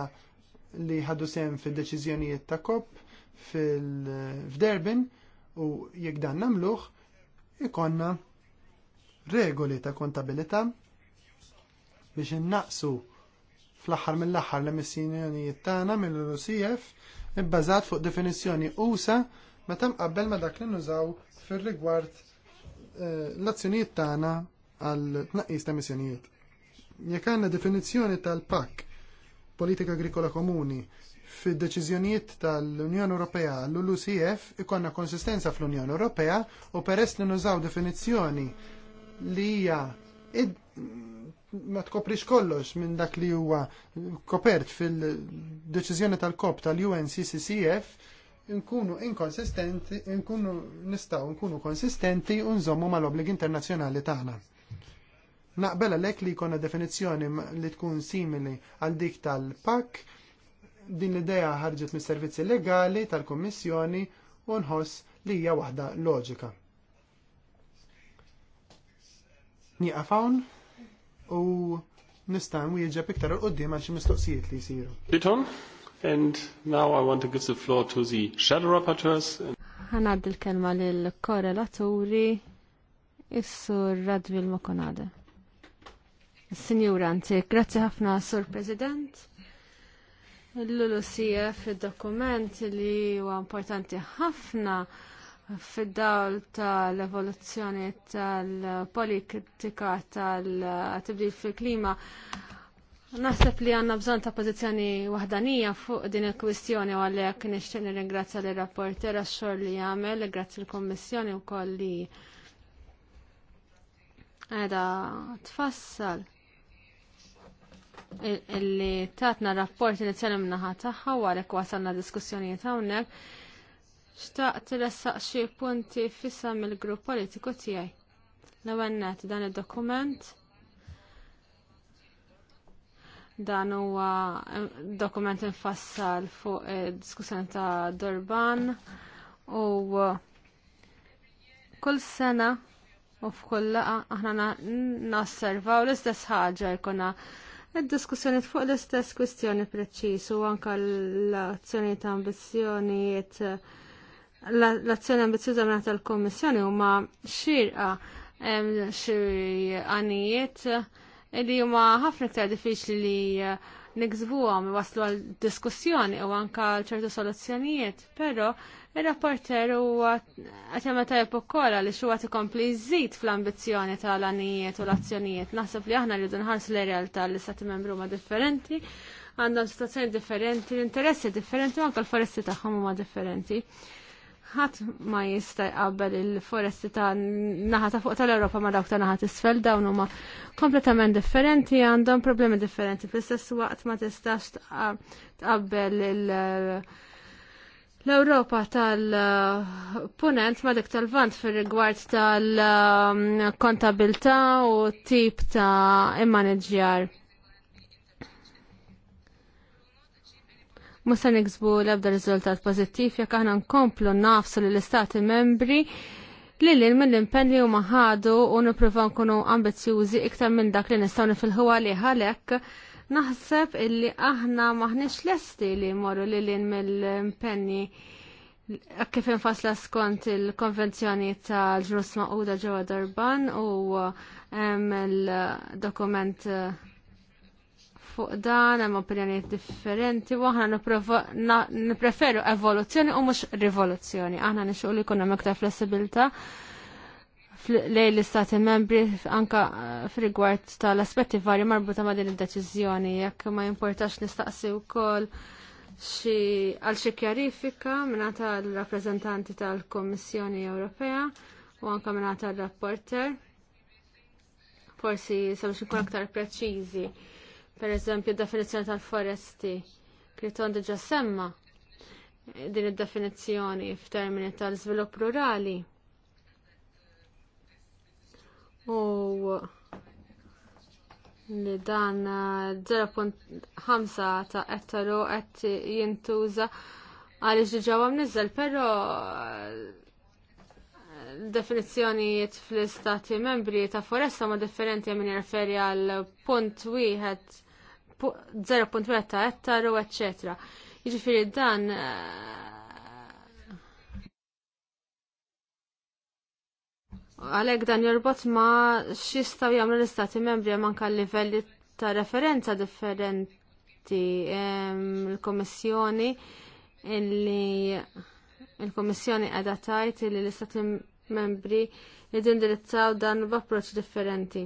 li ħadu sehem fid-deċiżjonijiet ta' COP f'Derbin u jekk dan nagħmluh ikonna regoli ta' kontabilità biex innaqsu fl-aħħar mill-aħħar l-emissjonijiet tagħna mill-UCF ibbażat fuq definizzjoni usa meta mqabbel ma dak li nużaw fil-rigward eh, l-azzjonijiet tagħna għal tnaqqis ta' missjonijiet. Jekk għandna definizzjoni tal-PAK, Politika Agrikola Komuni, fid-deċiżjonijiet tal-Unjoni Ewropea l UCF, ikonna konsistenza fl-Unjoni Ewropea u peress li nużaw definizzjoni li hija ma tkoprix kollox minn dak li huwa kopert fil-deċiżjoni tal-kop tal-UNCCCF nkunu inkonsistenti, nkunu nistaw nkunu konsistenti u nżommu mal-obbligi internazzjonali tagħna. Naqbel għalhekk li jkollna definizzjoni li tkun simili għal dik tal-pak, din l-idea ħarġet mis-servizzi legali tal-Kummissjoni u nħoss li hija waħda loġika. Nieqaf hawn u nista' nwieġeb iktar qudiem għal xi mistoqsijiet li jsiru. And now I want to give the floor to the shadow rapporteurs. Ħanad il-kelma lill-korrelaturi is-sur Radvil Mokonade. Signora Antik, grazzi ħafna sur President. L-LUCF il-dokument li huwa importanti ħafna fid-dawl tal-evoluzzjoni tal-politika tal-tibdil fil-klima Naħseb li għanna bżon ta' pozizjoni wahdanija fuq din il-kwistjoni u għalek nishtiq nirringrazzja li rapporter għax xogħol li jagħmel, grazzi l-Kommissjoni wkoll kolli. qiegħda tfassal illi tatna rapport li t minnaħa tagħha u għalhekk wasalna diskussjonijiet hawnhekk. Xtaqt ressaq xie punti fissa mill-grupp politiku tiegħi. L-ewwel dan id-dokument Dan huwa eh, dokument infassal fuq eh, diskussjoni ta' Durban u eh, kull sena u f'kull laqa aħna nasservaw l-istess ħaġa jkuna id-diskussjoni fuq l-istess kwistjoni preċis u anka l-azzjoni ta' ambizzjonijiet l-azzjoni ambizjuża minn tal kummissjoni huma xirqa xi għanijiet Edi huma ħafna ktar diffiċli li eh, nikzbuhom waslu għal diskussjoni u anka ċertu soluzzjonijiet, però ir-rapporter huwa qed jagħmel tajjeb ukoll xu huwa tikompli jżid fl-ambizzjoni l-anijiet u l-azzjonijiet. Naħseb li aħna rridu nħarsu l-realtà li stati membru huma differenti, għandhom situazzjoni differenti, l-interessi differenti u anke l-foresti tagħhom huma differenti. differenti ħadd ma jista' jqabbel il-foresti ta' naħa ta' fuq tal europa ma' dawk ta' naħa isfel, dawn huma kompletament differenti għandhom problemi differenti fl-istess waqt ma tistax tqabbel il- L-Europa tal-punent ma dik tal-vant fir rigward tal-kontabilta um, u tip ta' immaneġjar musa niksbu l-ebda rizultat pozittiv jekk aħna nkomplu nafsu lill istati membri li l mill-impenni u maħadu u nipruvaw nkunu ambizjużi iktar minn dak li nistgħu nifilħu li ħalek naħseb illi aħna maħniex lesti li morru li l mill-impenni kif infasla skont il-konvenzjoni tal-ġnus maquda ġewwa Durban u l-dokument fuq dan hemm opinjonijiet differenti u aħna nippreferu evoluzzjoni u mhux rivoluzzjoni. Aħna nixuq li hemm iktar flessibilità lej l-istati membri anka eh, f'rigward tal-aspetti varji marbuta ma' din id-deċiżjoni jekk ma jimportax nistaqsi wkoll xi għal xi kjarifika mingħata l-rappreżentanti tal-Kummissjoni Ewropea u anka mingħata l-rapporter forsi sabiex nkun aktar preċiżi Per eżempju, definizzjoni tal-foresti, kriton ġa semma din id-definizzjoni f'termini tal-żvilupp rurali. U li dan 0.5 uh, ta' ettaru qed jintuża għaliex diġa nizzel, però uh, definizzjonijiet fl-istati membri ta' foresta ma' differenti minn jirferi għal punt wieħed 0.3 ta' ettaru, eccetera. Jiġifieri dan eh, għalek dan jorbot ma xistaw jamlu l-istati membri manka livelli ta' referenza differenti il-komissjoni illi il-komissjoni għadatajt illi li l-istati membri id-indirizzaw dan b'approċċ differenti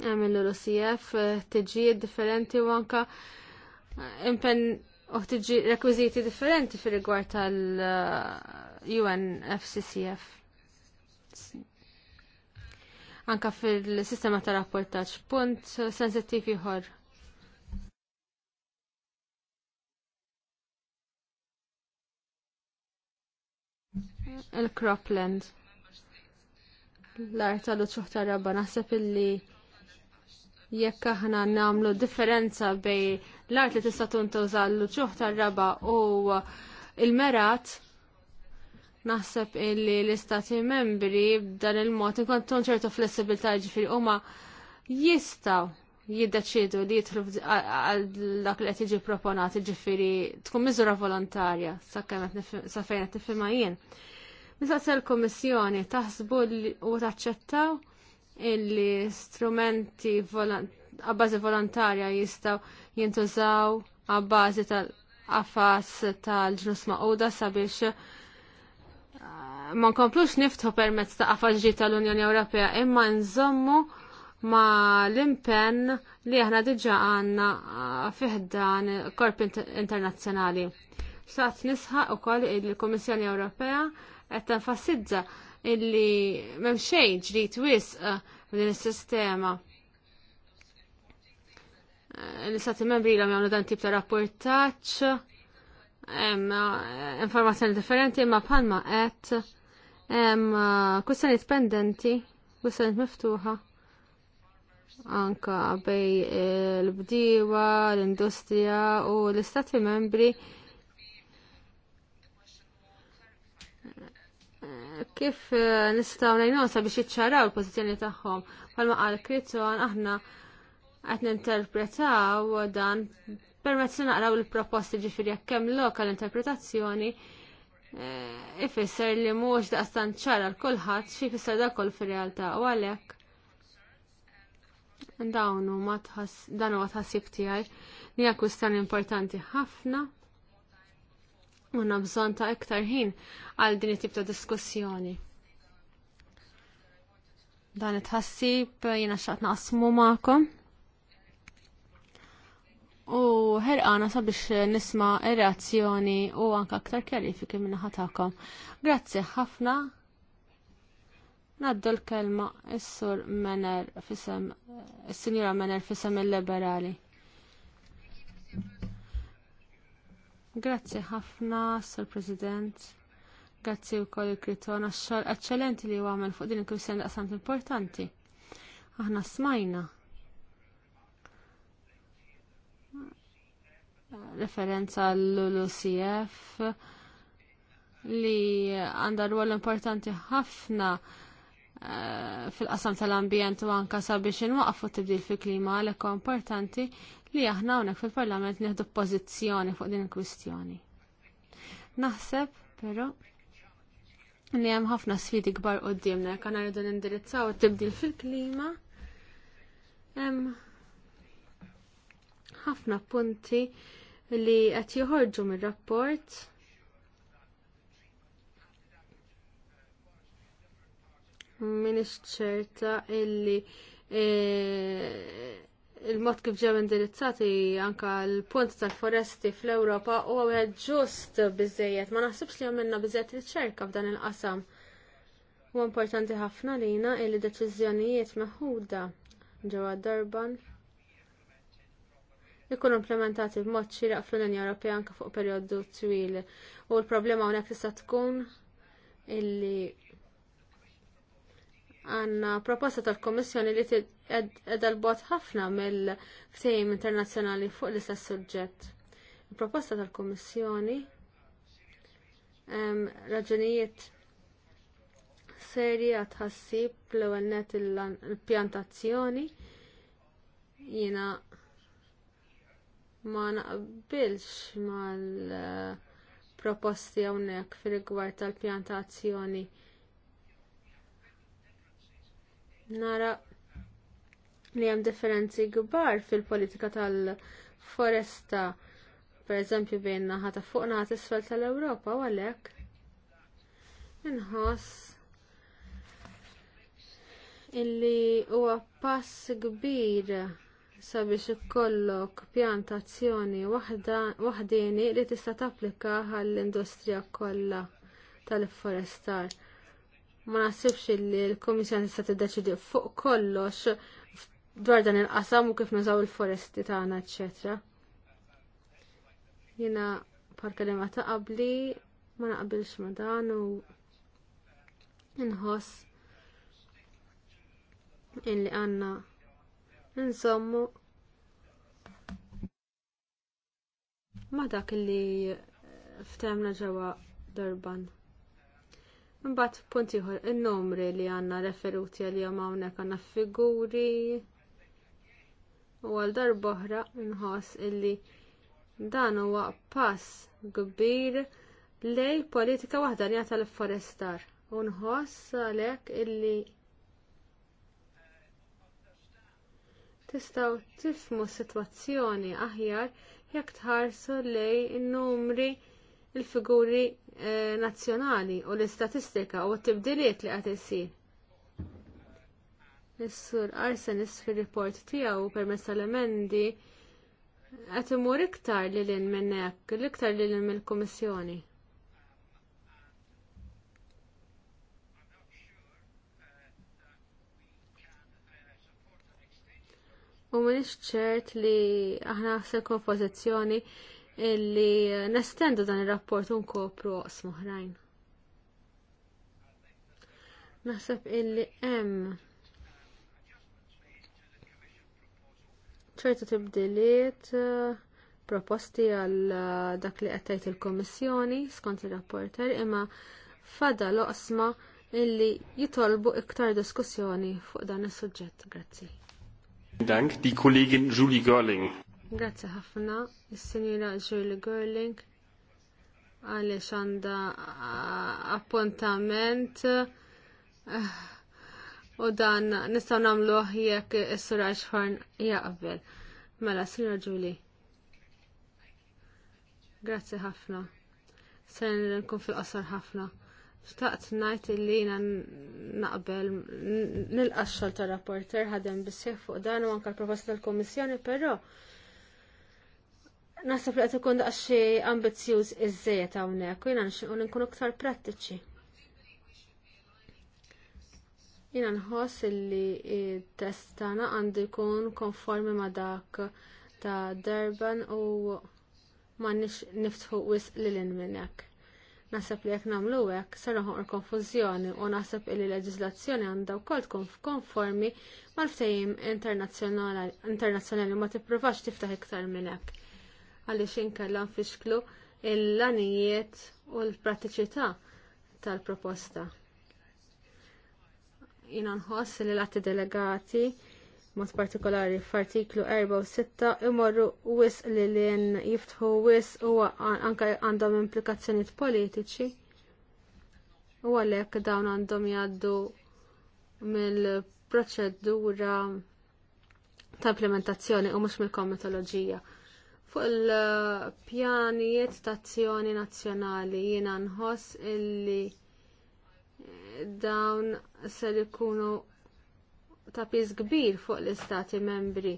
għamil l-OCF, tiġijiet differenti u anka impen uħtiġi rekwiziti differenti fil rigward tal-UNFCCF. Anka fil-sistema ta' rapportaċ punt sensittiv ieħor. Il-cropland. L-art tal-uċuħ rabba naħseb illi jekk aħna nagħmlu differenza bejn l-art li tista' tuntuża l ġuħ tar-raba u il-merat naħseb illi l-istati membri b'dan il-mod inkontum ċertu flessibilità ġifiri huma jistgħu jiddeċidu li jitlu għal dak li qed jiġi proponat ġifiri tkun miżura volontarja sakemm sa fejn qed nifhimha jien. Nistaqsel kummissjoni taħsbu u taċċettaw illi strumenti għabbażi volontarja jistaw jintużaw għabbażi tal-affas tal-ġnus maquda sabiex eh, ma nkomplux niftħu permezz ta' affas ġi tal-Unjoni Ewropea imma nżommu ma l-impenn li aħna diġa għanna eh, fiħdan korp internazzjonali. Xtaqt nisħaq u koll il-Komissjoni Ewropea qed tenfasizza illi m'hemm xejn ġrid wisq eh, din is-sistema. Eh, l-istati membri l jagħmlu dan tip ta' rapportaġġ, eh, informazzjoni differenti, imma bħalma qed hemm kwistjonijiet pendenti, kwistjonijiet miftuħa anka bej l bdiwa l-industrija u l-istati membri kif eh, nistgħu ngħinuhom biex jiċċaraw il-pożizzjoni tagħhom. Palma qal Kriton aħna qed ninterpretaw dan permezz naqraw il-proposti ġifieri jekk lokal interpretazzjoni eh, ifisser li mhux daqstan ċara l kulħadd xi jfisser kol fir-realtà u għalhekk. Dawn matħas dan huwa tħassib tiegħi li hija importanti ħafna unna bżon ta' iktar ħin għal din it-tip ta' diskussjoni. Dan it-ħassib jena xaqt naqsmu ma'kom. U ħerqana sabiex nisma reazzjoni u anka aktar kjarifiki minna ħatakom. Grazzi ħafna. Naddu l-kelma s-sur Mener fissem, eh, s-sinjura Mener fissem il-liberali. Grazzi ħafna, Sir President. Grazzi u koll il-kriton għaxxol eccellenti li għamil fuq din il-kwissjoni daqsant importanti. Aħna smajna. Referenza l-LUCF li għandha rwol importanti ħafna eh, fil-qasam tal-ambjent u anka sabiex inwaqfu tibdil fil-klima għalhekk importanti li aħna hawnhekk fil-Parlament neħdu pozizjoni fuq din il-kwistjoni. Naħseb, però, li hemm ħafna sfidi kbar d-dimna, għandna rridu nindirizzaw t tibdil fil-klima. Hemm ħafna punti li qed joħorġu mir-rapport minix ċerta illi e il-mod kif ġew indirizzati anke l-punt tal-foresti fl-Ewropa u għed ġust biżżejjed. Ma naħsibx li għamilna biżżejjed riċerka f'dan il-qasam. U importanti ħafna lina li deċiżjonijiet meħuda ġewwa Durban ikunu implementati b'mod xieraq fl-Unjoni Ewropea anke fuq perjodu twil. U l-problema hawnhekk tista' tkun illi għandna proposta tal kummissjoni li edha l-bot ħafna mill-ftejim internazzjonali fuq l-istess suġġett. Il-proposta tal-Kommissjoni ehm, raġunijiet serji tħassib l-ewwel il-pjantazzjoni jiena ma naqbilx mal-proposti hawnhekk fil rigward tal-pjantazzjoni. Nara li hemm differenzi kbar fil-politika tal-foresta pereżempju bejn naħa ta' fuq naħa isfel tal-Ewropa u għalhekk inħoss illi huwa pass kbir sabiex ikollok pjantazzjoni waħdini li tista' tapplika għall-industrija kollha tal-forestar. Ma nasibx illi l-Komissjoni tista' tiddeċidi fuq kollox dwar dan il-qasam u kif nużaw il-foresti tagħna, etc. Jiena parka li ma ta' qabli ma naqbilx ma dan u inħoss illi għandna insommu ma dak illi ftemna ġewwa darban. Mbagħad punt ieħor in-numri li għandna referuti għalihom hawnhekk għandna figuri u għal darboħra nħoss illi dan huwa pass kbir lejn politika waħdanija tal-forestar u nħoss għalhekk illi tistgħu tifhmu s-sitwazzjoni aħjar jekk tħarsu lejn in-numri il-figuri eh, nazzjonali u l-istatistika u t-tibdiliet li qed isir. Is-sur Arsenis fir-report tiegħu permezz tal-emendi qed imur iktar lil hinn minn hekk, l-iktar lil hinn mill-Kummissjoni. U m'iniex ċert li aħna naħseb kompożizzjoni illi nestendu dan ir-rapport u nkopru moħrajn. Naħseb illi hemm ċertu tibdiliet eh, proposti għal eh, dak li qed tgħid il kummissjoni skont ir rapporter imma fada loqsma illi jitolbu iktar diskussjoni fuq dan is-suġġett. Grazzi. Dank, di kollegin Julie Görling. Grazzi ħafna, is-sinjura Julie Görling għaliex għandha eh, appuntament. Uh, u dan nistgħu namlu jekk is-suraġ ħorn jaqbel. Mela, Sira Ġuli. Grazzi ħafna. Ser nkun fil-qosor ħafna. Xtaqt najt li jina naqbel nil xol ta' rapporter ħadem bisħif fuq dan u anka l-proposta tal-Komissjoni, però nasab li qed ikun daqsxi ambizzjuż iż-żejjed hawnhekk u jina nkunu iktar prattiċi. Jina nħoss illi test tagħna għandu jkun konformi ma' dak ta' Durban u ma' nix niftħu wisq li l minnek. Nasab li jek namlu hekk se noħonqu konfużjoni u nasab li l-leġiżlazzjoni għandha wkoll tkun konformi mal-ftehim internazzjonali ma tippruvax tiftaħ iktar minn hekk. Għaliex inkella nfixklu l-lanijiet u l-pratiċità tal-proposta jina nħoss li l-atti delegati mod partikolari f'artiklu 4 imorru wis li l-in jiftħu wis u anke għandhom implikazzjonijiet politiċi u għalhekk dawn għandhom jgħaddu mill-proċedura ta' implementazzjoni u mhux mill-komitoloġija. Fuq il-pjanijiet ta' azzjoni nazzjonali jiena nħoss illi dawn ser ikunu ta' piż kbir fuq l-istati membri.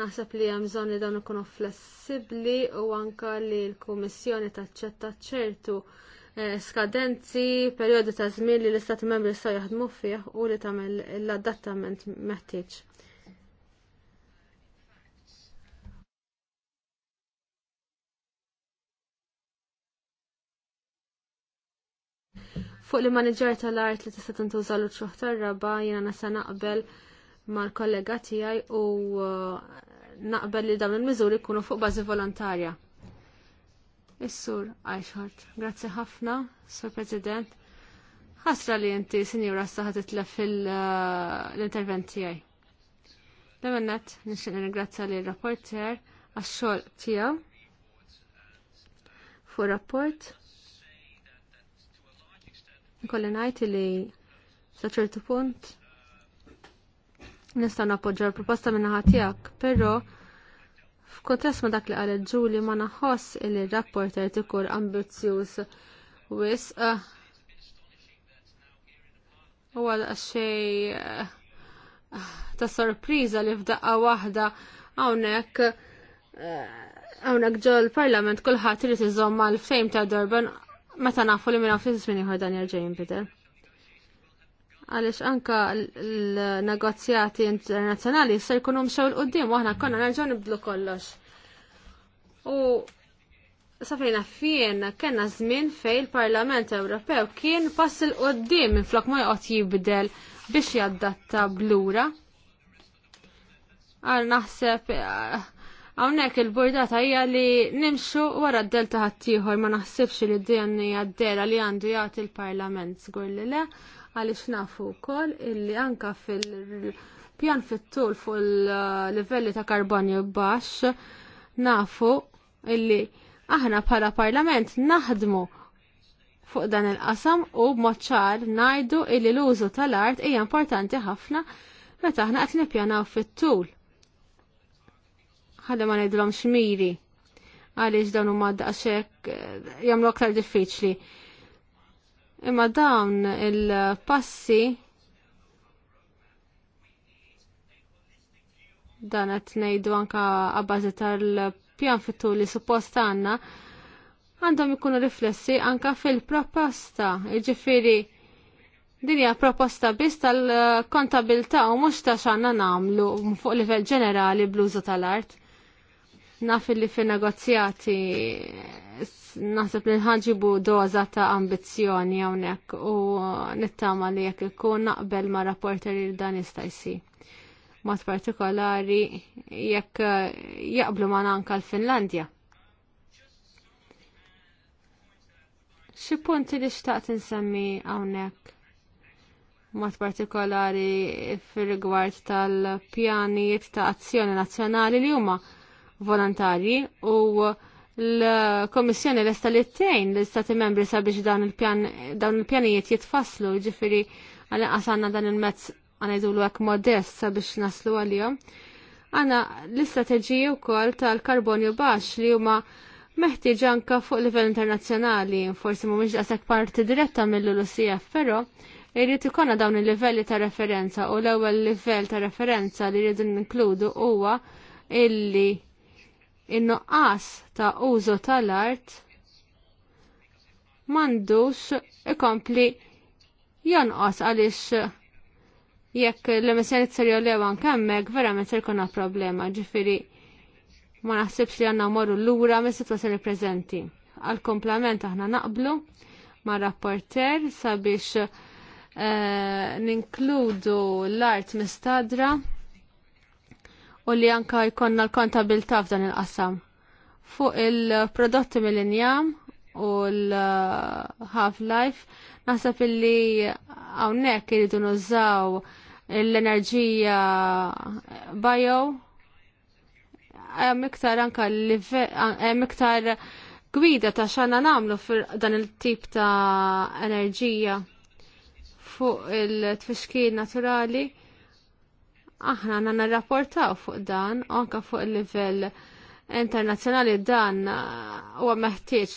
Naħseb li hemm bżonn li dawn ikunu flessibbli u anke li l-Kummissjoni taċċetta ċertu eh, skadenzi, perjodu ta' żmien li l-istati membri jistgħu jaħdmu fih u li tagħmel l-adattament meħtieġ. Fuq li manager tal-art li tista' tintuża l ċuħ tar-raba jiena nasa naqbel mal-kollega tiegħi u uh, naqbel li dawn il-miżuri jkunu fuq bażi volontarja. Is-sur Eichhardt, grazzi ħafna, Sur President. Ħasra li inti sinjura saħat titlef fil-intervent uh, tiegħi. Lemennet, għannet nixtieq nirringrazzja li rapporter għax-xogħol tiegħu fuq rapport Nkolli ngħid li sa ċertu punt nistan nappoġġa l-proposta minn ħatijak, tiegħek, però f'kuntest ma' dak li qalet Ġuli ma naħoss li r-rapporter tikur ambizjuż wisq ah. u għal xej ah, ta' sorpriża li f'daqqa waħda hawnhekk ah, hawnhekk ġol parlament kulħadd irid iżomm l fejm ta' Durban meta nafu li minna fis minn jħor Daniel Jane Peter. Għaliex anka l-negozjati internazzjonali jista' jkunu mxew l qoddim u aħna konna nerġaw nibdlu kollox. U safejna fien kena żmien fej l parlament Ewropew kien pass l qoddim minn flok ma joqgħod jibdel biex jaddatta blura. Għal naħseb Hawnhekk il-burdata hija li nimxu wara d-delta ħaddieħor ma naħsibx li d-dijan hija dera li għandu jagħti l-Parlament żgur li le għaliex nafu wkoll illi anka fil-pjan fit-tul fuq il-livelli ta' karbonju baxx nafu illi aħna bħala Parlament naħdmu fuq dan il-qasam u b'moċċar ngħidu illi l-użu tal-art hija importanti ħafna meta aħna qed nippjanaw fit-tul Ħada ma ngħidilhom xmiri għaliex dawn huma daqshekk eh, jagħmlu aktar diffiċli. Imma dawn il-passi dan qed ngħidu anke abbażi tal-pjan fittu li suppost għandna għandhom ikunu riflessi anke fil-proposta, jiġifieri din hija proposta biss tal kontabilta u mhux ta' x'għandna nagħmlu fuq livell ġenerali bluzu tal-art naf li fin negozjati naħseb li nħanġibu doza ta' ambizzjoni hawnhekk u nittama li jekk ikun naqbel ma' rapporter li dan jista' jsir. Mat partikolari jekk jaqblu ma' nanka l-Finlandja. Xi punti li xtaqt insemmi hawnhekk? mat partikolari fir rigward tal-pjanijiet ta' azzjoni nazzjonali li huma volontarji u l-Komissjoni l-esta li t-tejn l-Istati membri sabiex dawn il-pjanijiet jitfasslu ġifiri għalli għasanna dan il-mezz għanajdu l modest sabiex naslu għal-jom. Għana l istrategiju kol tal-karbonju bax li huma meħtieġ anka fuq livell internazzjonali, forsi mhumiex daqshekk parti diretta mill-LUCF, però irrid ikonna dawn il-livelli ta' referenza u l-ewwel livell ta' referenza li rridu ninkludu huwa illi in-noqqas ta' użu tal-art m'għandux ikompli jonqos għaliex jekk l-emissjoni t-serju lewan kemmek, me t-serkuna problema, ġifiri ma naħsibx li għanna morru l-lura mis situazzjoni prezenti. Għal komplement aħna naqblu ma rapporter sabiex eh, ninkludu l-art mistadra u li anka jkonna l-kontabilta f'dan il-qasam. Fuq il-prodotti mill-injam u l-half-life, naħseb illi għawnek jridu nużaw l-enerġija bio, hemm iktar anka għem iktar gwida ta' xanna namlu dan il-tip ta' enerġija fuq il tfiskin naturali aħna għanna narrapportaw fuq dan, anka fuq il-livell internazzjonali dan uh, huwa meħtieġ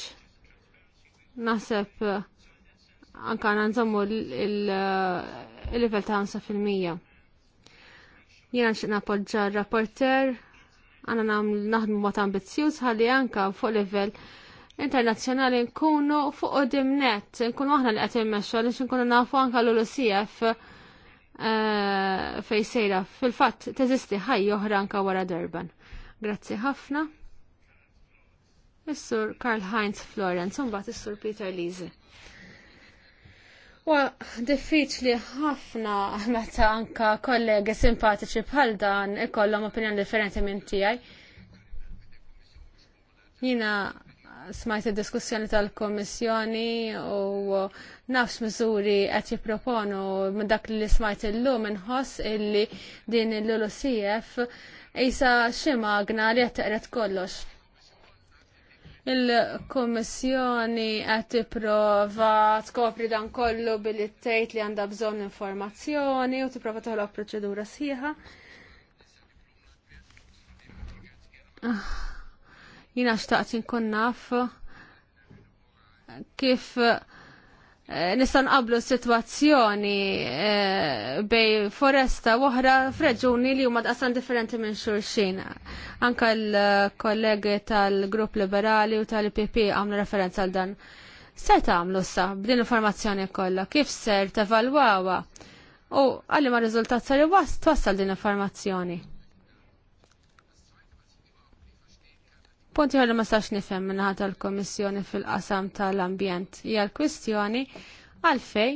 naħseb uh, anka għanna nżommu uh, il-livell ta' 5%. Jiena nxiq napoġġa r-rapporter, għanna naħdmu mod ambizjuż ħalli anka fuq livell internazzjonali nkunu fuq u dimnet, nkunu aħna li qed immexxu għaliex nkunu nafu anka l-UCF Eh, fej sejra fil-fatt teżisti ħaj oħra anka wara Durban. Grazzi ħafna. Is-sur Karl Heinz Florence, mbagħad is-sur Peter Lise. Wa diffiċli ħafna [laughs] meta anka kollegi simpatiċi bħal dan ikollhom opinjoni differenti minn tiegħi. Jina smajt id-diskussjoni tal-Komissjoni u nafx miżuri qed jipproponu minn dak li smajt illum inħoss illi din l-LUCF isa xima għna li qed teqret kollox. Il-Komissjoni qed tipprova tkopri dan kollu billi t-tejt li għandha bżonn informazzjoni u tipprova toħloq proċedura sħiħa. Ah. Jina xtaqt inkun naf kif eh, nistan qablu situazzjoni eh, bej foresta oħra f'reġuni li huma daqsan differenti minn xulxin. Anka l-kollegi tal-Grupp Liberali u tal-PP għamlu referenza għal dan. Ser tagħmlu sa b'din informazzjoni kollha, kif ser valwawa u għalli ma riżultat ser wassal din informazzjoni. Punti ħalli ma stax nifhem minnaħa tal-Komissjoni fil-qasam tal-ambjent hija l-kwistjoni għalfej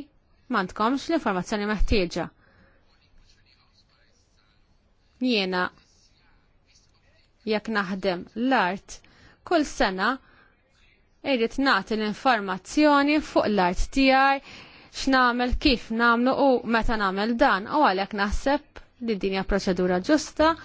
m'għandkomx l-informazzjoni meħtieġa. Jiena jekk naħdem l-art kull sena irrid nagħti l-informazzjoni fuq l-art tiegħi x'namel kif nagħmlu u meta nagħmel dan u għalhekk naħseb li dinja proċedura ġusta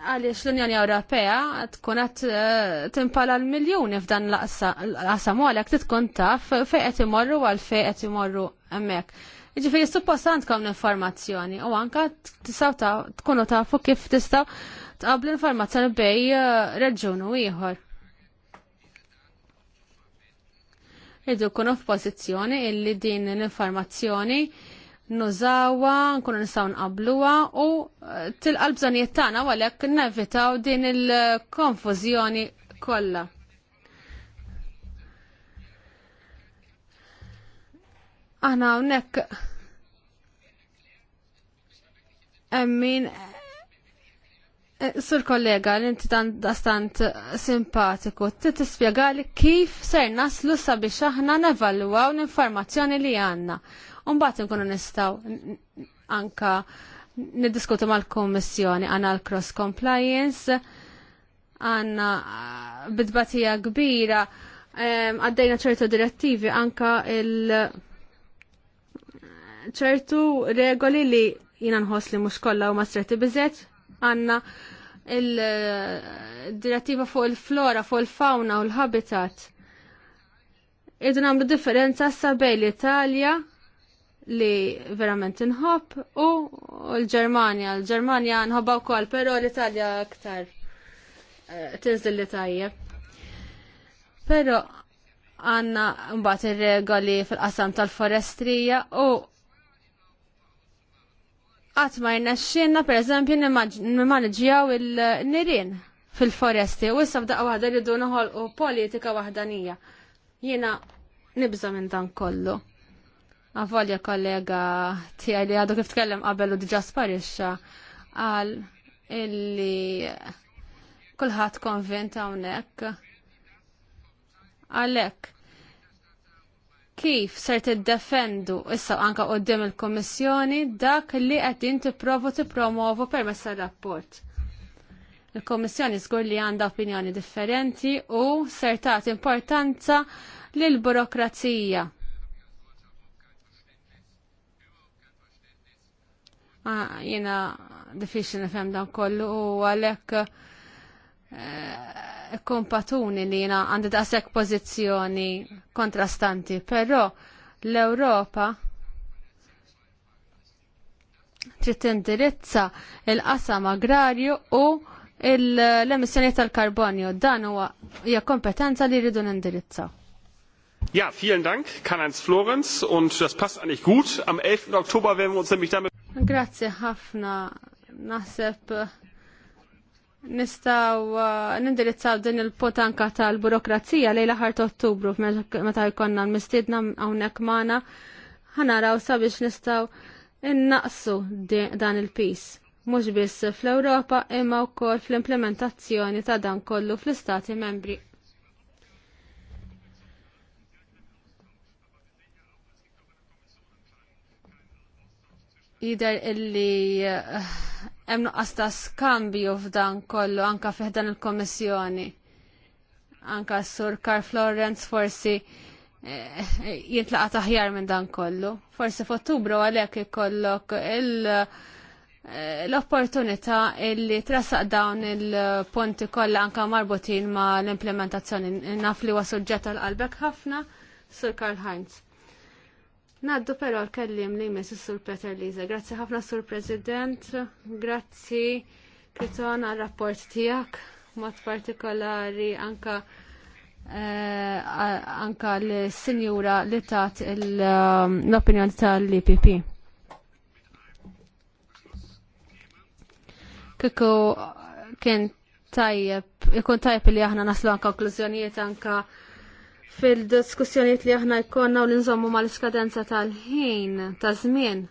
għaliex l-Unjoni Ewropea tkun qed eh, timpala l-miljuni f'dan l-qasam u għalhekk titkun taf fejn qed imorru għal fejn qed imorru hemmhekk. Ġifieri suppost għandkom informazzjoni u anke tistgħu tkunu tafu kif tistgħu tqablu informazzjoni bej eh, reġun u ieħor. Idu kunu f'pożizzjoni illi din l-informazzjoni nużawa, nkunu nistgħu nqabluwa u eh, tilqa' l-bżonnijiet tagħna għalhekk nevitaw din il-konfużjoni kollha. Aħna hawnhekk emmin eh, Sur kollega, l-inti dastant simpatiku, t-tispiegali kif ser naslu sabiex aħna nevaluaw l-informazzjoni li għanna bat nkunu nistaw anka niddiskutu mal-Kommissjoni għana l-cross compliance, għanna eh, bidbatija kbira, għaddejna ċertu direttivi anka il- ċertu regoli li jina nħos li mux kolla u masretti bizet, għanna il-direttiva fuq il-flora, fuq il-fauna u l-habitat. Idu namlu differenza sabej l-Italja li verament nħobb u l-Ġermanja. L-Ġermanja nħobba wkoll, però l-Italja aktar eh, tinżil li tajjeb. Però għanna mbagħad ir-regoli fil-qasam tal-forestrija u qatt ma jnexxinna pereżempju nimmaniġjaw il-nirien fil-foresti u issa b'daqqa waħda rridu noħolqu politika waħdanija. Jiena nibża minn dan kollu. Għavolja kollega tijaj li għadu kif tkellem qabel u diġa sparixxa għal illi kullħat konvent hawnhekk. Għalhekk kif ser tiddefendu issa anka għoddim il komissjoni dak li qed tipprovu tippromovu per tar-rapport. il komissjoni żgur li għandha opinjoni differenti u ser tagħti importanza lil burokrazija Jena diffiċli nifhem dan kollu u għalhekk eh, kompatuni li jena għandi daqshekk pożizzjoni kontrastanti, però l-Ewropa trid tindirizza il-qasam agrarju u l-emissjoni tal-karbonju. Dan huwa hija kompetenza li rridu nindirizzaw. Ja, vielen Dank, Karl-Heinz Florenz. Und das passt eigentlich gut. Am 11. Oktober werden wir uns nämlich damit Grazzi ħafna. Naħseb nistaw uh, nindirizzaw din il-potanka tal-burokrazija lejla ħart ottubru meta jkonna l-mistidna hawnhekk magħna ħana raw sabiex nistaw innaqsu dan il-pis. Mhux biss fl-Ewropa imma wkoll fl-implementazzjoni ta' dan kollu fl-istati membri Jider illi eh, hemm nuqqas skambju f'dan kollu anka fiħdan il-Komissjoni. Anka sur Karl Florence forsi eh, jintlaqa taħjar minn dan kollu. Forsi f'Ottubru għalhekk ikollok eh, l-opportunità illi trasaq dawn il-ponti kollha anka marbutin ma l-implementazzjoni naf li huwa għal qalbek ħafna sur Karl Heinz. Naddu però l-kellim li jmiss sur Peter Liza. Grazzi ħafna sur President, grazzi Kriton għal rapport tijak, mod partikolari anka eh, anka l-sinjura li tat um, l-opinjoni tal-IPP. Kiku kien tajjeb, ikun tajjeb li aħna naslu għan konklużjonijiet anka fil-diskussjoniet li aħna jkonna u li nżommu mal-iskadenza tal-ħin, ta' żmien.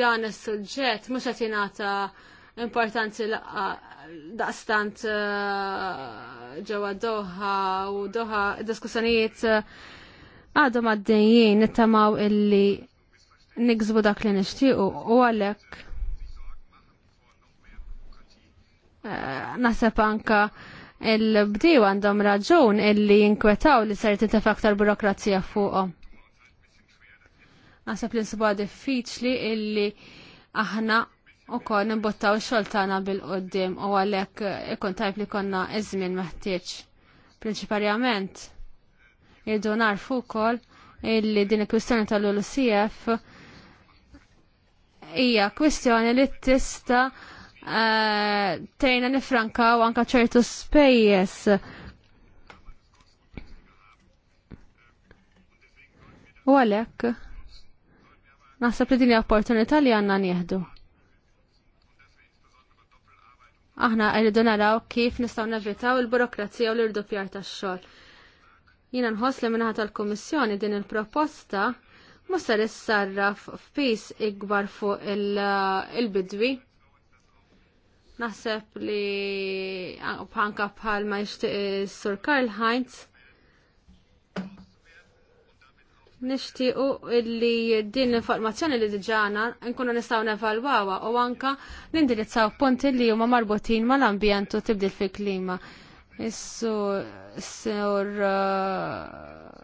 Dan is-suġġett mhux qed jingħata importanzi daqstant uh, ġewwa Doha u Doha diskussjonijiet uh, għadhom għaddejjin nittamaw illi nigżbu dak li nixtiequ u għalhekk Eh, naħseb anka il-bdiju għandhom raġun illi jinkwetaw li ser tintef aktar burokrazija fuqhom. Naħseb li nsibuha diffiċli illi aħna u kon nimbottaw xoltana bil-qoddim u għalek ikun tajb li konna izmin meħtieġ. Prinċiparjament, irdu donar kol illi din il-kwistjoni tal-ULCF hija kwistjoni li tista' Eh, tejna nifranka u anka ċertu spejjes. U għalek, naħseb li dini opportunità li għanna nieħdu. Aħna rridu naraw kif nistgħu nevitaw il-burokrazija u l pjar tax-xogħol. Jiena nħoss li minnaħat tal-Kummissjoni din il-proposta mus sar issarraf f'pis ikbar fuq il-bidwi. il bidwi Naħseb li panka bħal ma jishtiq eh, Sur Karl Heinz nixtiequ illi din l-informazzjoni li diġana nkunu nistgħu nevalwawa u anka nindirizzaw punti li huma marbutin mal-ambjent u tibdil fil-klima. Issu sur eh,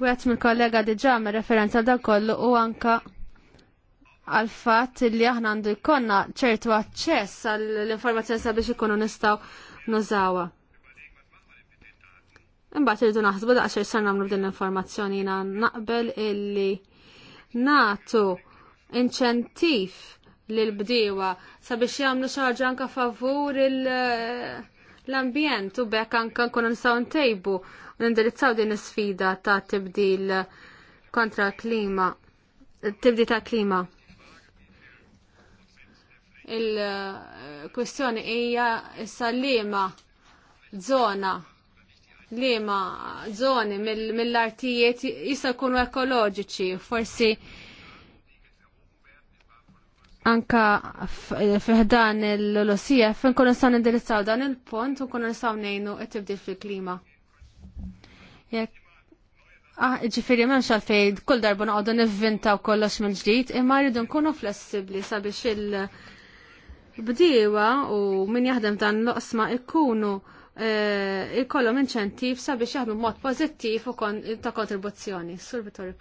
U għet mill-kollega diġa me referenza da kollu u anka għal fatt li aħna għandu jkonna ċertu għacċess għall-informazzjoni sabiex ikunu nistaw nużawa. Imbagħad irridu naħsbu daqsxejn sar nagħmlu din l-informazzjoni jina naqbel illi natu inċentiv lil bdiewa sabiex jagħmlu xi ħaġa anke favur il- l-ambjent u bekk anke nkunu nistgħu ntejbu u nindirizzaw din is-sfida ta' tibdil kontra l-klima, tibdil ta' klima. Il-kwestjoni hija issa liema żona liema żoni mill-artijiet jista' jkunu ekoloġiċi, forsi anka fiħdan l-OCF nkunu nistaw nindirizzaw dan il-pont u nkunu nistaw nejnu it-tibdil fil-klima. Jekk Ah, ġifiri memx għalfej, kull darbu naqdu nivvintaw kollox minn ġdijt, imma rridu nkunu flessibli sabiex il-bdiewa u min jaħdem dan l-osma ikkunu eh, ikollhom inċentiv sabiex jahdu mod pozittiv u ta' kontribuzzjoni. Sur Vittorio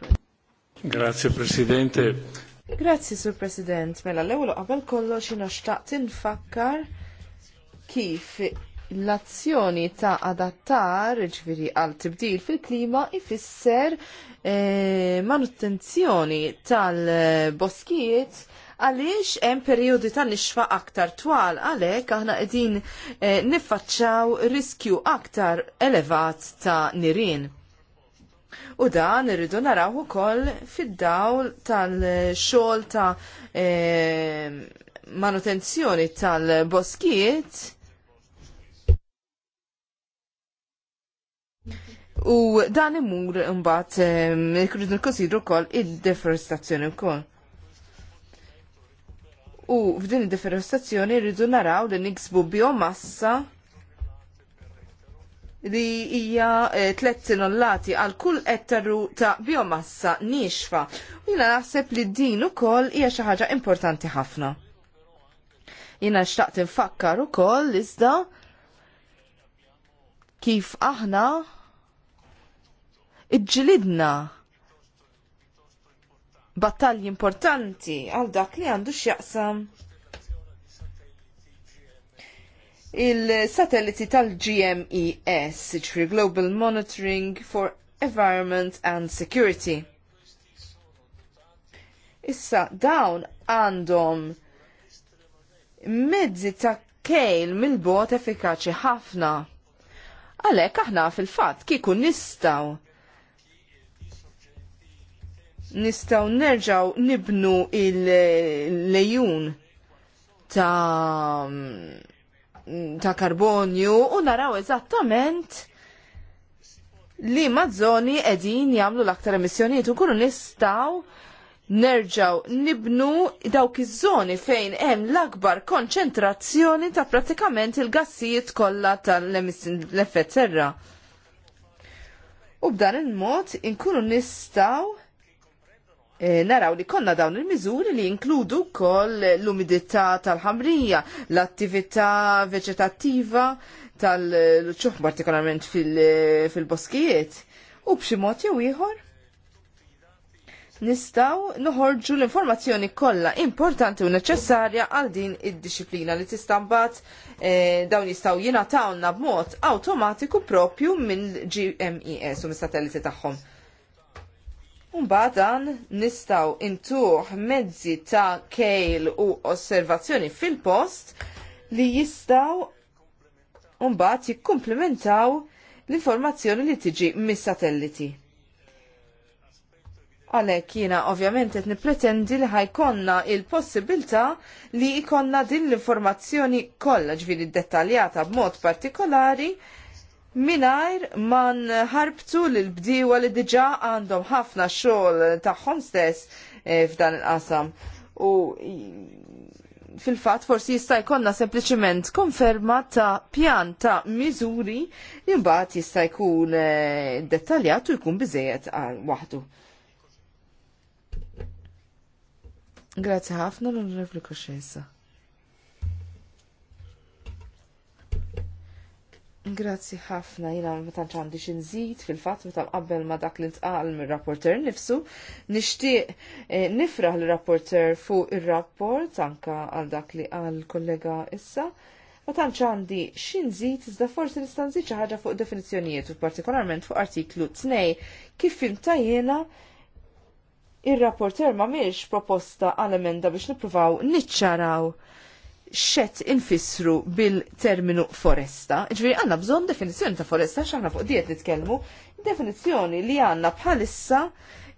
Grazie Presidente. Grazzi, Sur President. Mela, l-ewwel qabel kollox jiena tinfakkar kif l-azzjoni ta' adattar, ġviri għal tibdil fil-klima, ifisser e, manutenzjoni tal-boskijiet għaliex hemm perjodi ta' nixfa aktar twal għalhekk aħna qegħdin e, niffaċċaw riskju aktar elevat ta' nirien. U dan irridu naraw ukoll fid-dawl tal-xogħol ta' e, manutenzjoni tal-boskiet u dan imur imbagħad e, irridu nikkonsidru wkoll id-deforestazzjoni wkoll. U f'din id-deforestazzjoni rridu naraw li niksbu biomassa li hija eh, tlet sinollati għal kull ettaru ta' biomassa nixfa. Jina naħseb li din ukoll hija xi ħaġa importanti ħafna. Jina xtaqt infakkar ukoll iżda kif aħna iġġilidna battalji importanti għal dak li għandu x'jaqsam il-satelliti tal-GMES, ċfri Global Monitoring for Environment and Security. Issa, dawn għandhom mezzi ta' kejl mill-bot effikaċi ħafna. Għalek aħna fil-fat kiku nistaw nistaw nerġaw nibnu il-lejun ta' ta' karbonju u naraw eżattament li mażoni edin jamlu l-aktar emissjonijiet u kunu nistaw nerġaw nibnu dawk iż-żoni fejn hemm l-akbar konċentrazzjoni ta' pratikament il-gassijiet kollha tal-effett serra. U b'dan il-mod inkunu nistaw Eh, naraw li konna dawn il-miżuri li inkludu kol l-umidità tal-ħamrija, l-attività veġetattiva tal-ċuħ partikolarment fil-boskijiet. U b'xi mod jew ieħor? nistaw noħorġu l-informazzjoni kollha importanti u neċessarja għal din id-disciplina li tistambat e, eh, dawn jistaw jingħatawna b'mod automatiku propju mill-GMES u mis-satelliti tagħhom. Mbagħad dan nistgħu intuħ mezzi ta' kejl u osservazzjoni fil-post li jistgħu mbagħad jikkumplementaw l-informazzjoni li tiġi mis-satelliti. Għalhekk jiena ovvjament qed nippretendi li ħajkonna il-possibilità li jkollna din l-informazzjoni kollha ġviri dettaljata b'mod partikolari Minajr man ħarbtu l-bdiwa li diġa għandhom ħafna xogħol tagħhom stess eh, f'dan il-qasam. U fil-fatt forsi jista' jkollna sempliċiment konferma ta' pjan ta' miżuri li mbagħad jista' jkun eh, dettaljat u jkun biżejjed għal waħdu. Grazzi ħafna l-Onorevoli Koxenza. Grazzi ħafna, jina ma tantx għandi xinżid fil-fatt meta qabel ma dak li ntqal mir-rapporter nifsu, nixtieq eh, nifraħ l rapporter fuq ir-rapport anka għal dak li qal kollega issa. Ma tantx għandi xinżid iżda forsi nista' nżid xi ħaġa fuq definizzjonijiet u partikolarment fuq artiklu 2 kif fimtajjena ir-rapporter ma miex proposta għal emenda biex nippruvaw niċċaraw xet infissru bil-terminu foresta. Ġviri għanna bżon definizjoni ta' foresta, xaħna fuq diet nitkelmu, definizjoni li għanna bħalissa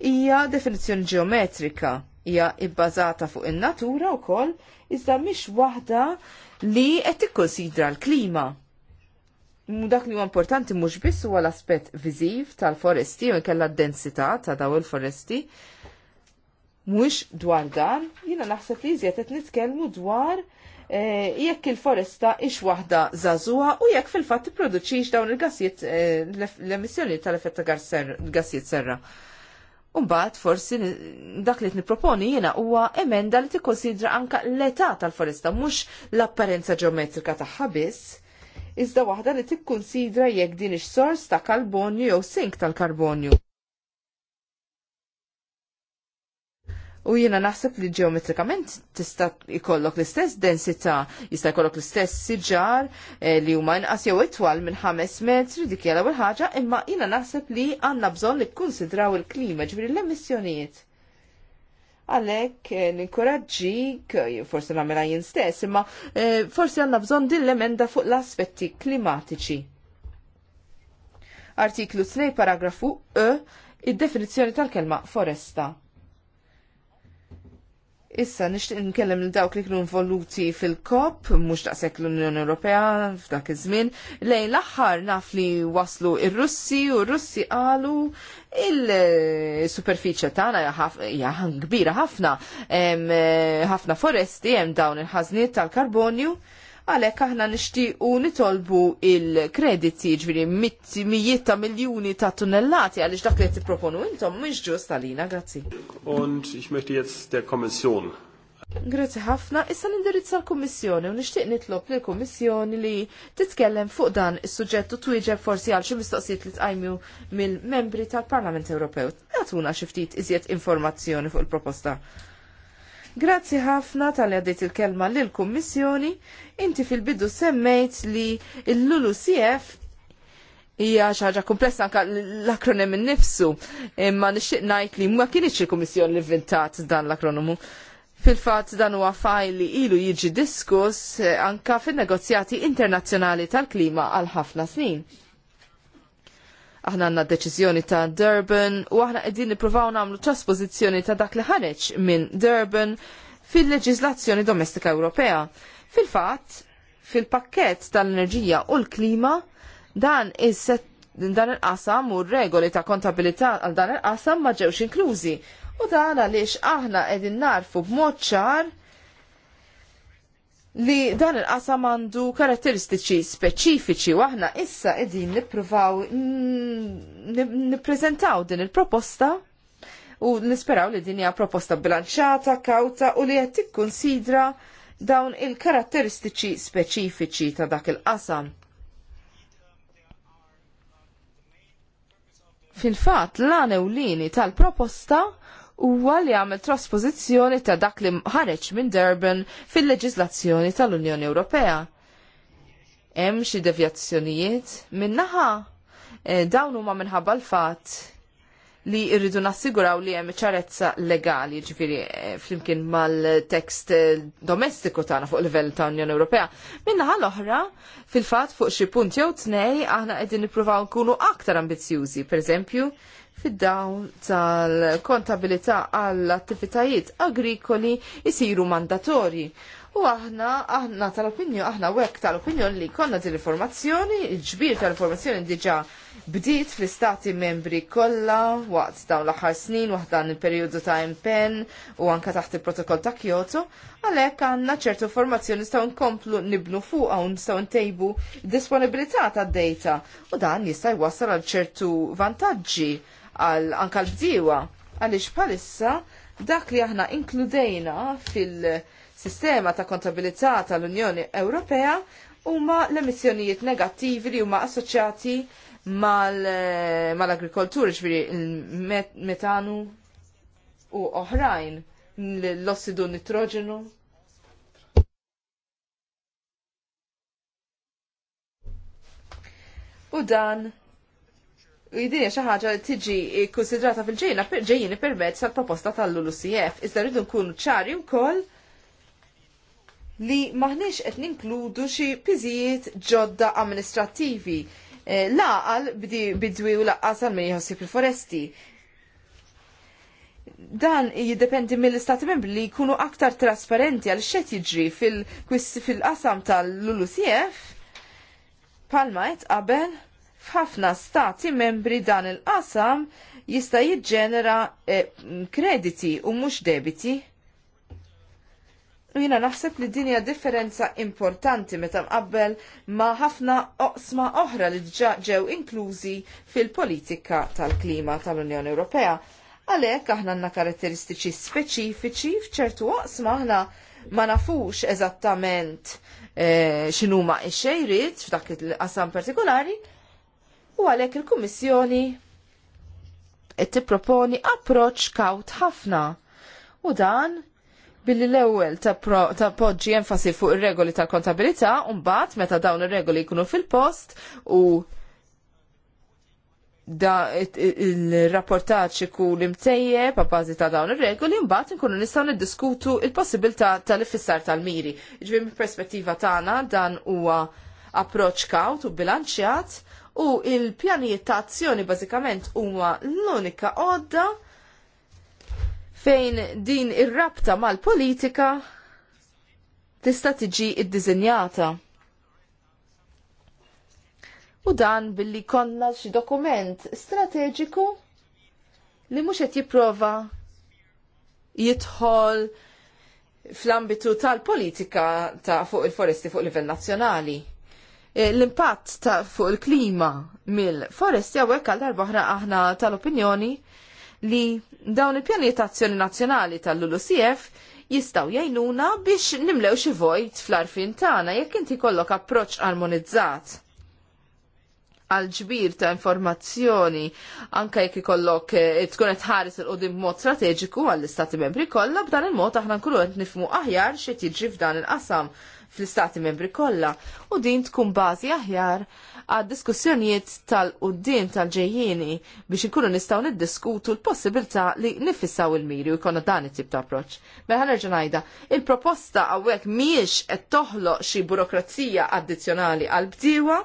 hija definizjoni ġeometrika, hija ibbażata fuq in-natura wkoll, iżda mhix waħda li qed tikkonsidra l-klima. Dak li huwa importanti mhux biss huwa l-aspett viżiv tal-foresti u nkella d-densità ta' daw il-foresti, mhux dwar dan, jiena naħseb li jżjed qed nitkellmu dwar Eh, jekk il-foresta ix waħda zazuha u jekk fil-fatt tipproduċix dawn il-gassijiet eh, l-emissjoni tal-effett ta' gassijiet serra. Umbat, forsi, dak li t-niproponi jena huwa emenda li t-konsidra anka l-età tal-foresta, mux l-apparenza ġeometrika ta' ħabis, iżda waħda li t-konsidra jekk din ix-sors ta' karbonju jew sink tal-karbonju. U jiena naħseb li ġeometrikament tista' jkollok l-istess densità, jista' jkollok l-istess siġar eh, li huma inqas jew itwal minn 5 metri dik hija l-ewwel ħaġa, imma jiena naħseb li għandna bżonn li kkunsidraw il-klima ġifieri l-emissjonijiet. Għalhekk eh, ninkoraġġik, eh, forsi nagħmilha jien stess, imma forsi għandna bżonn din l-emenda fuq l-aspetti klimatiċi. Artiklu 2 paragrafu E id-definizzjoni tal-kelma foresta Issa nixtieq nkellem lil dawk li kienu involuti fil-kop, mhux daqshekk l-Unjoni Ewropea f'dak iż-żmien, lejn l-aħħar naf li waslu ir-Russi u r-Russi qalu il-superfiċja tagħna hija kbira ħafna, eh, ħafna foresti hemm dawn il-ħażniet tal-karbonju għalhekk aħna nixtiequ nitolbu il-krediti ġifieri mijiet ta' miljuni ta' tunnellati għaliex dak li qed tipproponu intom mhux ġust għalina, grazzi. Und ich möchte jetzt der Kommission Grazzi ħafna, issa nindirizza l kommissjoni u nixtieq nitlob lill kummissjoni li titkellem fuq dan is suġġettu u twieġeb forsi għal xi mistoqsijiet li tqajmu mill-membri tal-Parlament Ewropew. Għatuna xi ftit iżjed informazzjoni fuq il-proposta. Grazzi ħafna tal għaddit il-kelma l-Kommissjoni, inti fil-bidu semmejt li l-Lulu CF hija xi ħaġa komplessa anke l-akronim innifsu, imma nixtieq ngħid li ma kienx il-Kummissjoni li inventat dan l-akronomu. Fil-fatt dan huwa fajl li ilu jiġi diskuss anka fin-negozjati internazzjonali tal-klima għal ħafna snin aħna għanna deċizjoni ta' Durban u aħna qegħdin nippruvaw nagħmlu trasposizjoni ta' dak li ħareċ minn Durban fil-leġiżlazzjoni domestika Ewropea. Fil-fatt, fil-pakkett tal-enerġija u l-klima dan is-set dan il-qasam u regoli ta' kontabilità għal dan il-qasam ma ġewx inklużi. U dan għaliex aħna qegħdin narfu b'mod ċar li dan il-qasam għandu karatteristiċi speċifiċi u aħna issa qegħdin nippruvaw nippreżentaw din il-proposta u nisperaw li din hija proposta bilanċata, kawta u li qed tikkunsidra dawn il-karatteristiċi speċifiċi ta' dak il-qasam. Fil-fat l-għanewlini tal-proposta huwa li għamel traspożizzjoni ta' dak li ħareċ minn Durban fil-leġiżlazzjoni tal-Unjoni Ewropea. Hemm xi devjazzjonijiet minnaħa e, dawn huma minħabba l-fatt li irridu nassiguraw li hemm ċarezza legali, ġifiri eh, flimkien mal-tekst eh, domestiku tagħna fuq livell ta' Unjoni Ewropea. Milla-naħa l-oħra, fil-fatt fuq xi punt jew tnej aħna qegħdin nippruvaw nkunu aktar ambizzjużi, pereżempju, fid-dawn tal-kontabilità għall attivitajiet agrikoli jisiru mandatorji. U aħna, aħna tal-opinjon, aħna wek tal-opinjon li konna din informazzjoni, il-ġbir tal-informazzjoni diġa bdiet fl-istati membri kollha waqt dawn l-aħħar snin waħda il-perjodu ta' impen u anka taħt il-protokoll ta' Kyoto, għalhekk għandna ċertu informazzjoni staw nkomplu nibnu fuq għaw nistgħu ntejbu disponibilità tad-data u dan jista' jwassal għal ċertu vantaġġi għal anka l-bdiewa għaliex bħalissa dak li aħna inkludejna fil- sistema ta' kontabilità tal-Unjoni Ewropea huma l-emissjonijiet negattivi li huma assoċjati mal eh, agrikoltur mal ġviri il-metanu u oħrajn, l-ossidu nitrogenu. U dan Idinja xi ħaġa li tiġi konsidrata fil-ġejjina ġejjini permezz tal-proposta tal-LULUCF. Iżda rridu nkunu ċari wkoll li maħniex qed ninkludu xi piżijiet ġodda amministrattivi eh, laqal bidwi u laqqas għal min il-foresti. Dan jiddependi mill-istati membri li jkunu aktar trasparenti għal xed jiġri fil-qasam tal-LULUCF palma qed qabel f'ħafna stati membri dan il-qasam jista' jiġġenera eh, krediti u mhux debiti U jina naħseb li dinja differenza importanti meta mqabbel ma ħafna oqsma oħra li dġa ġew inklużi fil-politika tal-klima tal-Unjoni Ewropea. Għalhekk aħna għandna karatteristiċi speċifiċi f'ċertu oqsma aħna ma nafux eżattament xinu eh, x'inhuma x-xejriet f'dak il-qasam partikolari, u għalhekk il-Kummissjoni qed tipproponi approċċ kawt ħafna. U dan billi l-ewwel ta' poġġi enfasi fuq ir-regoli tal-kontabilità u mbagħad meta dawn ir-regoli jkunu fil-post u da il-rapportaċ ikun pa' bazi ta' dawn ir-regoli mbagħad inkunu nistgħu niddiskutu il-possibilità tal-ifissar tal-miri. Ġbir mill-perspettiva tagħna dan huwa approċċ kaut u bilanċjat u il-pjanijiet ta' azzjoni bażikament huwa l-unika għodda fejn din ir-rabta mal-politika tista' tiġi iddiżinjata. U dan billi konna xi dokument strateġiku li mhux qed jipprova jidħol fl-ambitu tal-politika ta' fuq il-foresti fuq livell nazzjonali. Eh, l-impatt ta' fuq il-klima mill-foresti għawek għal darba aħna tal-opinjoni li dawn il-pjani ta' azzjoni nazzjonali tal-LULUCF jistaw jajnuna biex nimlew xi vojt fl-arfin tagħna jekk inti kollok approċċ armonizzat għal ġbir ta' informazzjoni anke jekk ikollok eh, tkun qed ħares il qudiem b'mod strateġiku għall-istati membri kollha b'dan il-mod aħna nkunu qed nifmu aħjar xi tiġi f'dan il-qasam fl-istati membri kollha u din tkun bażi aħjar għad diskussjonijiet tal qudiem tal-ġejjini biex ikunu nistaw niddiskutu l-possibilità li nifissaw il-miri u jkollna dan it-tip ta' approċ. Mela ħanerġa' ngħidha, il-proposta hawnhekk mhijiex qed toħloq xi burokrazija addizzjonali għal bdiewa,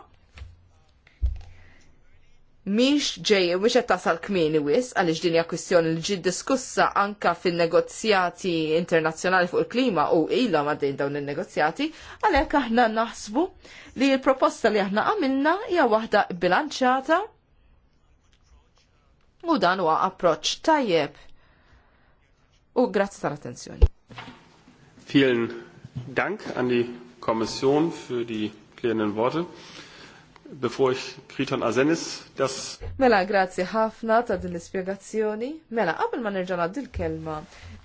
miex ġej, miex qed tasal kmieni wis għaliex din hija kwistjoni li ġiet diskussa anka fin-negozjati internazzjonali fuq il-klima u ilha maddejn dawn in-negozjati, għalhekk aħna naħsbu li l-proposta li aħna għamilna hija waħda bilanċata u dan huwa approċċ tajjeb. U grazzi tal-attenzjoni. Vielen Dank an die Kommission für die klärenden Worte before ich Kriton Azenis das Mela grazzi ħafna ta' din l-ispjegazzjoni. Mela qabel ma nerġa' ngħaddi l-kelma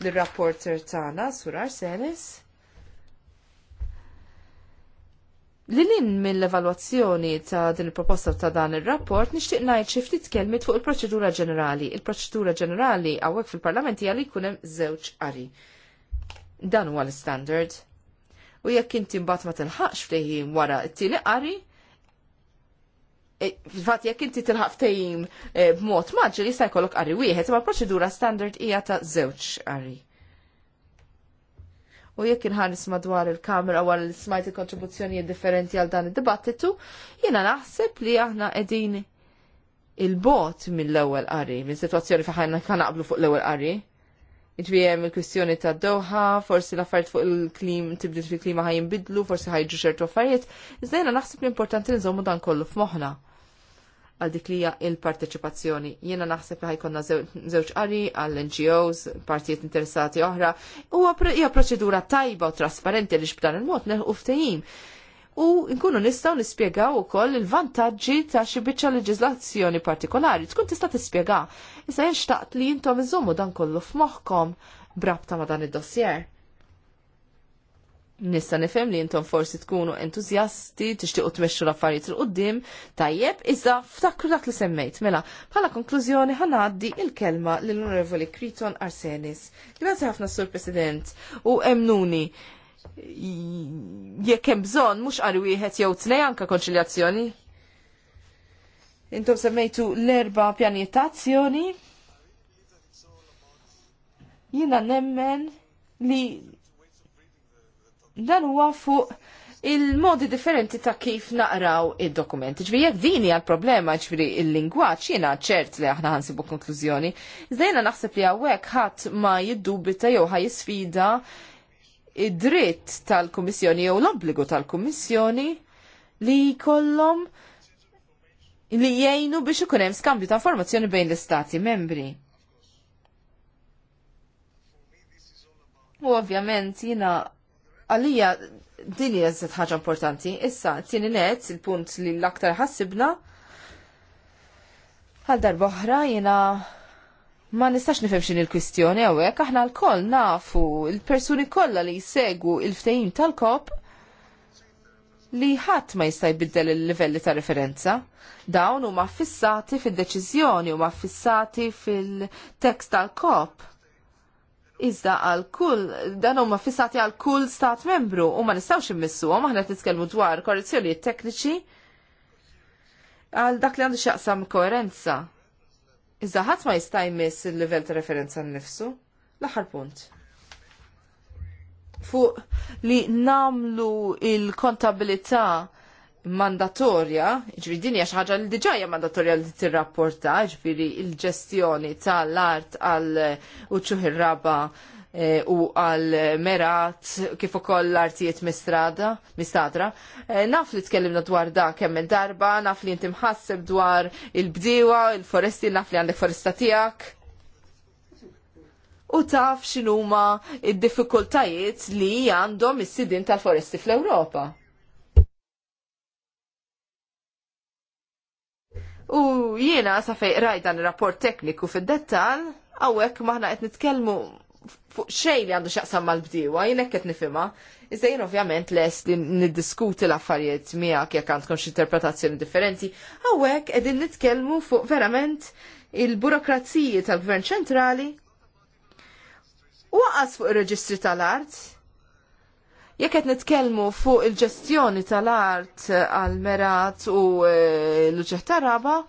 lir-rapporter tagħna Sur Arsenis. Lilin mill-evalwazzjoni ta' din il-proposta ta' dan ir-rapport nixtieq ngħid xi ftit kelmiet fuq il-proċedura ġenerali. Il-proċedura ġenerali hawnhekk fil-Parlament hija li jkun hemm żewġ qari. Dan huwa l-standard. U jekk inti mbagħad ma tilħaqx fejn wara t-tieni qari, Eh, F-fatt jekk inti tilħaftejn eh, b'mod maġġel jista' jkollok qari wieħed, imma proċedura standard hija ta' żewġ qari. U jekk inħares madwar il-kamera wara li smajt il-kontribuzzjonijiet differenti għal dan id-dibattitu, jiena naħseb li aħna qegħdin il-bot mill-ewwel qari, minn sitwazzjoni fejn ħajna naqblu fuq l-ewwel qari. Iġbi hemm il-kwistjoni ta' Doha, forsi l-affarijiet fuq il-klim tibdil fil-klima ħajinbidlu, forsi ħajġu ċertu affarijiet, iżda jiena naħseb li importanti nżommu dan kollu f'moħħna għal dik li hija il-parteċipazzjoni. Jiena naħseb li ħajkonna żewġ qari għall NGOs, partijiet interessati oħra, u hija proċedura tajba u trasparenti li xbdan il-mod neħu ftehim. U nkunu nistgħu nispjegaw ukoll il-vantaġġi ta' xi biċċa leġislazzjoni partikolari. Tkun tista' tispjega. Issa jien xtaqt li jintom iżommu dan kollu f'moħħkom brabta ma' dan id-dossier. Nista nifhem li intom forsi tkunu entużjasti, tixtiequ tmexxu l-affarijiet il qudiem tajjeb, iżda ftakru dak li semmejt. Mela, bħala konklużjoni ħanaddi il-kelma lill-Onorevoli Kriton Arsenis. Grazzi ħafna Sur President u emnuni jekk hemm bżonn mhux qari wieħed jew tnej anke konċiljazzjoni. Intom semmejtu l-erba' pjanijiet azzjoni. Jiena nemmen li dan huwa fuq il-modi differenti ta' kif naqraw id-dokumenti. Ġviri, jek dini għal problema ġviri il-lingwaċ, jena ċert li aħna ħansibu konklużjoni. Zdejna naħseb li għawek ħat ma jiddubita jew ħaj sfida id-dritt tal-Kummissjoni jew l-obbligu tal-Kummissjoni li kollom li jgħinu biex ikun hemm skambju ta' informazzjoni bejn l-istati membri. U ovvjament jina għalija din hija ħaġa importanti. Issa, tieni net, il-punt li l-aktar ħassibna, għal oħra, jiena, ma nistax nifhem xin il-kwistjoni hawnhekk aħna l-koll nafu il-persuni kollha li jsegwu il-ftehim tal-kop li ħadd ma jista' jbiddel il-livelli ta' referenza. Dawn huma affissati fid-deċiżjoni huma fissati fil-tekst tal-kop Iżda għal kull, dan huma fissati għal kull stat membru u ma nistawx immissuhom aħna nitkellmu dwar korrezzjonijiet tekniċi għal dak li għandu xaqsam koerenza. Iżda ħadd ma jista' jmiss il-livell ta' referenza nnifsu. L-aħħar punt. Fuq li namlu il-kontabilità mandatorja, ġviri din hija xi ħaġa li diġà hija mandatorja li tirrapporta, ġviri il-ġestjoni tal-art għal uċċuħ ir-raba e, u għal merat kif ukoll l-artijiet mistrada, mistadra. E, naf li tkellimna dwar da kemm darba, naf li inti mħasseb dwar il-bdiewa, il-foresti, naf li għandek foresta tiegħek. U taf x'inhuma id-diffikultajiet li għandhom is-sidin tal-foresti fl-Ewropa. U jiena sa fej rajt dan ir-rapport tekniku fid-dettall, għawek maħna qed nitkellmu fuq xejn li għandu x'jaqsam mal-bdiewa, jiena għet qed nifhimha. Iżda jien ovvjament les li niddiskuti l-affarijiet miegħek jekk għandkom xi interpretazzjoni differenti, hawnhekk qegħdin nitkellmu fuq verament il-burokraziji tal-Gvern ċentrali u għas fuq ir-reġistri tal-art Jekk qed nitkellmu fuq il-ġestjoni tal-art għal merat u e, l-ġeħ taraba,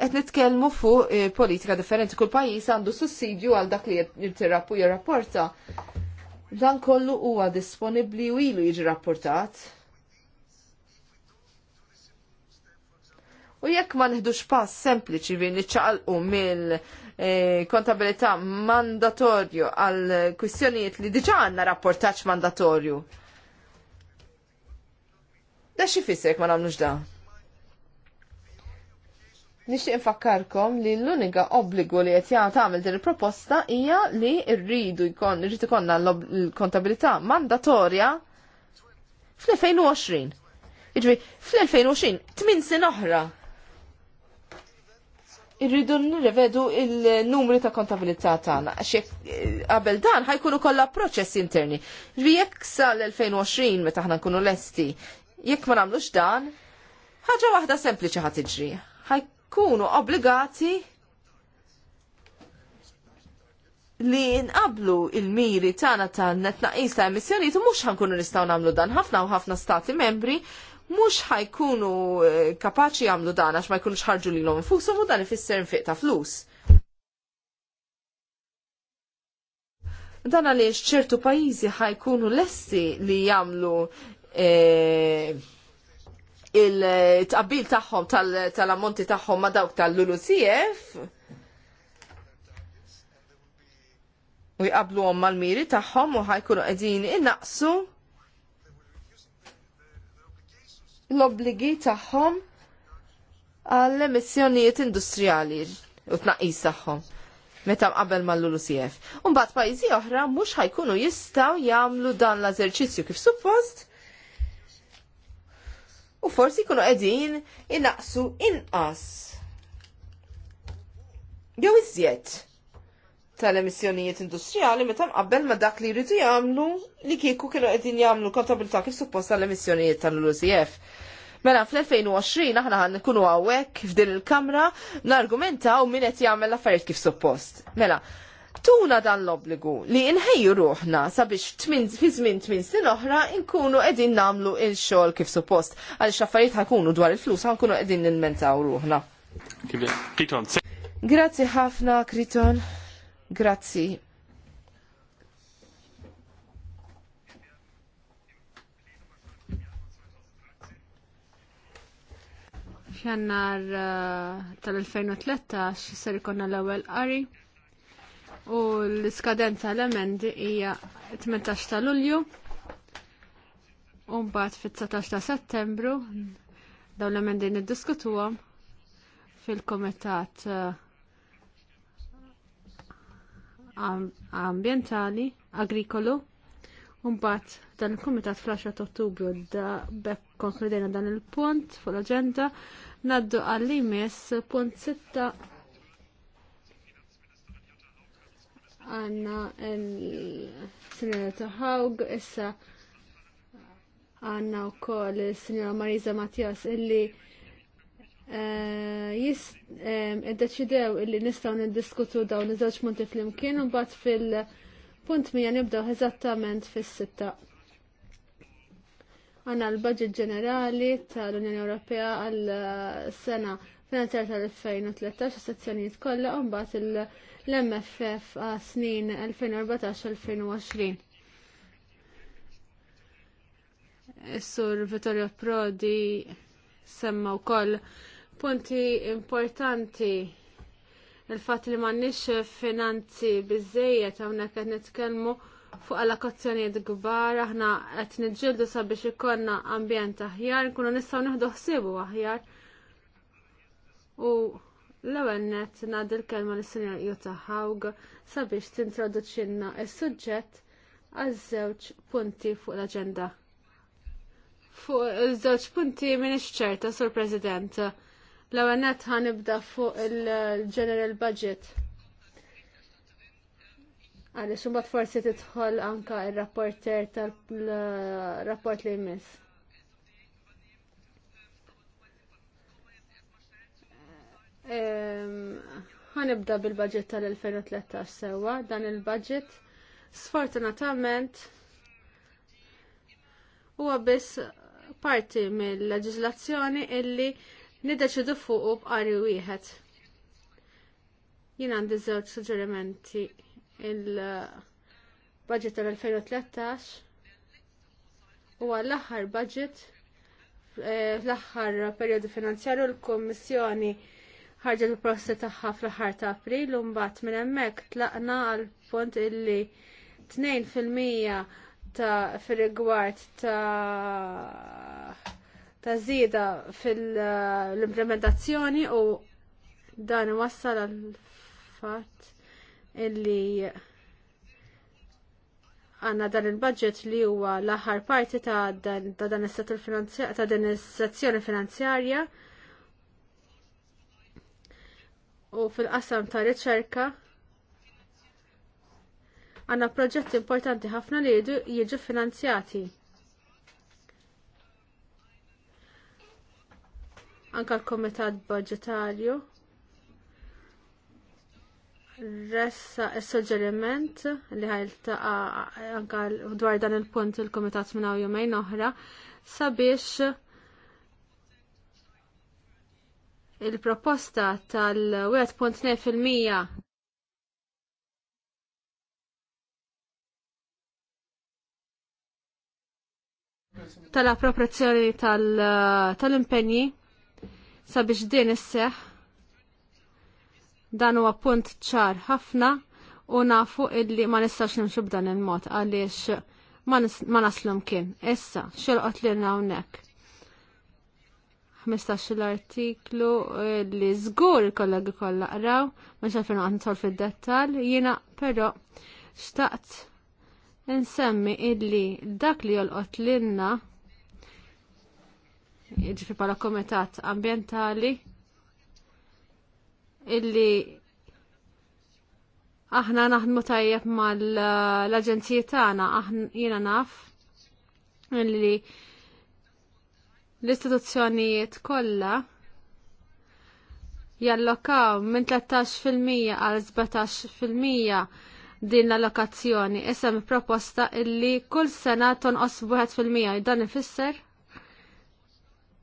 qed nitkellmu fuq e, politika differenti kull pajjiż għandu sussidju għal dak li jirtirrappu jirrapporta. Dan kollu huwa disponibbli u ilu jiġi rapportat. U jekk ma neħdux pass sempliċi vin niċċaqalqu mill E, kontabilità mandatorju għal kwistjonijiet li diġa għanna rapportaċ mandatorju. Da xi fisek ma nagħmlux da? Nixtieq infakkarkom li l-unika obbligu li qed jagħmel tagħmel din il-proposta hija li rridu jkun irrid ikollna l-kontabilità mandatorja fl-2020. Jiġri, fl-2020, 8 sin oħra irridu nirrevedu il-numri ta' kontabilità tagħna. Xek eh, qabel dan ħajkunu kollha proċess interni. Ġbi jekk sal-2020 meta aħna nkunu lesti, jekk ma nagħmlux dan, ħaġa waħda sempliċi ħad tiġri. Ħajkunu obbligati li nqablu il-miri tagħna tan netnaqis ta' emissjonijiet mhux ħankunu nistgħu nagħmlu dan ħafna u ħafna stati membri mhux ħajkunu eh, kapaċi jagħmlu dan għax ma jkunux ħarġu lilhom infushom u dan ifisser nfiq ta' flus. Dan għaliex ċertu pajjiżi ħajkunu lesti li jagħmlu e, il-tqabbil tagħhom tal-ammonti tagħhom ma' dawk tal-LULUCF u jqablu għom mal-miri taħħom u ħajkunu għedin innaqsu l-obbligi tagħhom għall-emissjonijiet industrijali u tnaqqis tagħhom meta mqabel mal-LULUCF. mbagħad pajjiżi oħra mhux ħajkunu jistgħu jagħmlu dan l-eżerċizzju kif suppost u forsi jkunu qegħdin inaqsu inqas. Jew iżjed tal-emissjonijiet industrijali meta mqabbel ma dak li jridu jagħmlu li kieku kienu qegħdin jagħmlu kontabilità kif suppost tal-emissjonijiet tal-LUCF. Mela fl-2020 aħna ħan nkunu hawnhekk f'din il-kamra nargumentaw min qed jagħmel l-affarijiet kif suppost. Mela, tuna dan l-obbligu li nħejju ruħna sabiex fi żmien tmien snin oħra nkunu qegħdin nagħmlu l xogħol kif suppost għaliex affarijiet ħakunu dwar il-flus ħankunu qegħdin ninmentaw ruħna. Grazzi ħafna, Kriton. Grazzi. Fjannar eh, tal-2013 ser ikonna l-ewwel qari u l skadenza l-emendi hija 18 ta' Lulju u mbagħad fit-19 ta' Settembru dawn l-emendi niddiskutuhom fil-Komitat uh, eh, ambientali, agrikolu, Umbat dan il-Kumitat fl-10 Ottubru da bekk konkludena dan il-punt fuq l-aġenda naddu għall imess punt 6 għanna il-Sinjora Taħawg issa għanna u koll il-Sinjora Marisa Mattias illi Eh, id-deċidew illi nistaw niddiskutu dawn iż-żewġ punti fl-imkien u bat fil-punt mija nibdew eżattament fis-sitta. Għanna l-budget ġenerali tal-Unjoni Ewropea għal-sena finanzjar tal-2013 sezzjonijiet kollha u mbagħad l-MFF għas snin 2014-2020. Is-sur Vittorio Prodi semma wkoll punti importanti il-fat li m'għandniex finanzi biżejjed hawnhekk qed nitkellmu fuq allokazzjonijiet kbar, aħna qed niġġieldu sabiex ikollna ambjent aħjar, nkunu nistgħu nħdu ħsiebu aħjar. U l-ewwel nad ngħaddi l-kelma lis-Sinjor Jutta Hawg sabiex tintroduċinna s-suġġett għal żewġ punti fuq l-aġenda. Fuq il żewġ punti minix ċerta, Sur President. L-għanet ħanibda fuq il-general budget. Għalli xumbat forsi titħol anka il-rapporter tal-rapport li jmiss. Ehm, ħanibda bil-budget tal-2013 sewa, dan il-budget sfortunatament huwa biss parti mill-leġiżlazzjoni illi niddeċidu u b'qari wieħed. Jien għandi żewġ suġġerimenti il-budget tal-2013 u għall-aħħar budget eh, l-aħħar periodu finanzjarju l-Kommissjoni ħarġet il-prosti tagħha fl-aħħar ta' April u mbagħad minn hemmhekk tlaqna għal punt illi 2% ta' fir-rigward ta' ta' zida fil-implementazzjoni u dan wassal għal fatt illi għanna dan il-budget li huwa l-aħħar parti ta' dan ta' dan is-sezzjoni finanzjarja u fil-qasam ta' riċerka għanna proġetti importanti ħafna li jiġu finanzjati. anka l-Komitat Budgetarju ressa il suġġeriment li ħajltaqa anka dwar dan il-punt il-komitat minna u jumejn oħra sabiex il-proposta tal-1.2% tal-appropriazzjoni tal-impenji tal, tal, sabiex din isseħ dan huwa punt ċar ħafna u nafu illi ma nistax nimxu b'dan il-mod għaliex ma naslum kien. Issa, xilqot li hawnhekk. 15 l-artiklu li żgur kollegi kollha qraw, ma xafin għantol fid-dettal, jiena però xtaqt insemmi illi dak li jolqot lilna ġifi jiġifieri pala komitat ambientali illi aħna naħdmu tajjeb mal-aġenziji tagħna jiena naf illi l-istituzzjonijiet kollha jallokaw minn 13% għal 17% din l-allokazzjoni. isem proposta illi kull sena tonqos 1% dan ifisser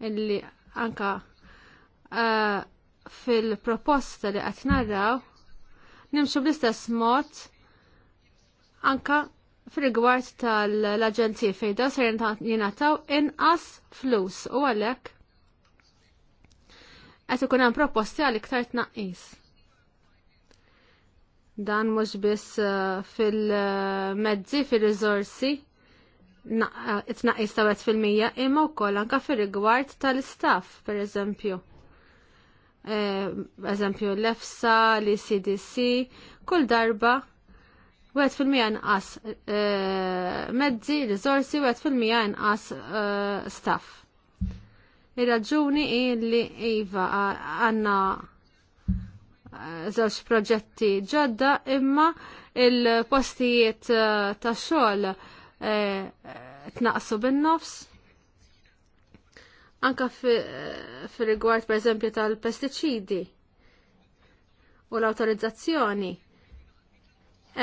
illi anka uh, fil-proposta li qed narraw nimxu bl-istess mod anka fil-rigward tal-aġenziji fejda ser jingħataw inqas flus u għalhekk qed ikun hemm proposti għal iktar tnaqqis. Dan mhux biss uh, fil-mezzi uh, fil-riżorsi tnaqqis ta' fil-mija imma wkoll anka fir-rigward tal-istaff, pereżempju. E, eżempju l-EFSA, l-CDC, kull darba Wet fil-mija nqas e, mezzi, risorsi, wet fil-mija nqas e, staff. Ir-raġuni li Iva għanna żewġ proġetti ġodda imma il-postijiet ta' xogħol Eh, tnaqsu bin-nofs. Anka fir-rigward pereżempju tal-pestiċidi u l-autorizzazzjoni.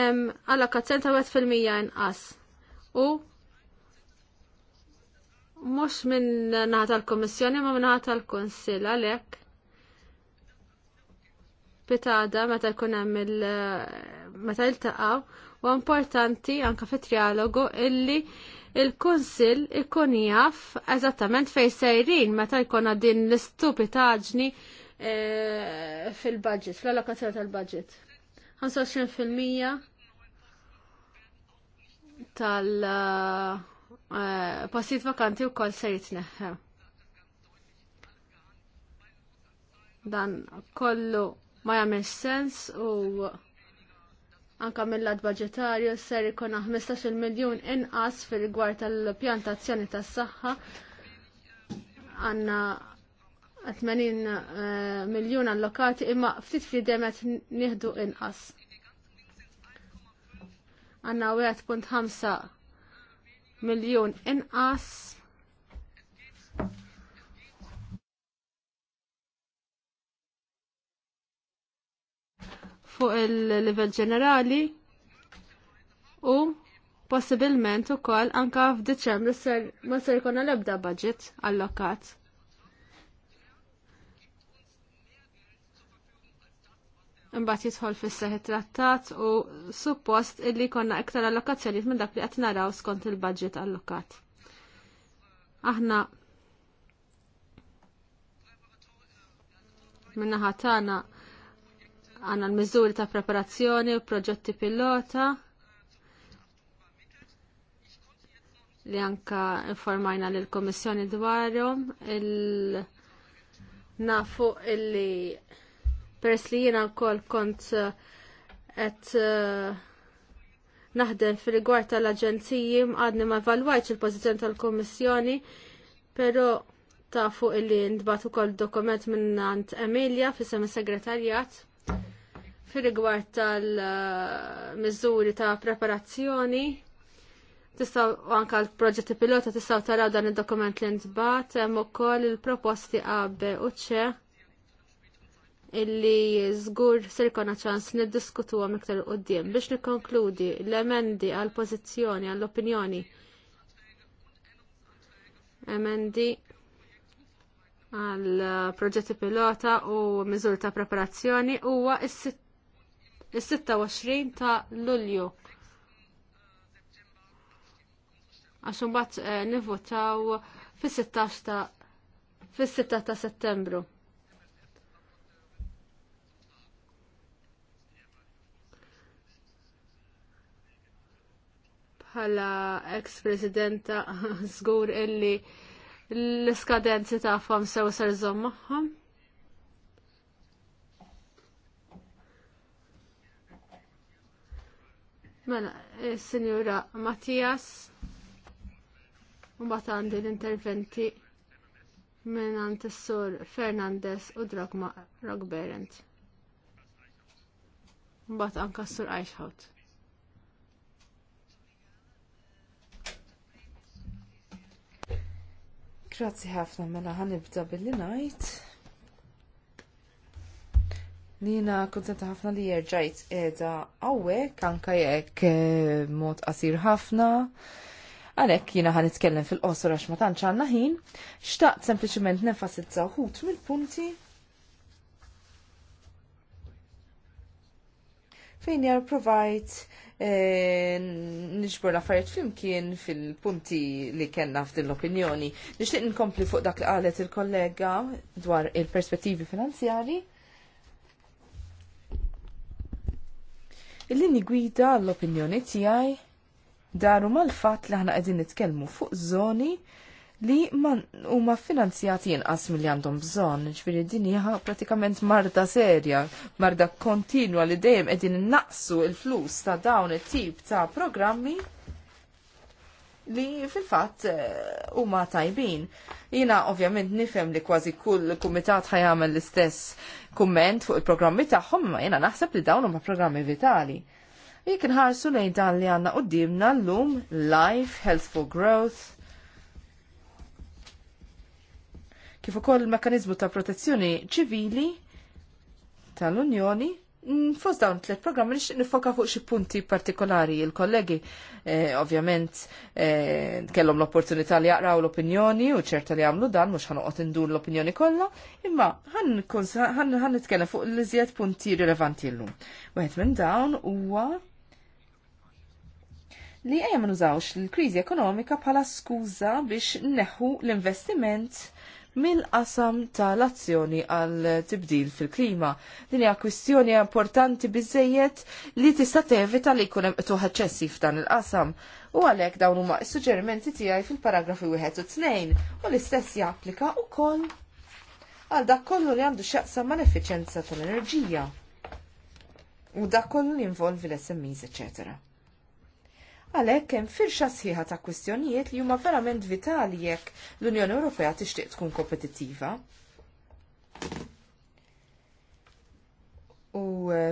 Għalla kazzent ta' fil-mija inqas u mux minn naħat tal-Komissjoni ma minn naħat tal-Konsil għalek. għada, meta jkun hemm il meta jiltaqgħu U importanti anka fit trialogu illi il kunsill ikun jaf eżattament fej sejrin meta jkun din l-istupitaġni e, fil-budget, fl-allokazzjoni tal-budget. 25% tal-passijiet e, vakanti u kol se jitneħħa. Dan kollu ma jagħmel sens u anka mill-lat budgetarju ser ikun 15 miljun inqas fir rigward tal-pjantazzjoni tas-saħħa għanna 80 eh, miljun allokati imma ftit fi demet nieħdu inqas. Għanna 1.5 miljun inqas fuq il-livell ġenerali u possibilment ukoll anka f'Diċembru ma ser jkun l-ebda budget allokat. Imbagħad jidħol fis-seħ trattat u suppost illi konna iktar allokazzjonijiet minn dak li qed naraw skont il-budget allokat. Aħna minnaħa tagħna għanna l-mizuri ta' preparazzjoni u proġetti pilota li anka informajna l-Komissjoni dwarhom il nafu illi peress li jiena wkoll kont qed uh, uh, naħdem fil-rigward tal-aġenziji għadni ma valwajċ il-pożizzjoni tal-Komissjoni, però tafu illi ndbat ukoll dokument minn Emilia fis-semi segretarjat Fil-rigward tal-miżuri ta' preparazzjoni, tistaw anka l-proġetti pilota tistaw taraw dan il-dokument li ntbat, hemm ukoll il-proposti AB u C illi żgur sirkona ċans niddiskutu għam iktar quddiem. biex nikkonkludi l-emendi għal pożizzjoni għall opinjoni emendi għal eh, proġetti pilota u miżur ta' preparazzjoni huwa is-26 ta' Lulju. Għax imbagħad eh, nivvotaw fis-16 ta' fis-6 ta' Settembru. bħala ex-presidenta zgur [laughs] illi l-skadenzi tagħhom sew ser magħhom. Mela, il-Sinjura Mattias, mbagħad għandi l-interventi minn għantessur is-Sur Fernandez u Dragma Rogberent. Mbagħad anka s-Sur Eichhout. Grazzi ħafna mela ħanibda billi ngħid. Nina kontenta ħafna li jerġajt edha għawek, anke jekk eh, mod qasir ħafna. Għalek jina ħan fil-qosor għax ma tantx għandna ħin, xtaqt sempliċement nenfasizza wħud mill-punti fejn jar provide la e, l-affarijiet flimkien fil-punti li kellna f'din l-opinjoni. Nixtieq nkompli fuq dak li qalet il-kollega dwar il-perspettivi finanzjari. Il-lini gwida l-opinjoni tiegħi daru mal-fatt li aħna qegħdin nitkellmu fuq żoni li huma finanzjati inqas milli għandhom bżonn, ġifieri din hija pratikament marda serja, marda kontinwa li dejjem qegħdin innaqsu l-flus ta' dawn it-tip ta' programmi li fil-fatt eh, huma tajbin. Jina ovvjament nifhem li kważi kull kumitat ħajamel l-istess kumment fuq il-programmi tagħhom, ma jina naħseb li dawn huma programmi vitali. Jek nħarsu lejn dan li għanna qoddimna l-lum Life, Health for Growth, kif ukoll l mekkaniżmu ta' protezzjoni ċivili tal-Unjoni mm, Fos dawn tliet programmi nixtieq nifoka fuq xi punti partikolari. Il-kollegi eh, ovvjament eh, kellhom l-opportunità li jaqraw l-opinjoni u ċerta li għamlu dan mhux ħanoqgħod indur l-opinjoni kollha, imma ħan nitkellem fuq l-iżjed punti rilevanti llum. Wieħed minn dawn huwa li ejja ma nużawx l-kriżi ekonomika bħala skuża biex neħu l-investiment mill-qasam tal-azzjoni għal tibdil fil-klima. Din hija kwistjoni importanti biżejjed li tista' tevita li jkun hemm tuħ eċċessiv il-qasam. U għalhekk dawn huma s-suġġerimenti tiegħi fil-paragrafi wieħed u tnejn u l-istess japplika wkoll għal dak kollu li għandu x'jaqsam mal-effiċenza tal-enerġija. U dak kollu li involvi l-SMEs, eċetera. Għalhekk hemm firxa sħiħa ta' kwistjonijiet li huma verament vitali jekk l-Unjoni Ewropea tixtieq tkun kompetittiva. U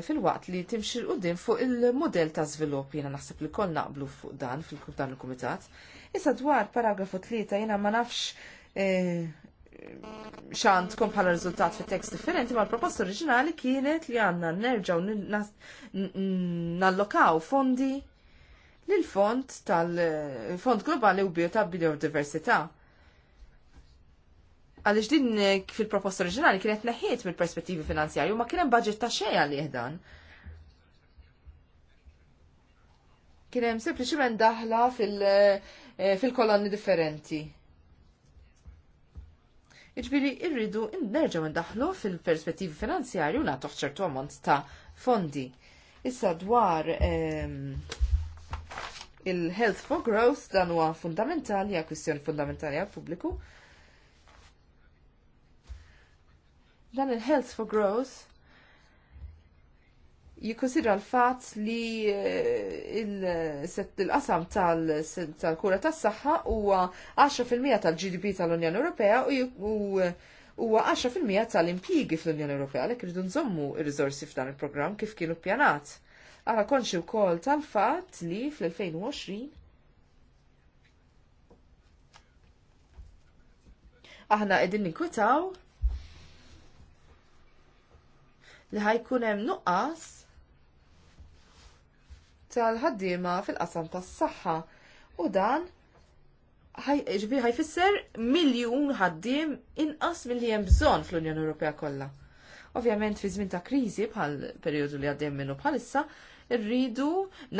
fil-waqt li timxi l-qudiem fuq il-modell ta' żvilupp jiena naħseb li kol naqblu fuq dan fil-dan il-kumitat. Issa dwar paragrafu tlieta jiena ma nafx xantkom bħala rizultat fi tekst differenti, ma l-proposta oriġinali kienet li għanna nerġaw nallokaw fondi l-Fond tal-Fond Globali u biota Biodiversità. Għaliex din eh, fil-proposta oriġinali kienet neħiet mill-perspettivi finanzjarju ma kien hemm budget ta' xeja għalih dan. Kien hemm sempliċiment daħla eh, fil-kolonni differenti. Iġbiri irridu nerġaw ndaħlu fil-perspettivi finanzjarju na ċertu għamont ta' fondi. Issa dwar ehm, il-Health for Growth dan huwa fundamentali, hija kwistjoni fundamentali għal pubbliku. Dan il-Health for Growth jikkonsidra l-fatt li eh, il-qasam tal-kura tas-saħħa huwa 10% tal-GDP tal-Unjoni Ewropea u eh, huwa 10% tal-impjigi fl-Unjoni Ewropea li irridu nżommu r-riżorsi f'dan il-programm kif kienu ppjanat. Aħna ah, konxu wkoll tal-fatt li fl-2020 aħna qegħdin nikwitaw. li ħajkunem hemm nuqqas tal-ħaddiema fil-qasam tas-saħħa u dan ħajġbi ħajfisser miljun ħaddiem inqas mill-li hemm bżonn fl-Unjoni Ewropea kollha. Ovvjament fi żmien ta' kriżi bħal perjodu li għaddejjem minnu bħalissa, rridu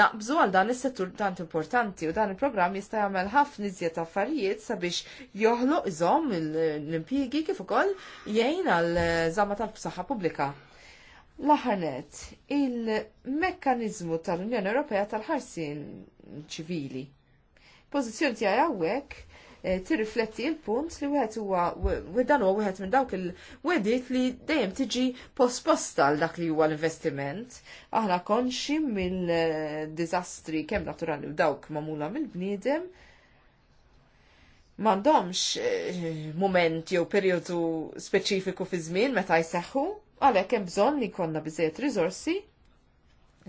naqbżu għal dan is-settur tant importanti u dan il-programm jista' jagħmel ħafna iżjed affarijiet sabiex joħloq iżom l-impjiegi kif ukoll jgħin għal żama tal-saħħa pubblika. Laħanet, il-mekkanizmu tal-Unjoni Ewropea tal-ħarsin ċivili. Pożizzjoni tiegħi hawnhekk Eh, tirrifletti il-punt li wieħed huwa dan huwa wieħed minn dawk il-wedit li dejjem tiġi posposta għal dak li huwa l-investiment. Aħna konxi mill-diżastri eh, kemm naturali u dawk magħmula mill-bniedem m'għandhomx eh, moment jew perjodu speċifiku fi żmien meta jseħħu, għalhekk hemm bżonn li jkollna biżejjed riżorsi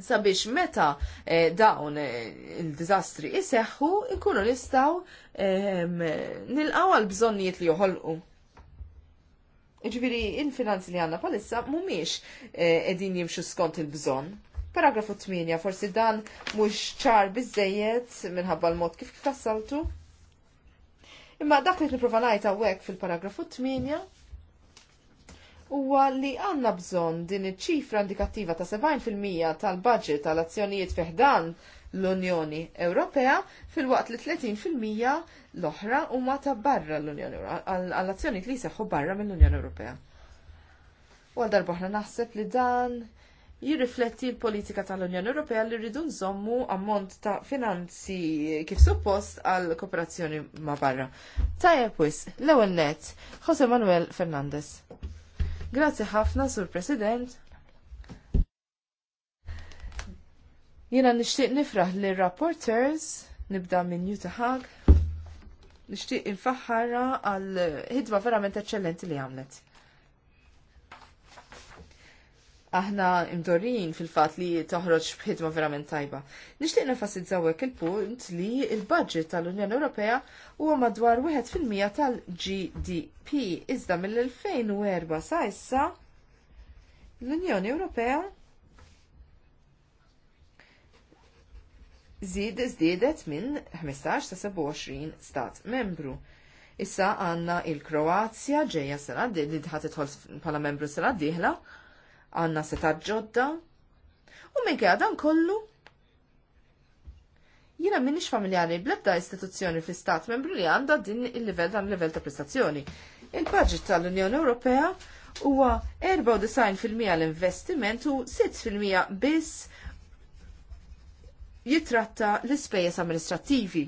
sabiex meta eh, dawn eh, il-dizastri iseħħu ikunu nistaw eh, nilqaw għal bżonnijiet li joħolqu. Ġviri, il-finanzi li għanna palissa mumiex eh, edin jimxu skont il-bżon. Paragrafu 8, forsi dan mux ċar bizzejiet minħabba l-mod kif kif tassaltu. Imma dak li t-niprofa najta fil-paragrafu 8, huwa li għandna bżonn din iċ-ċifra indikattiva ta' 70% tal-budget tal-azzjonijiet fiħdan l-Unjoni Ewropea fil-waqt li 30% l-oħra huma ta' barra l-Unjoni għall-azzjonijiet li jseħħu barra mill-Unjoni Ewropea. U għal darba naħseb li dan jirrifletti l-politika tal-Unjoni Ewropea li rridu nżommu ammont ta' finanzi kif suppost għal kooperazzjoni ma' barra. Tajja pwis, l ewwel net, Jose Manuel Fernandez. Grazzi ħafna, Sur President. Jena nishtiq nifraħ li rapporters nibda minn Juta Hag. Nishtiq infaħħara għal ħidma verament eccellenti li għamlet aħna imdorrin fil-fat li toħroġ bħidma verament tajba. Nixtieq nefasizzaw hekk il-punt li il-budget tal-Unjoni Ewropea huwa madwar 1% tal-GDP iżda mill-2004 sa issa l-Unjoni Ewropea zid żdiedet minn 15 ta' 27 stat membru. Issa għanna il-Kroazja ġeja sena li dħat idħol pala membru sena diħla għanna seta ġodda u minn dan kollu jina minn familjari bl-ebda istituzzjoni fl-istat membru li għanda din il-level dan il-level ta' prestazzjoni. Il-budget tal-Unjoni Ewropea huwa 94% l-investiment u 6% biss jitratta l-ispejjeż amministrattivi.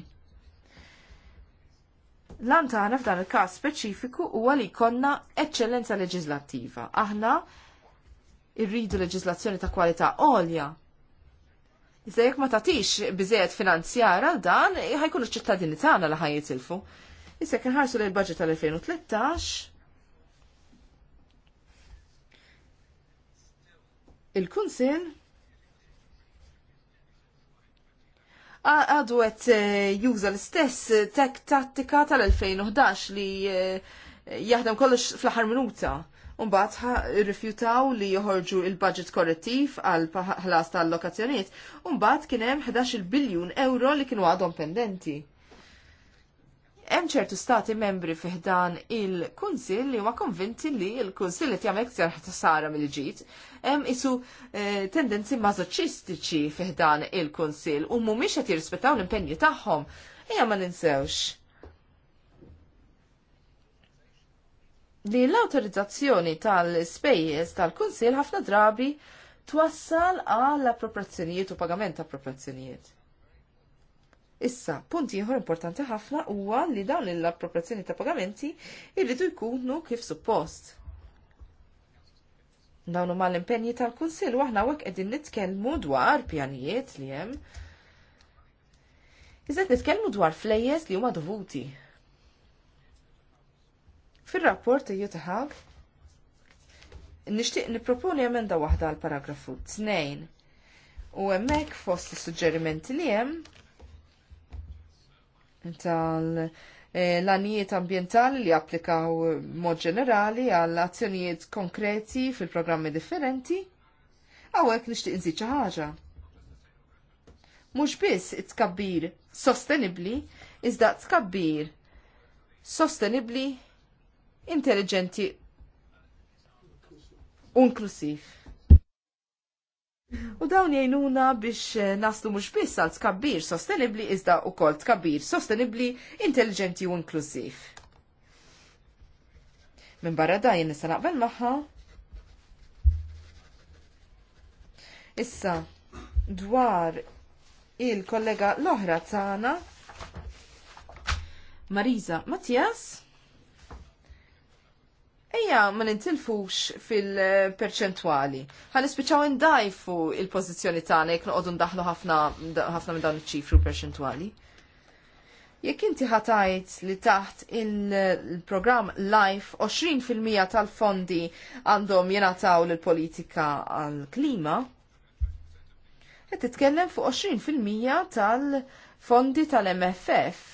L-antana f'dan il-każ speċifiku huwa li konna eċċellenza leġislattiva. Aħna irridu leġislazzjoni ta' kwalità għolja. Iżda jekk ma tagħtix biżejed finanzjar għal dan, ħajkunu ċittadini tagħna li ħajjitilfu. Issa kien ħarsu l budget tal-2013. Il-Kunsil għadu għet eh, juża l-istess tek tattika tal-2011 li eh, jaħdem kollox fl-ħar minuta. Umbat rifjutaw li joħorġu il-budget korrettiv għal ħlas tal-lokazzjoniet, unbat kien hemm 11 biljun euro li kienu għadhom pendenti. Hemm ċertu stati membri fiħdan il-Kunsill li huma konvinti li l-Kunsill qed jagħmel iktar ħsara mill-ġid, hemm isu eh, tendenzi mażoċistiċi fiħdan il-Kunsill u mhumiex qed jirrispettaw l-impenji tagħhom. Ejja ma ninsewx li l-autorizzazzjoni tal-spejjeż tal-Kunsil ħafna drabi twassal għal appropriazzjonijiet u pagament appropriazzjonijiet. Issa, punti ieħor importanti ħafna huwa li dawn l-appropriazzjoni ta' pagamenti irridu jkunu kif suppost. Dawn huma l-impenji tal-Kunsil u aħna hawnhekk qegħdin nitkellmu dwar pjanijiet li hemm. Iżda nitkellmu dwar flejjes li huma dovuti Fil-rapport ju taħag, nishtiq niproponi emenda waħda għal paragrafu 2. U emmek fost suġġerimenti li jem tal eh, l ambientali li applikaw mod ġenerali għal azzjonijiet konkreti fil-programmi differenti, għawek nishtiq nżid ħaġa. Mhux biss it-tkabbir sostenibbli, iżda tkabbir sostenibbli intelligenti u inklusiv. U dawn jgħinuna biex eh, naslu mhux biss għal tkabbir sostenibbli iżda wkoll tkabbir sostenibbli, intelligenti u inklusiv. Min barra da jien nista' naqbel magħha. Issa dwar il-kollega l-oħra tagħna Marisa Mattias. Ejja, ma nintilfux fil-perċentwali. Għan ispiċaw indajfu il-pozizjoni tagħna jekk noqogħdu ndaħlu ħafna minn dawn iċ-ċifru perċentwali. Jekk inti ħatajt li taħt il-programm Life 20% tal-fondi għandhom jenataw l-politika għal-klima, qed titkellem fuq 20% tal-fondi tal-MFF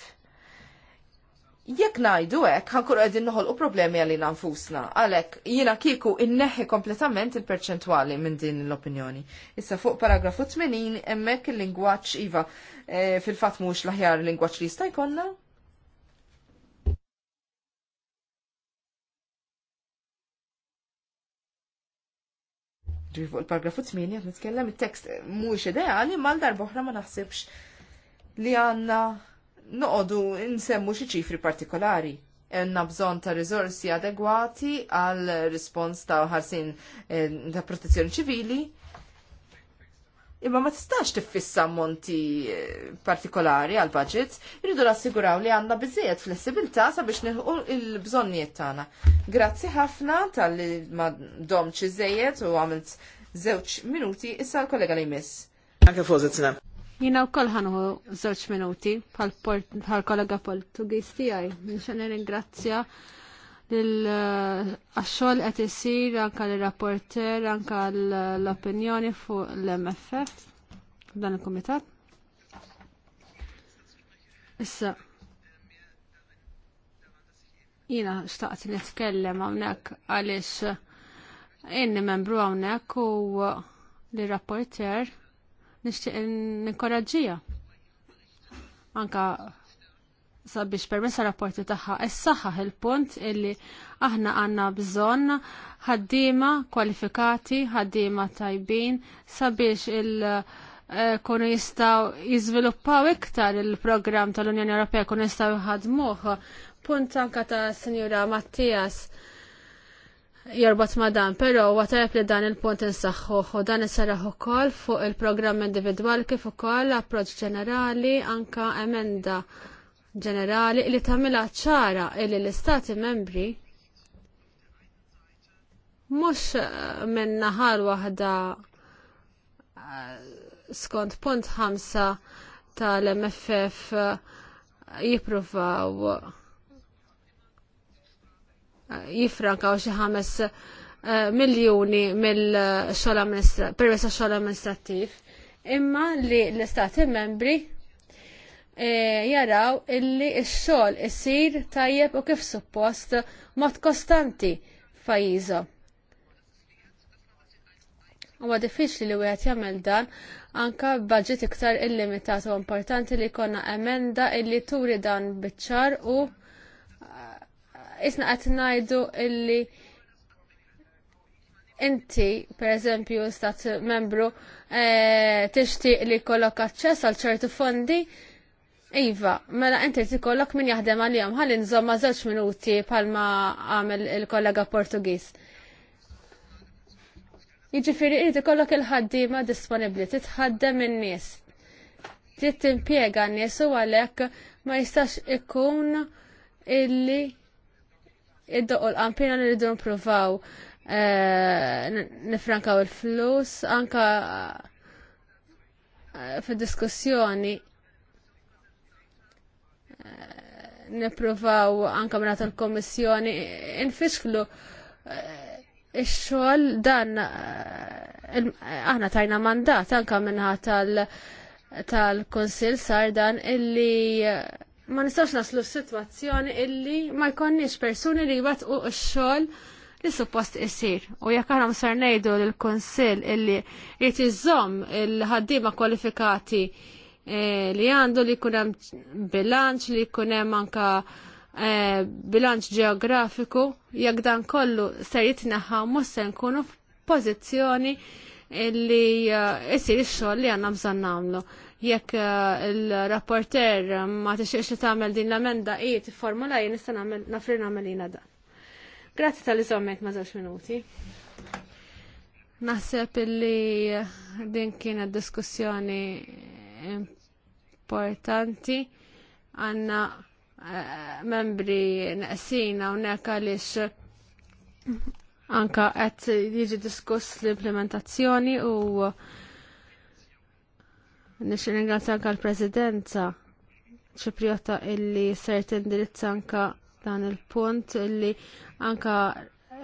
jekk najdu hekk ħankur qegħdin noħolqu problemi għalina nfusna. Għalhekk jiena kieku inneħi kompletament il-perċentwali minn din l-opinjoni. Issa fuq paragrafu 80 hemmhekk il-lingwaġġ iva e, fil-fatt mhux l-aħjar lingwaġġ li jista' jkollna. Ġifi il-paragrafu 8 qed nitkellem it-tekst mhuwiex ideali mal darba oħra ma naħsibx li għandna noqodu nsemmu xi ċifri partikolari. Enna bżon ta' rizorsi adegwati għal rispons ta' ħarsin eh, ta' protezzjoni ċivili. Imma ma tistax tiffissa monti eh, partikolari għal budget, irridu rassiguraw li għandna biżejjed flessibilità sabiex nilħu il-bżonnijiet tagħna. Grazzi ħafna tal-li ma domċi żejjed u għamilt żewġ minuti issa l-kollega li jmiss. Anke fuq Jina u koll ħanħu zoċ minuti bħal kollega Portugis tijaj. Nixan ringrazzja l eh, axol qed isir anka l-rapporter anka l-opinjoni fuq l-MFF dan il-komitat. Issa, jina xtaqt nitkellem hawnhekk għaliex inni membru hawnhekk u l-rapporter nixtieq ninkoraġġija. Anka sabiex permessa rapporti tagħha issaħħaħ il-punt illi aħna għandna bżonn ħaddiema kwalifikati, ħaddiema tajbin sabiex il- kunu jistaw jizviluppaw iktar il-program tal-Unjoni Ewropea kunu jistaw jħadmuħ. Punt anka ta' Sinjura Mattias jorbot ma dan, pero għatajab li dan il-punt insaħħu u dan isaraħ ukoll fuq il-programm individual kif ukoll approċ ġenerali anka emenda ġenerali li tagħmilha ċara li l-istati membri mux eh, minn naħar wahda eh, skont punt ħamsa tal-MFF eh, jipruvaw jifrankaw xi ħames eh, miljuni mill-xogħol permezz xogħol amministrattiv, imma li l-istati membri eh, jaraw illi x-xogħol isir tajjeb u kif suppost mod kostanti U Huwa diffiċli li wieħed jagħmel dan anka budget iktar illimitat u importanti li jkollna emenda illi turi dan biċ-ċar u isna qed ngħidu illi inti, per eżempju, stat membru eh, tixtieq li jkollok aċċess għal ċertu fondi, Iva, mela inti ikollok min jaħdem għal-jom, nżomm nżomma żewġ minuti palma għamel il-kollega Portugiż. Jiġifieri irid ikollok il-ħaddiema disponibbli, titħaddem in-nies. Trid tinpjega n-nies u għalhekk ma jistax ikun illi id-doq l-qampina li rridu nipruvaw eh, nifrankaw il-flus, anka eh, f diskussjoni eh, nipruvaw anka minnat il-komissjoni infixklu ix-xogħol dan aħna tajna mandat anka minnħat tal-konsil sar dan illi ma nistax naslu situazzjoni illi ma jkonniex persuni li jwatqu x-xogħol li suppost isir. U jekk aħna msar ngħidu lill-Kunsill illi jrid iżomm il-ħaddiema kwalifikati eh, li għandu li jkun hemm bilanċ li jkun hemm anke eh, bilanċ ġeografiku, jekk dan kollu ser jitneħħa mhux se nkunu f'pożizzjoni illi eh, isir ix-xogħol li għandna bżonn nagħmlu jekk eh, il-rapporter ma tixiex li tagħmel din l-amenda i tifformula jien nista' nagħmel nafri nagħmel jiena dan. Grazzi tal iżommek ma' żewġ minuti. Naħseb illi din kienet diskussjoni importanti għanna eh, membri naqsina unnek għaliex anka qed jiġi diskuss l-implementazzjoni u Nix ringrazzja anka l-Presidenza ċipriota illi ser tindirizza anka dan il-punt illi anka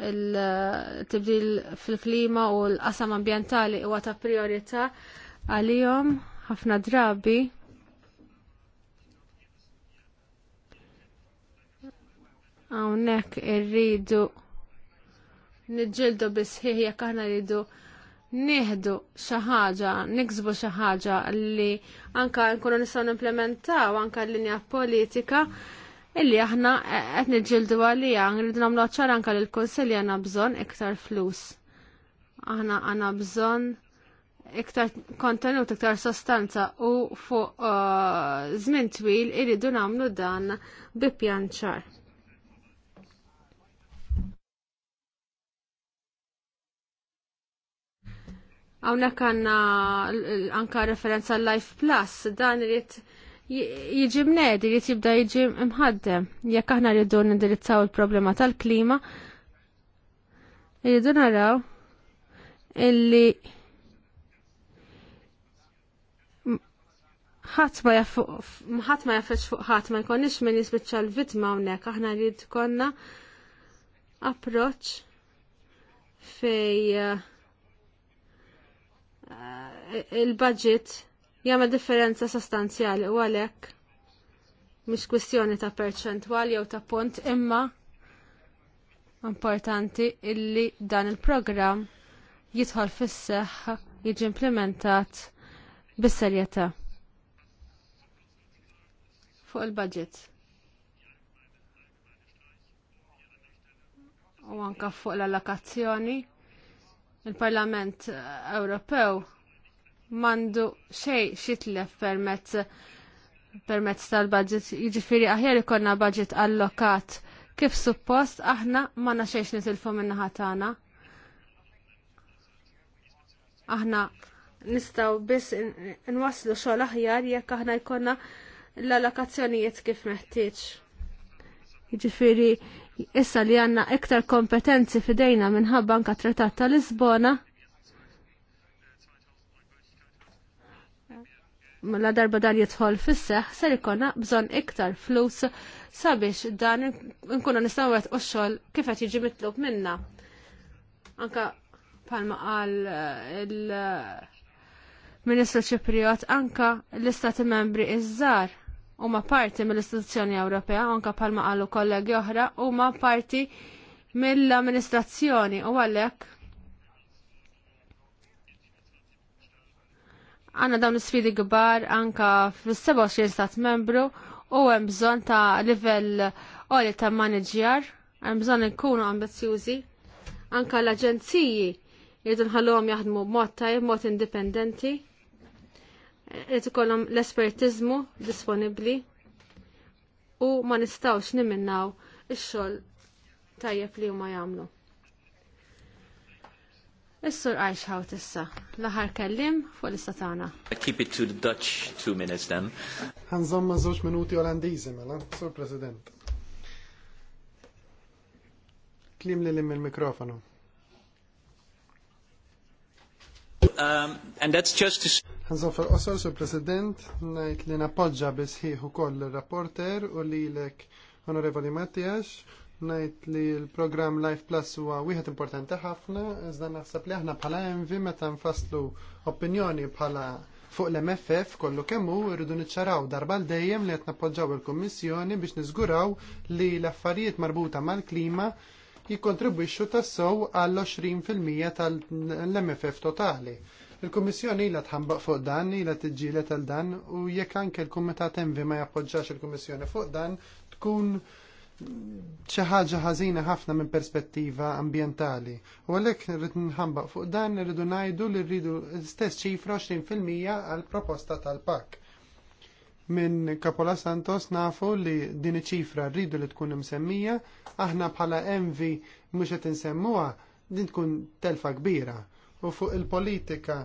il-tibdil fil-klima u l-qasam ambientali huwa ta' priorità għalihom ħafna drabi hawnhekk irridu niġġieldu bisħiħi jekk aħna rridu nieħdu xi ħaġa, niksbu xi ħaġa li anka nkunu nistgħu nimplementaw anka l-linja politika illi aħna qed niġġieldu għalija nridu nagħmlu ċar anka lil kunsilli għandna bżonn iktar flus. Aħna għandna bżonn iktar kontenut, iktar sostanza u fuq uh, żmien twil irridu nagħmlu dan bi pjan ċar. Hawnhekk għandna anka referenza Life Plus dan irid jiġi mnedi, jrid jibda jiġi mħaddem. Jekk aħna rridu nindirizzaw il-problema tal-klima, rridu naraw illi ħadd ma jaffeċ fuq ħadd ma jkunniex min jispiċċa l-vitma hawnhekk, aħna rrid konna approċċ fej uh, Eh, il-budget jagħmel differenza sostanzjali u għalhekk mhix kwistjoni ta' perċentwal jew ta' punt imma importanti illi dan il-programm jidħol fis-seħħ jiġi implementat bis-serjetà fuq il-budget. U anka fuq l-allokazzjoni il-Parlament Ewropew mandu xej xitlef permezz permezz tal-budget, jiġifieri aħjar ikonna budget allokat kif suppost aħna ma naxejx nitilfu minnaħa tagħna. Aħna nistgħu biss nwasslu xogħol aħjar jekk aħna jkollna l-allokazzjonijiet kif meħtieġ. Jiġifieri issa li għanna iktar kompetenzi fidejna minħabba anka trattat ta' Lisbona. Mela darba dan jidħol fis-seħ ser ikonna bżonn iktar flus sabiex dan nkunu nistgħu u x-xogħol kif qed jiġi mitlub minna. Anka palma qal eh, il-Ministru eh, Ċipriot anka l-Istati Membri iż-żar huma parti mill-istituzzjoni Ewropea, anka palma qalu kollegi oħra, huma parti mill-amministrazzjoni u għalhekk għanna dawn sfidi gbar anka fil-27 stat membru u hemm bżonn ta' livell qoli ta' manager, hemm bżonn nkunu ambizzjużi. Anka l-aġenziji jridu nħallhom jaħdmu b'mod tajjeb, mod indipendenti qed ikollhom l-espertiżmu disponibbli u ma nistgħux niminnaw ix-xogħol tajjeb li huma jagħmlu. Is-sur għajxħaw tissa, l-aħħar kellim fuq l-ista tagħna. Keep it to the Dutch two minutes then. Għan zomma zoċ minuti Olandiżi mela, Sur President. Klim li limmi l mikrofonu Um, and that's just to Għanżon fil sur President, najt li nappoġġa bisħiħu koll il-rapporter u li l-ek Onorevoli Mattias, najt li l-program Life Plus huwa wieħed importanti ħafna, iżda naħseb li aħna bħala MV meta nfasslu opinjoni bħala fuq l-MFF kollu kemmu rridu niċċaraw darba l dejjem li qed nappoġġaw il-Kummissjoni biex niżguraw li l-affarijiet marbuta mal-klima jikkontribwixxu tassew għall-20% tal-MFF totali. Il-Kummissjoni ilha tħambaq fuq dan, ilha tiġġielet għal dan u jekk anke l-Kumitat Envi ma jappoġġax il-Kummissjoni fuq dan tkun xi ħaġa ħażina ħafna minn perspettiva ambjentali. U għalhekk rrid nħambaq fuq dan irridu ngħidu li rridu l-istess ċifra 20% għall proposta tal-pak. Minn Kapola Santos nafu li din iċifra ċifra rridu li tkun msemmija, aħna bħala envi mhux qed insemmuha din tkun telfa kbira u fuq il-politika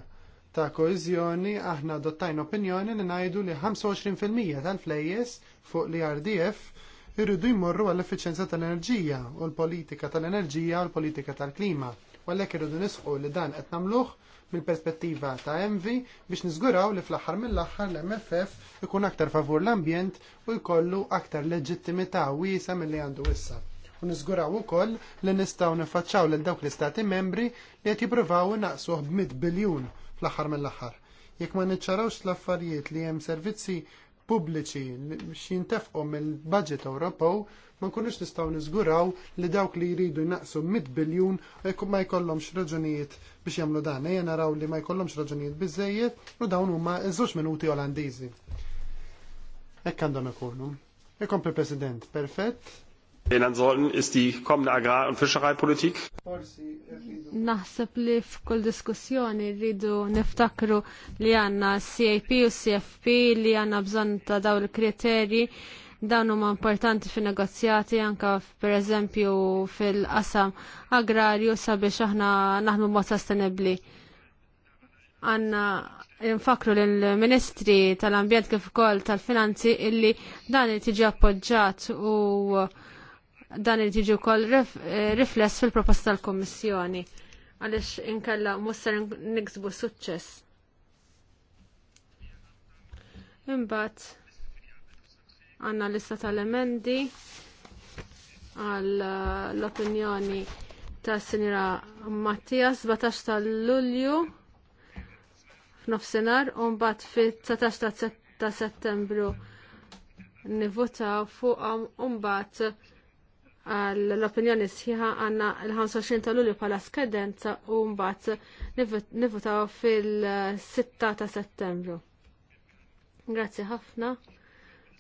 ta' koeżjoni aħna adottajna opinjoni li ngħidu li 25% tal-flejjes fuq li RDF irridu jmorru għall effiċjenza tal-enerġija u l-politika tal-enerġija u l-politika tal-klima. U għallek irridu nisħu li dan qed nagħmluh mill-perspettiva ta' Envi biex niżguraw li fl-aħħar mill-aħħar l-MFF ikun aktar favur l-ambjent u jkollu aktar leġittimità wiesa milli għandu issa u niżguraw ukoll li nistgħu nifacċaw lil dawk l-istati membri li qed jippruvaw b 100 biljun fl-aħħar mill-aħħar. Jekk ma niċċarawx l-affarijiet li hemm servizzi pubbliċi xin tefqo mill-budget Ewropew ma nkunux nistgħu niżguraw li dawk li jridu jnaqsu 100 biljun ma jkollhomx raġunijiet biex jagħmlu dan. Ejja naraw li ma jkollhomx raġunijiet bizzejiet u dawn huma iż minuti Olandiżi. Hekk għandhom ikunu. Ikompli President, perfett. Enan sollten ist die kommende Agrar- und Fischereipolitik. Naħseb li f'kull diskussjoni rridu niftakru li għanna CIP u CFP li għanna bżon ta' daw il kriteri dawn huma importanti fi negozjati anka per eżempju fil-qasam agrarju sabiex aħna naħdmu mod sostenibbli. Għanna Infakru l-Ministri tal-Ambjent kif ukoll tal-Finanzi illi dan tiġi appoġġjat u dan li tiġi wkoll eh, rifless fil-proposta tal-Kummissjoni għaliex inkella musser niksbu suċċess. Imbagħad għandna lista tal-emendi għall-opinjoni eh, ta' sinjora Mattias 17 ta' Lulju f'nofsinhar u mbagħad fit-19 ta' Settembru nivutaw fuqhom u mbagħad l-opinjoni sħiħa għanna l-25 ta' lulju pala skadenza u mbagħad nivutaw fil-6 ta' settembru. Grazzi ħafna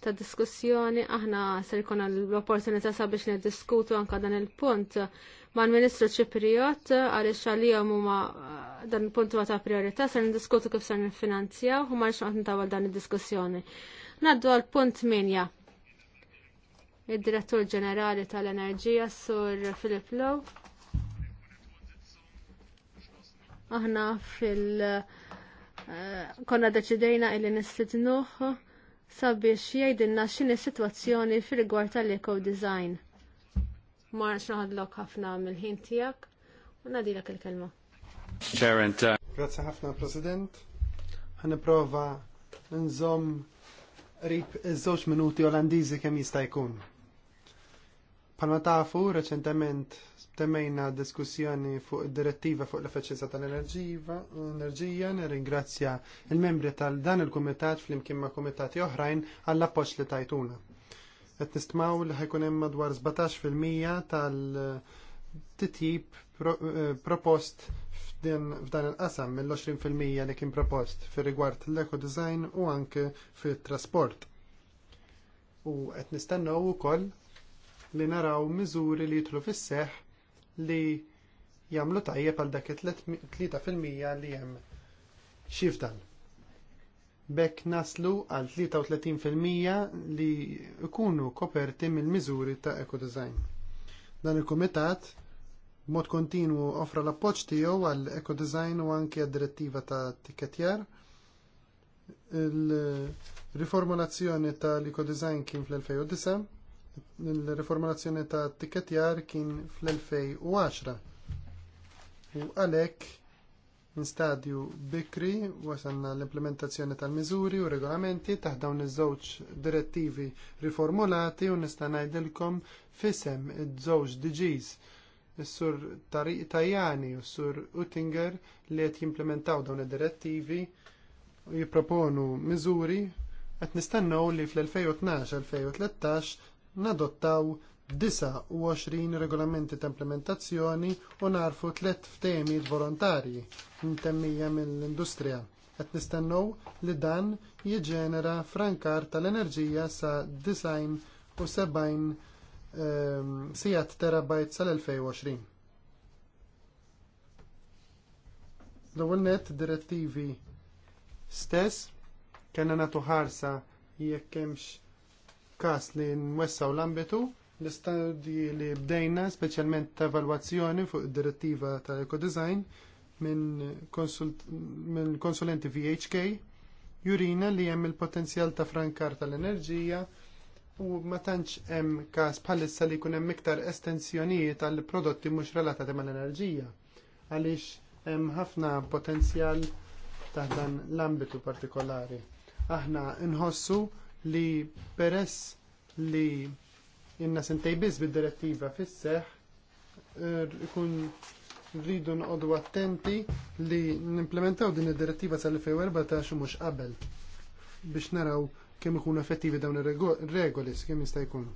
ta' diskussjoni, aħna ser jkun l-opportunità sabiex niddiskutu anka dan il-punt mal-Ministru Ċipriot għaliex għalihom huma eh, dan il-punt huwa ta' priorità ser niddiskutu kif ser nifinanzjaw u ma rridx nintawal dan id-diskussjoni. Naddu għal punt minja id-Direttur Ġenerali tal-Enerġija Sur Philip Low. Aħna fil- eh, konna deċidejna illi nistidnuh sabiex jgħidilna x'inhi s-sitwazzjoni fir-rigward tal-eco design. Marx naħadlok ħafna mill-ħin tiegħek u nadilek il-kelma. Uh, Grazzi ħafna President. Ħaniprova nżomm rib iż-żewġ minuti Olandiżi kemm jista' jkun. Palma tafu, recentement temmejna diskussjoni fuq direttiva fuq l-efficienza tal-enerġija, nirringrazzja il-membri tal-dan il-kumitat fl-imkien ma' kumitati oħrajn għall appoċ li tajtuna. Qed nistmaw li ħajkun hemm madwar 17% tal-titjib eh, propost f'dan il-qasam mill-20% li kien propost fir rigward l-eco design u anke fit-trasport. U qed nistennew ukoll li naraw miżuri li jitlu fis seħħ li jagħmlu tajjeb għal dak it-3% li hemm xiftan. Bekk naslu għal 33% li jkunu koperti mill-miżuri ta' ekodesign. Dan il-kumitat mod kontinwu offra l-appoġġ tiegħu għal ekodesign u anke għad-direttiva ta' tikketjar il-riformulazzjoni tal-eco kien fl-2009 Il-reformulazzjoni ta' tikketjar kien fl-2010. U għalhekk instadju stadju bikri wasalna l-implementazzjoni tal-miżuri u regolamenti taħt dawn iż-żewġ direttivi riformulati u nista' ngħidilkom fisem iż-żewġ DGs is-sur Tariq Tajani u s-sur Uttinger li qed jimplementaw dawn id-direttivi u jipproponu miżuri qed nistennew li fl-2012-2013 nadottaw 29 regolamenti ta' implementazzjoni u narfu tliet ftemi volontarji intemmija mill-industrija. Qed nistennew li dan jiġenera frankar tal-enerġija sa' 79 um, sijat terabajt sal-2020. L-ewwel nett direttivi stess kellna nagħtu ħarsa jekk hemmx każ li nwessaw l-ambitu l-istadji li bdejna speċjalment ta' evalwazzjoni fuq id direttiva ta' ekodesign minn konsulenti VHK jurina li hemm il-potenzjal ta' frankar tal-enerġija u ma tantx hemm każ bħalissa li jkun hemm iktar estensjonijiet għall prodotti mhux relatati mal-enerġija għaliex hemm ħafna potenzjal ta' dan l-ambitu partikolari. Aħna nħossu li peress li jenna sentej biss bid-direttiva fis er, ikun rridu noqogħdu attenti li nimplementaw din id-direttiva sal-2014 mhux qabel biex naraw kemm ikunu effettivi dawn ir-regoli kemm jista' jkun.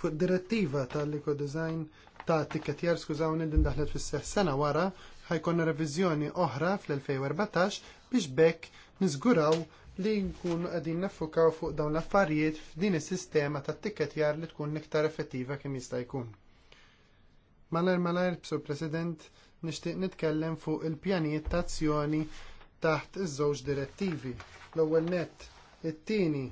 Fuq direttiva tal-eco design ta' tikketjar skużawni din daħlet fis-seħ sena wara ħajkonna reviżjoni oħra fl-2014 biex bekk niżguraw li jkunu qegħdin naffukaw fuq dawn l-affarijiet f'din is-sistema tat-tikketjar li tkun iktar effettiva kemm jista' jkun. Malajr malajr, Sur President, nixtieq nitkellem fuq il-pjanijiet ta' azzjoni taħt iż-żewġ direttivi. L-ewwel nett, it-tieni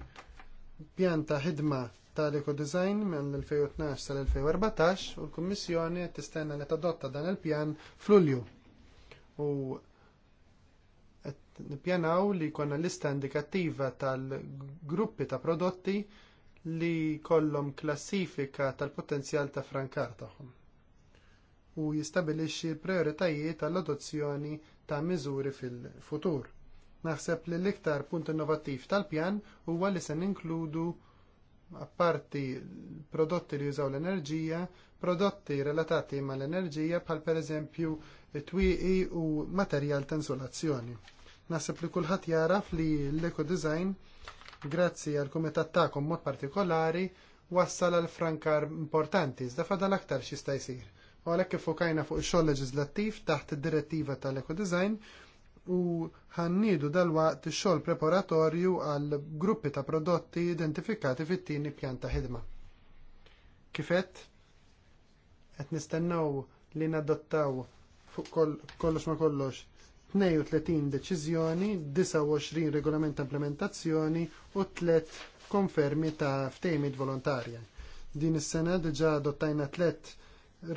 pjan ta' ħidma tal-Eco Design minn 2012 sal-2014 u l-Kummissjoni tistenna li tadotta dan il-pjan f'Lulju. U Nippjanaw li jkollna lista indikattiva tal-gruppi ta' prodotti li jkollhom klassifika tal-potenzjal ta' frankar tagħhom u jistabilixxi l-prioritajiet tal-adozzjoni ta' miżuri fil-futur. Naħseb li l-iktar punt innovattiv tal-pjan huwa li se ninkludu apparti prodotti li jużaw l-enerġija, prodotti relatati mal enerġija bħall pereżempju twieqi u materjal ta' insolazzjoni. Naħseb li kulħadd jaraf li l-eco design, grazzi għal kumitat tagħkom mod partikolari, wassal għal frankar importanti, iżda fadal aktar xista jsir. U għalhekk kif fokajna fuq ix-xogħol leġislattiv taħt id-direttiva tal-eco design u ħannidu dalwa ix-xogħol preparatorju għal gruppi ta' prodotti identifikati fit-tieni pjan ta' ħidma. Kifet qed nistennew li nadottaw fuq kollox ma kollox 32 deċiżjoni, 29 regolament implementazzjoni u 3 konfermi ta' ftejmit volontarja. Din is-sena diġà adottajna 3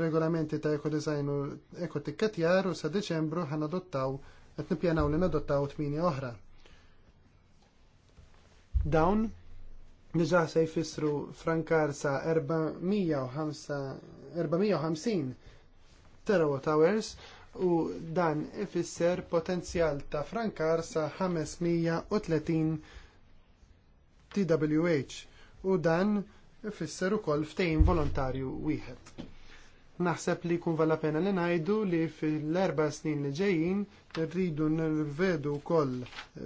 regolamenti ta' ekodizajn u ekotikkatjar u sa' Deċembru ħan adottaw qed nippjanaw li nadottaw 8 oħra. Dawn diġà se jfissru frankar sa' 450 terawatt hours u dan ifisser potenzjal ta' frankar sa' 530 TWh u dan ifisser ukoll ftehim volontarju wieħed. Naħseb li jkun vala pena li ngħidu li fil-erba snin li ġejjin rridu nirvedu wkoll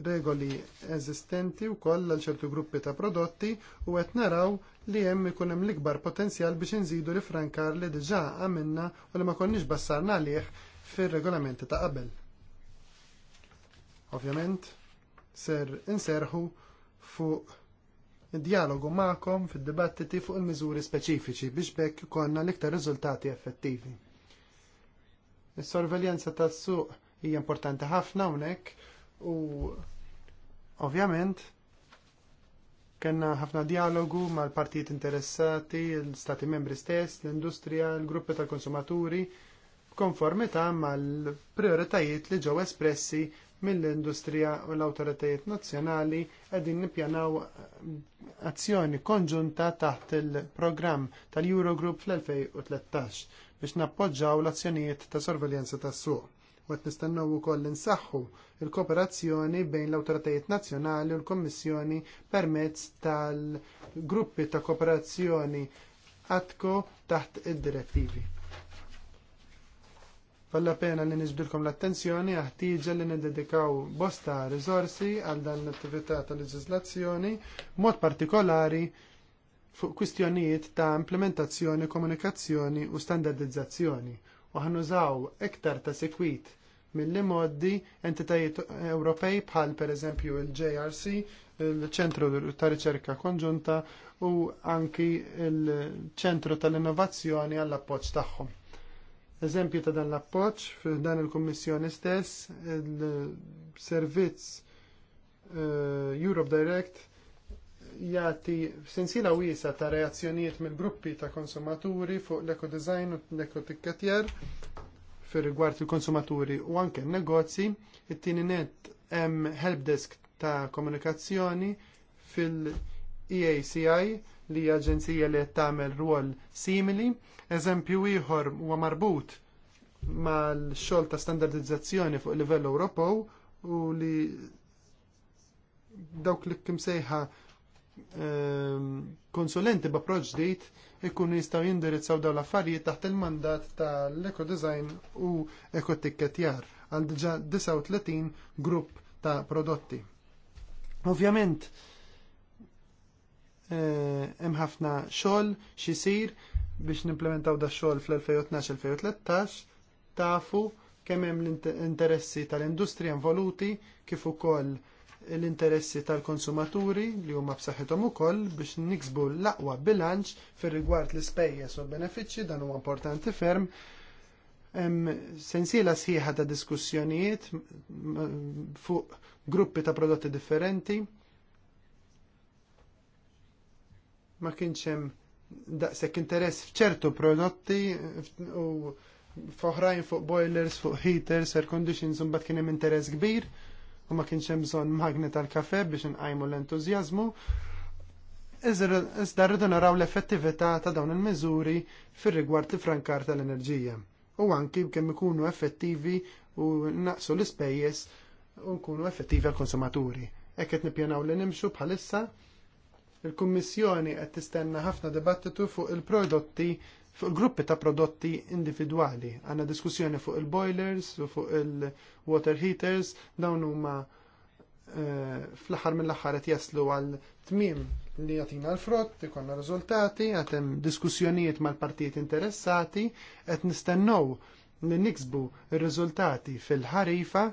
regoli eżistenti wkoll għal ċertu gruppi ta' prodotti u qed naraw li hemm ikun hemm l-ikbar potenzjal biex inżidu li frankar li diġà għamilna u li ma konniex bassarna għalih fir-regolamenti ta' qabel. Ovvjament, ser inserħu fuq dialogu ma'kom fil dibattiti fuq il-miżuri speċifiċi biex bekk konna l-iktar riżultati effettivi. Is-sorveljanza tas-suq hija importanti ħafna hawnhekk u ovvjament kellna ħafna dialogu mal-partijiet interessati, l-stati membri stess, l-industrija, l-gruppi tal-konsumaturi, b'konformità mal-prioritajiet li ġew espressi mill-industrija u l-awtoritajiet nazzjonali qegħdin nippjanaw azzjoni konġunta taħt il-programm tal-Eurogroup fl-2013 biex nappoġġaw l-azzjonijiet ta' sorveljanza tas-suq. U qed nistennew ukoll insaħħu l-kooperazzjoni bejn l-awtoritajiet nazzjonali u l-Kommissjoni permezz tal-gruppi ta' kooperazzjoni Atko taħt id-direttivi. Falla pena li nizbdilkom l-attenzjoni għahtiġa li nededikaw bosta rizorsi għal dan l-attività ta' leġislazzjoni, mod partikolari fuq kwistjonijiet ta' implementazzjoni, komunikazzjoni u standardizzazzjoni. U ħanużaw ektar ta' sekwit mill-li moddi entitajiet Ewropej bħal per eżempju il-JRC, il-ċentru ta' riċerka konġunta u anki il-ċentru tal-innovazzjoni għall-appoċ tagħhom. Eżempju ta' dan l-appoċ, f'dan il-Kommissjoni stess, il-servizz uh, Europe Direct jati sensila wisa ta' reazzjonijiet mill-gruppi ta' konsumaturi fuq l design u l-ekotikkatjer fir rigward il-konsumaturi u anke negozji. It-tieni net hemm helpdesk ta' komunikazzjoni fil-EACI li aġenzija li tagħmel rwol simili. Eżempju ieħor huwa marbut mal-xogħol ta' standardizzazzjoni fuq livell Ewropew u li dawk li kim sejħa ehm, konsulenti b'approċ ġdid ikun jistgħu jindirizzaw dawn l-affarijiet taħt il-mandat tal-Eco Design u Eco Ticketjar għal diġà 39 grupp ta' prodotti. Ovvjament, Eh, hemm ħafna xogħol xisir biex nimplementaw da xogħol fl-2012-2013 tafu kemm hemm l-interessi tal-industrija involuti kif ukoll l-interessi tal-konsumaturi li huma b'saħħithom ukoll biex niksbu l-aqwa bilanċ fir-rigward l-ispejjeż u l-benefiċċji dan huwa importanti ferm sensiela sħiħa ta' diskussjonijiet fuq gruppi ta' prodotti differenti ma kienx hemm daqshekk interess f'ċertu prodotti u f'oħrajn fuq boilers, fuq heaters, air conditions, un kien hemm interess kbir u ma kienx hemm bżonn magnet tal kafè biex nqajmu l-entużjażmu. Iżda rridu naraw l-effettività ta' dawn il-miżuri fir-rigward tifrankar frankar tal-enerġija u anki kemm ikunu effettivi u naqsu l-ispejjeż u nkunu effettivi għall-konsumaturi. Hekk qed nippjanaw li nimxu bħalissa Il-Kummissjoni qed tistenna ħafna dibattitu fuq il-prodotti fuq gruppi ta' prodotti individwali. Għanna diskussjoni fuq il-boilers u fuq il-water heaters, dawn huma eh, fl-aħħar mill-aħħar qed jaslu għal tmiem li jagħtina l-frott, ikonna riżultati, għad hemm diskussjonijiet mal-partijiet interessati, qed nistennew li niksbu r-riżultati fil-ħarifa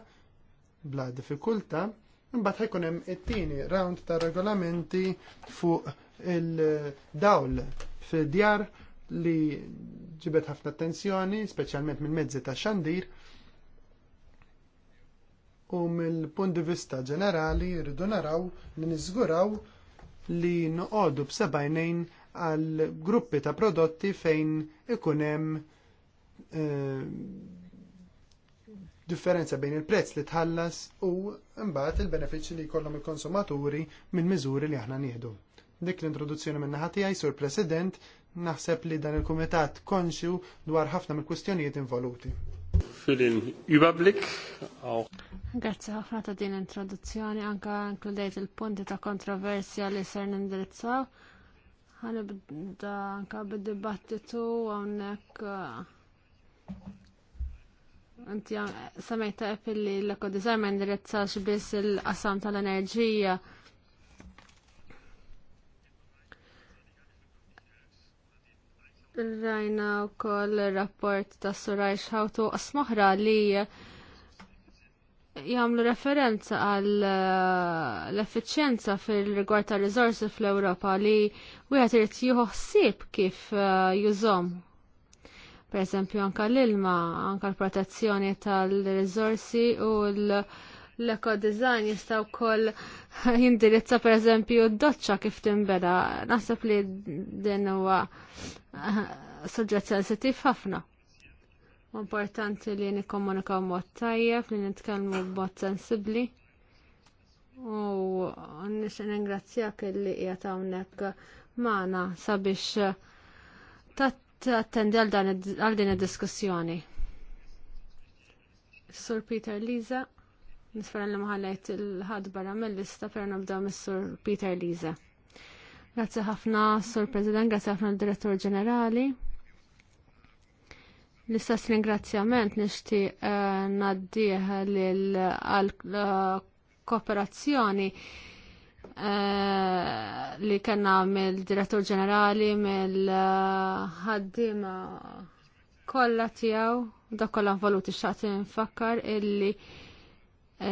bla diffikulta Imbagħad ħajkun hemm it-tieni round ta' regolamenti fuq il-dawl fid-djar li ġibet ħafna attenzjoni, speċjalment minn mezzi ta' xandir. U mill-punt di vista ġenerali rridu naraw li niżguraw li noqogħdu b'sebajnejn għal gruppi ta' prodotti fejn ikun hemm eh, differenza bejn il-prezz li tħallas u mbagħad il-benefiċċji li jkollhom il-konsumaturi minn miżuri li aħna nieħdu. Dik l-introduzzjoni minn naħa tiegħi sur President naħseb li dan il-kumitat konxju dwar ħafna mill-kwistjonijiet involuti Grazzi Grazie ħafna ta' din introduzzjoni, anka inkludejt il-punti ta' kontroversja li ser nindirizzaw. Ħanibda anka bid-dibattitu għonek Inti samajta li l-eko dizajn ma indirizzax biss il-qasam tal-enerġija. Rajna u koll rapport ta' Suraj Xawtu asmoħra li jagħmlu referenza għal eh, l-effiċjenza fil-rigward ta' rizorsi fl-Ewropa li wieħed irid jieħu ħsieb kif eh, jużom per esempio anka l-ilma, anka l-protezzjoni tal-rizorsi u l-ekodizajn jistaw kol [laughs] jindirizza per eżempju d-doċċa kif timbeda. Naħseb li din huwa eh, suġġett sensitiv ħafna. Importanti li nikkomunikaw mod tajjeb, li nitkellmu b'mod sensibbli. U nixen ingrazzjak li qiegħed hawnhekk magħna sabiex tat Attendi għal din id-diskussjoni. Sur Peter Liza, nisfera li maħallajt il-ħadbara mill-lista per nabda mis-Sur Peter Liza. Grazie ħafna, Sur President, grazie ħafna l-Direttur Ġenerali. L-istess ringrazzjament nishti uh, eh, naddieħ eh, kooperazzjoni Eh, li kena mill-direttur ġenerali mill-ħaddima kollha tiegħu da kollha voluti xaqt nfakkar illi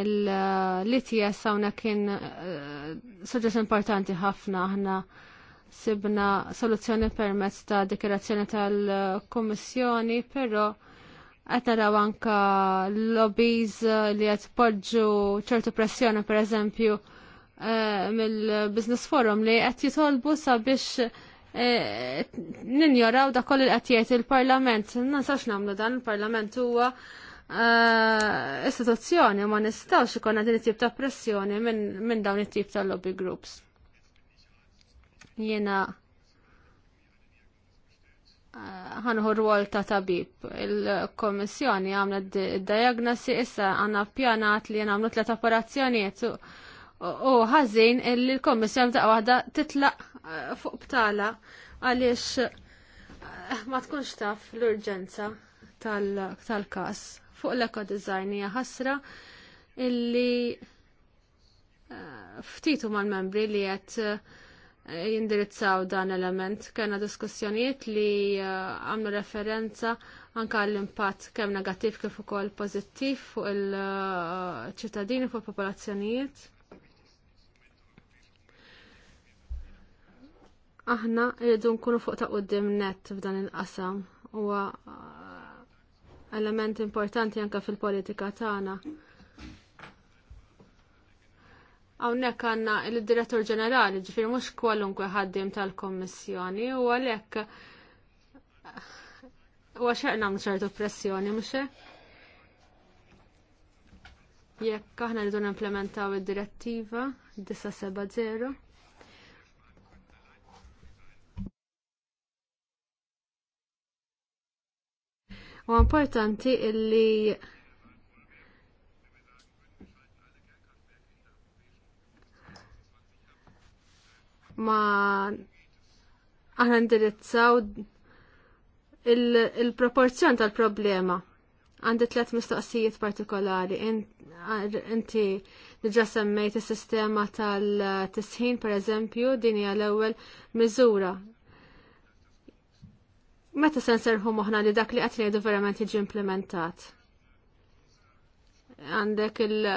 l-ITS hawnhekk kien eh, suġġess importanti ħafna aħna sibna soluzzjoni permezz ta' dikirazzjoni tal-Kummissjoni, però qed naraw anke lobbies li qed poġġu ċertu pressjoni pereżempju eżempju Eh, mill-Business Forum li qed jitolbu sabiex eh, ninjoraw da koll il-qed il-Parlament. Nansax nagħmlu dan il-Parlament huwa eh, istituzzjoni ma nistgħux ikonna din it-tip ta' pressjoni minn dawn it-tip ta' lobby groups. Jiena ħanħu rwol ta' tabib. Il-Komissjoni għamlet id-diagnosi issa għanna pjanat li għamlu tlet operazzjoniet u ħażin li l-Kommissjoni ta' waħda titlaq eh, fuq btala għaliex eh, ma tkunx taf l-urġenza tal-każ fuq l-eko design hija ħasra illi eh, ftitu mal-membri li qed jindirizzaw dan element. Kena diskussjonijiet li għamlu referenza anka l-impatt kemm negattiv kif ukoll pożittiv fuq il-ċittadini fuq il-popolazzjonijiet. aħna rridu nkunu fuq ta' qoddim net f'dan il-qasam huwa uh, element importanti anke fil-politika tagħna. Hawnhekk għandna il-Direttur Ġenerali, ġifier mhux kwalunkwe ħaddiem tal-Kommissjoni u għalhekk uh, huwa xeq nagħmlu ċertu pressjoni mhux hekk? Jekk aħna rridu nimplementaw id-direttiva 9-0. U importanti illi ma għan indirizzaw il-proporzjon il proporzjon tal problema Għandi tlet mistoqsijiet partikolari. Inti diġa semmejt is-sistema tal-tisħin, per eżempju, din hija l-ewwel miżura Meta se nserħu moħna li dak li qed ngħidu verament jiġi implementat? Għandek il-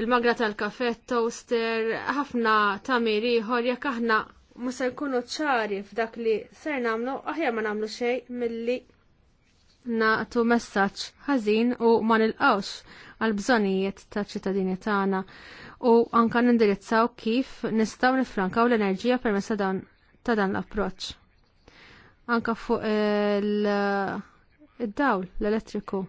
il-magra tal-kafe, toaster, ħafna tamir ieħor jekk aħna ma se nkunu ċari f'dak li ser nagħmlu aħjar ma nagħmlu xejn milli nagħtu messaġġ ħażin u ma nilqawx għal bżonnijiet ta' ċittadini tagħna u anka nindirizzaw kif nistgħu nifrankaw l-enerġija permessa ta' dan l-approċċ anka fuq eh, il-dawl l-elettriku.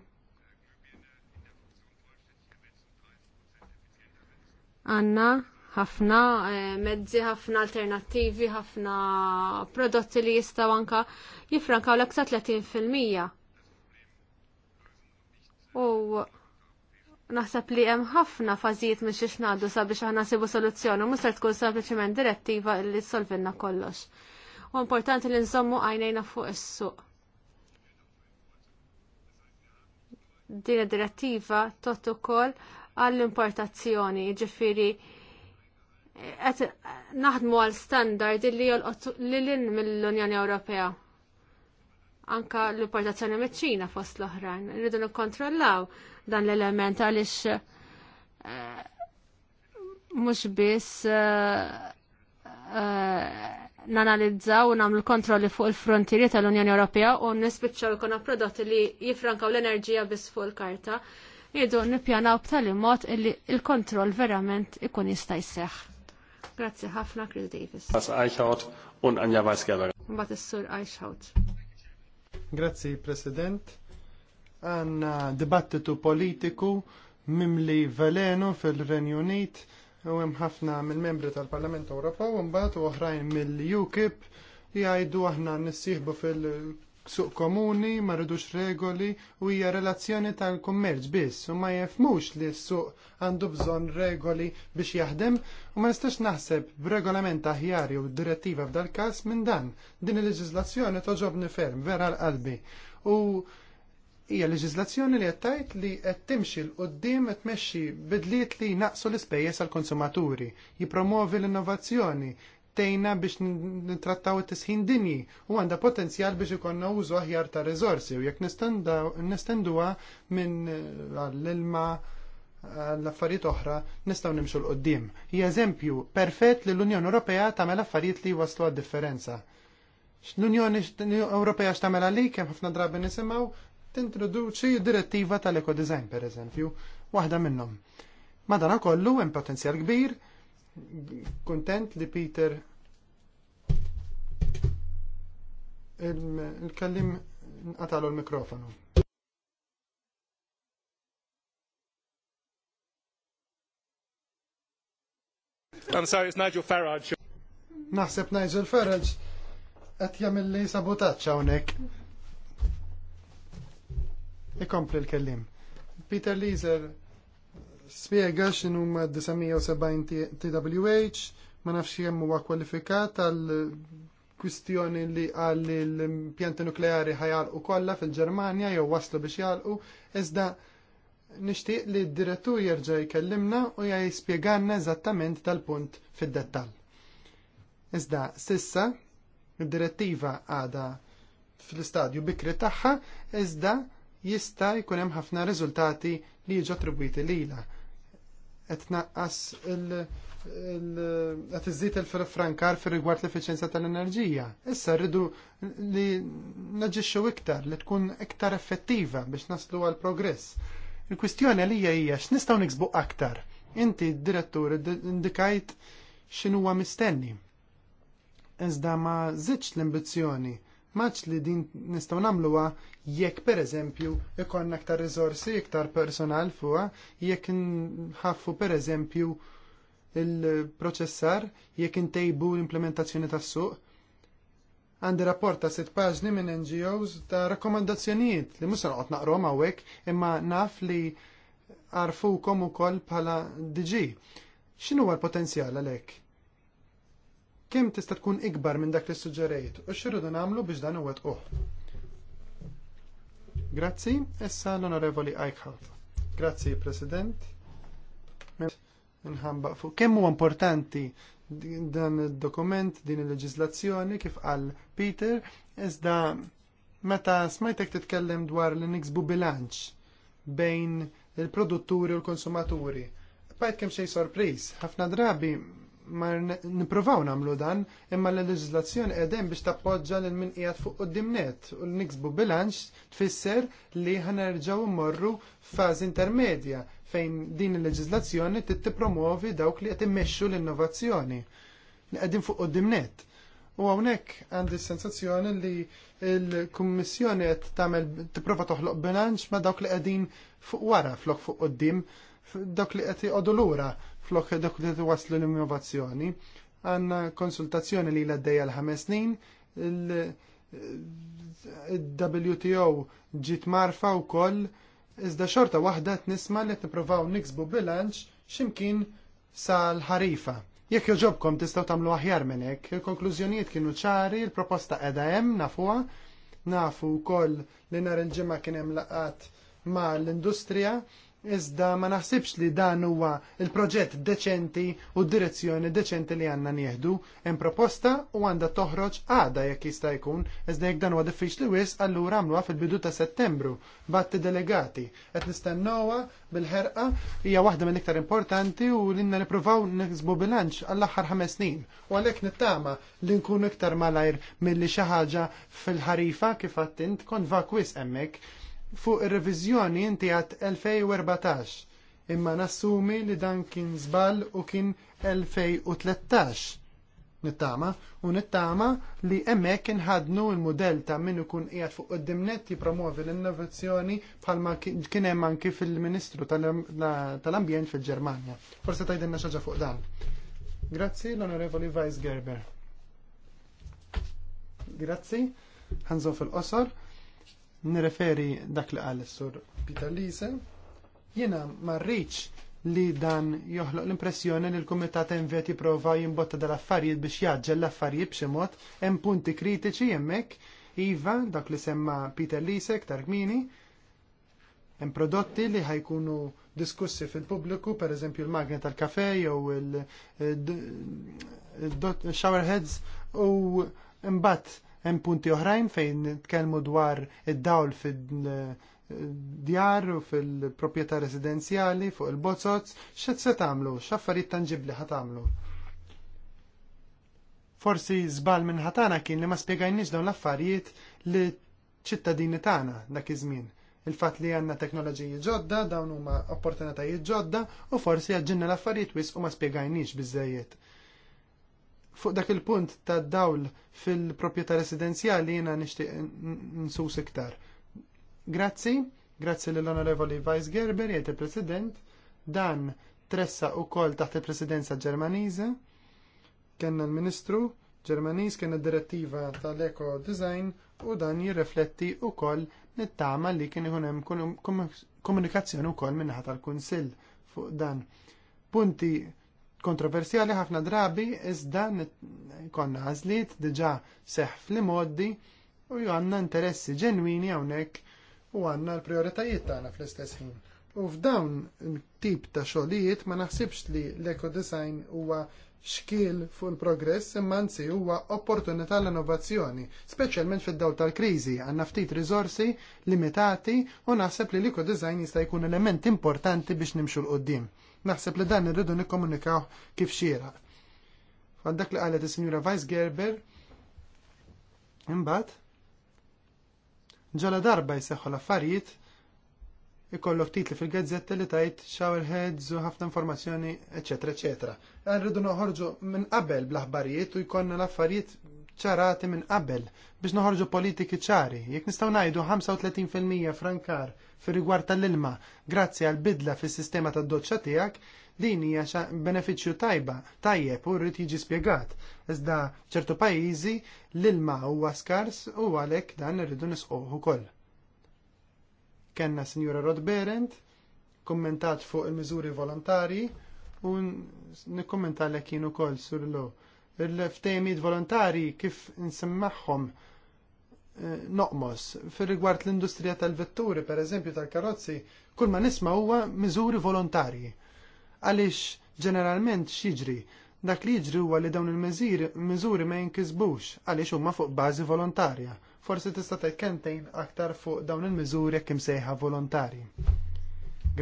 Għanna ħafna eh, mezzi, ħafna alternativi, ħafna prodotti li jistaw anka jifrankaw l-aksa 30%. U naħseb li hemm ħafna fażijiet minn xi xnadu sabiex aħna sibu soluzzjoni, mhux se tkun sempliċement direttiva li solvinna kollox u importanti li nżommu għajnejna fuq is-suq. Din id-direttiva tot ukoll għall-importazzjoni, ġifiri qed naħdmu għal standard li jolqot lilin mill-Unjoni Ewropea. Anka l-importazzjoni miċ-Ċina fost l-oħrajn. Irridu nikkontrollaw dan l-element għaliex eh, mhux biss eh, eh, nanalizzaw u namlu kontrolli fuq il-frontieri tal-Unjoni Ewropea u nispiċċaw ikona prodotti li jifrankaw l-enerġija biss fuq il-karta. Jidu nippjanaw b'tali mod li il-kontroll verament ikun jista' jseħħ. Grazie ħafna, Chris Davis. Għas Eichhout un Anja Weisgerber. Mbat is-sur Eichhout. Grazie, President. Għanna dibattitu politiku mimli velenu fil-Renju Unit u hemm ħafna mill-membri tal-Parlament Ewropew mbagħad u oħrajn mill-UKIP jgħidu aħna nissieħbu fil-suq komuni, ma rridux regoli u hija relazzjoni tal-kummerċ biss u ma jefmux li s-suq għandu bżonn regoli biex jaħdem u ma nistax naħseb b'regolament aħjar u direttiva f'dal każ minn dan. Din il-leġiżlazzjoni toġobni ferm vera l-qalbi. U hija leġiżlazzjoni li qed tgħid li qed timxi l qudiem qed tmexxi bidliet li naqsu l-ispejjeż għall konsumaturi jippromovi l-innovazzjoni, tejna biex nittrattaw it-tisħin dinji u għandha potenzjal biex ikonna użu aħjar ta' riżorsi u jekk nistenduha minn eh, għall-ilma eh, l-affarijiet oħra nistgħu nimxu l qoddim Hija eżempju perfett li l-Unjoni Ewropea tagħmel affarijiet li waslu għad-differenza. L-Unjoni Ewropea x'tagħmel għalik kemm ħafna drabi nisimgħu tintroduċi direttiva tal-ekodizajn per eżempju, waħda minnhom. Madana kollu hemm potenzjal kbir, kontent li Peter il-kallim għatalu l-mikrofonu. I'm sorry, it's Nigel Farage. Naħseb Nigel Farage qed jagħmel li sabotaġġ hawnhekk. Ikompli l-kellim. Peter Leeser spiega x'inhu huma 970 TWH, ma nafx kemm huwa kwalifikat għal kwistjoni li għal l-impjanti nukleari ħajalqu kollha fil-Ġermanja jew waslu biex jalqu, iżda nixtieq li d direttu jirġa jkellimna u jispjegalna eżattament tal-punt fid-dettall. Iżda sissa id-direttiva għada fl-istadju bikri tagħha iżda jista' jkun hemm ħafna riżultati li jiġu attribwiti lilha. Qed tnaqqas qed iżid il-frankar fir rigward l-effiċjenza tal-enerġija. Issa rridu li naġixxu iktar li tkun iktar effettiva biex naslu għal progress. Il-kwistjoni għalija hija x'nistgħu niksbu aktar. Inti d-direttur indikajt x'inhuwa mistenni. Iżda ma żidx l-ambizzjoni maċ li din nistaw namluwa jekk per eżempju ikon aktar rizorsi, iktar personal fuqa, jekk nħaffu per eżempju il-proċessar, jekk intejbu l-implementazzjoni tas suq Għandi rapport ta' sitt paġni minn NGOs ta' rakkomandazzjonijiet li musa noqgħod naqrom hawnhekk imma naf li għarfukom ukoll bħala DG. X'inhuwa l-potenzjal għalhekk? Kemm tista' tkun ikbar minn dak li suġġerejt u xirridu nagħmlu biex dan huwet uħ. Grazzi, issa l-Onorevoli Eichhout. Grazzi, President. Nħambaq fuq kemm huwa importanti dan id-dokument, din il-leġislazzjoni kif qal Peter, iżda meta smajtek titkellem dwar li niksbu bilanċ bejn il-produtturi u l-konsumaturi. Bajt kemm xejn sorpriż, ħafna drabi ma niprofaw namlu dan, imma l-leġizlazzjoni edem biex tappoġġa l min qiegħed fuq qudimnet u niksbu bilanċ tfisser li ħanerġgħu mmorru f'fażi intermedja fejn din il-leġizlazzjoni tittipromovi dawk li qed immexxu l-innovazzjoni. Qegħdin fuq qudimnet. U hawnhekk għandi sensazzjoni li l-Kummissjoni qed tagħmel tipprova toħloq bilanċ ma' dawk li qegħdin fuq wara flok fuq qudiem dawk li qed jqogħdu lura flok dak li waslu l-innovazzjoni. Għanna konsultazzjoni li l-għaddeja l-ħames snin, il-WTO ġit marfa u koll, iżda xorta wahda t-nisma li t provaw niksbu bilanċ ximkien sal-ħarifa. Jekk joġobkom tistaw tamlu aħjar minnek, il-konklużjonijiet kienu ċari, il-proposta qiegħda hemm nafuha, nafu wkoll li nhar il ġimma kien hemm laqat ma l-industrija iżda ma naħsibx li dan huwa il-proġett deċenti u d-direzzjoni deċenti li għandna nieħdu. Hemm proposta u għandha toħroġ għada jekk jista' jkun, iżda jekk dan huwa diffiċli wis allura għamluha fil-bidu ta' Settembru batt delegati. Qed nistennowha bil-ħerqa hija waħda mill-iktar importanti u li nippruvaw niksbu bilanċ għall-aħħar ħames snin. U għalhekk nittama li nkun iktar malajr milli xi ħaġa fil-ħarifa kif għattint kont vakwis hemmhekk fuq ir-reviżjoni inti għat 2014 imma nassumi li dan kien żball u kien 2013 nittama u nittama li hemmhekk inħadnu il-modell ta' min ikun qiegħed fuq qudimnet jippromovi l-innovazzjoni bħalma kien hemm anki fil-Ministru tal-Ambjent fil-Ġermanja. Forse tgħidilna xi fuq dan. Grazzi l-Onorevoli Vice Gerber. Grazzi, ħanżu fil-qosor nireferi dak li qal sur Peter Lise, jiena marriċ li dan joħloq l-impressjoni li l-Kumitat Enveti jipprova jimbotta dal-affarijiet biex jaġġel l-affarijiet b'xi mod, hemm punti kritiċi hemmhekk iva dak li semma Peter Lise Targmini, kmini, hemm prodotti li ħajkunu diskussi fil-pubbliku, per eżempju l magnet tal-kafe jew il-showerheads u mbagħad Hemm punti oħrajn fejn nitkellmu dwar id-dawl fid-djar u fil-proprjetà residenzjali fuq il bozzots x'qed se tagħmlu, x'affarijiet tanġibli ħad tagħmlu. Forsi żbal minn ħatana kien li ma spjegajniex dawn l-affarijiet li ċittadini tagħna dak iż-żmien. Il-fatt li għandna teknoloġiji ġodda, dawn huma opportunitajiet ġodda u forsi għaġġinna l-affarijiet wis u ma spjegajniex biżejjed. Fuq dak il-punt ta' dawl fil-propieta residenzjali jena nishtiq nsus iktar. Grazzi, grazzi l-Onorevoli Vice Gerber, jgħid il-President, dan tressa u kol taħt il-Presidenza Ġermaniza, kena l-Ministru Ġermaniż kena direttiva tal-Eco Design u dan jirrifletti u kol nittama li kien ikun hemm komunikazzjoni wkoll min minnaħat tal-Kunsill fuq dan. Punti kontroversjali ħafna drabi iżda konna għażliet diġà seħħ fl-imoddi u għandna interessi ġenwini hawnhekk u għandna l-prioritajiet tagħna fl-istess ħin. U f'dawn tip ta' xogħlijiet ma naħsibx li l ekodesign design huwa xkiel fuq il-progress imma nsi huwa opportunità l-innovazzjoni, speċjalment fid-daw tal-kriżi għandna ftit riżorsi limitati u naħseb li l-eco jista' jkun element importanti biex nimxu l qoddim Naħseb li dan irridu nikkomunikaw kif xiera. Għandak li qalet is-Sinjura Vice Gerber, imbagħad ġala darba jseħħu l-affarijiet ikollok titli fil gazzetta li tajt heads u ħafna informazzjoni, eccetera Għan Rridu noħorġu minn qabel bl-aħbarijiet u jkollna l-affarijiet ċarati minn qabel biex noħorġu politiki ċari. Jekk nistgħu ngħidu 35% frankar fir rigward tal-ilma grazzi għal bidla fis-sistema tad-doċċa tiegħek, din hija benefiċċju tajba, tajjeb u rrid jiġi spjegat. Iżda ċertu pajjiżi l-ilma huwa skars u għalhekk dan irridu nisquh ukoll. Kenna Sinjura Rod Berend, kommentat fuq il-miżuri volontari u nikkommenta lek kienu ukoll, sur lo il-ftejmijiet volontari kif nsemmaħħom eh, noqmos fil-rigward l-industrija tal-vetturi, per eżempju tal-karozzi, kull ma nisma huwa miżuri volontarji. Għaliex ġeneralment xiġri, dak li jiġri huwa li dawn il-miżuri ma jinkisbux għaliex huma fuq bażi volontarja. Forsi tista' tgħid kentejn aktar fuq dawn il-miżuri jekk imsejħa volontarji.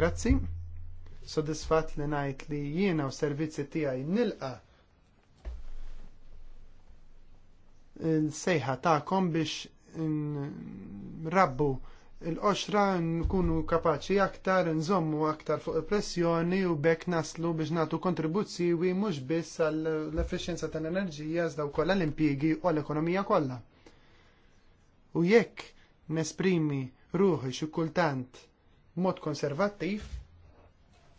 Grazzi. Sodisfat li ngħid li jiena u servizzi tiegħi nilqa' l-sejħa tagħkom biex rabbu l-qoxra nkunu kapaċi aktar, nżommu aktar fuq il-pressjoni u bekk naslu biex nagħtu kontribuzzjiwi mhux biss għall-efficienza tal-enerġija iżda wkoll l-impjiegi u l-ekonomija kollha. U jekk nesprimi ruħi xi kultant mod konservattiv,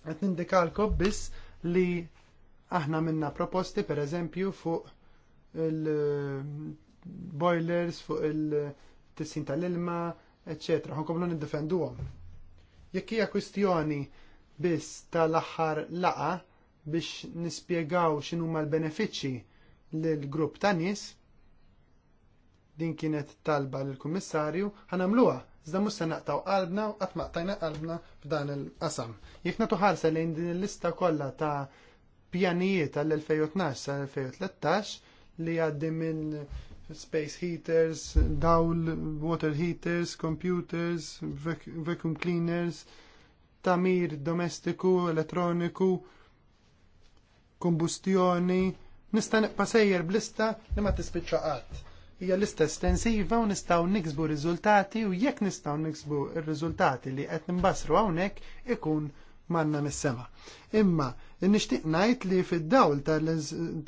qed nindikalkom biss li aħna minna proposti pereżempju fuq il-boilers, fuq il-tissin tal-ilma, etc. Għankomlu nid-defendu għom. Jekk hija kwistjoni biss tal-aħħar laqa biex nispjegaw x'inhuma l-benefiċċji lill grupp ta' nies, din kienet talba lill kummissarju ħanamluha iżda mhux se naqtaw qalbna u qatt maqtajna qalbna f'dan il-qasam. Jekk natu ħarsa lejn din il-lista kollha ta' pjanijiet tal-2012 2013 li għaddi minn space heaters, dawl, water heaters, computers, vacuum cleaners, tamir domestiku, elettroniku, kombustjoni. Nista' neqpa sejjer blista li ma tispiċċa qatt. Hija lista estensiva u nistgħu niksbu riżultati u jekk nistgħu niksbu r-riżultati li qed nimbassru hawnhekk ikun manna sema Imma, nishtiq najt li fid-dawl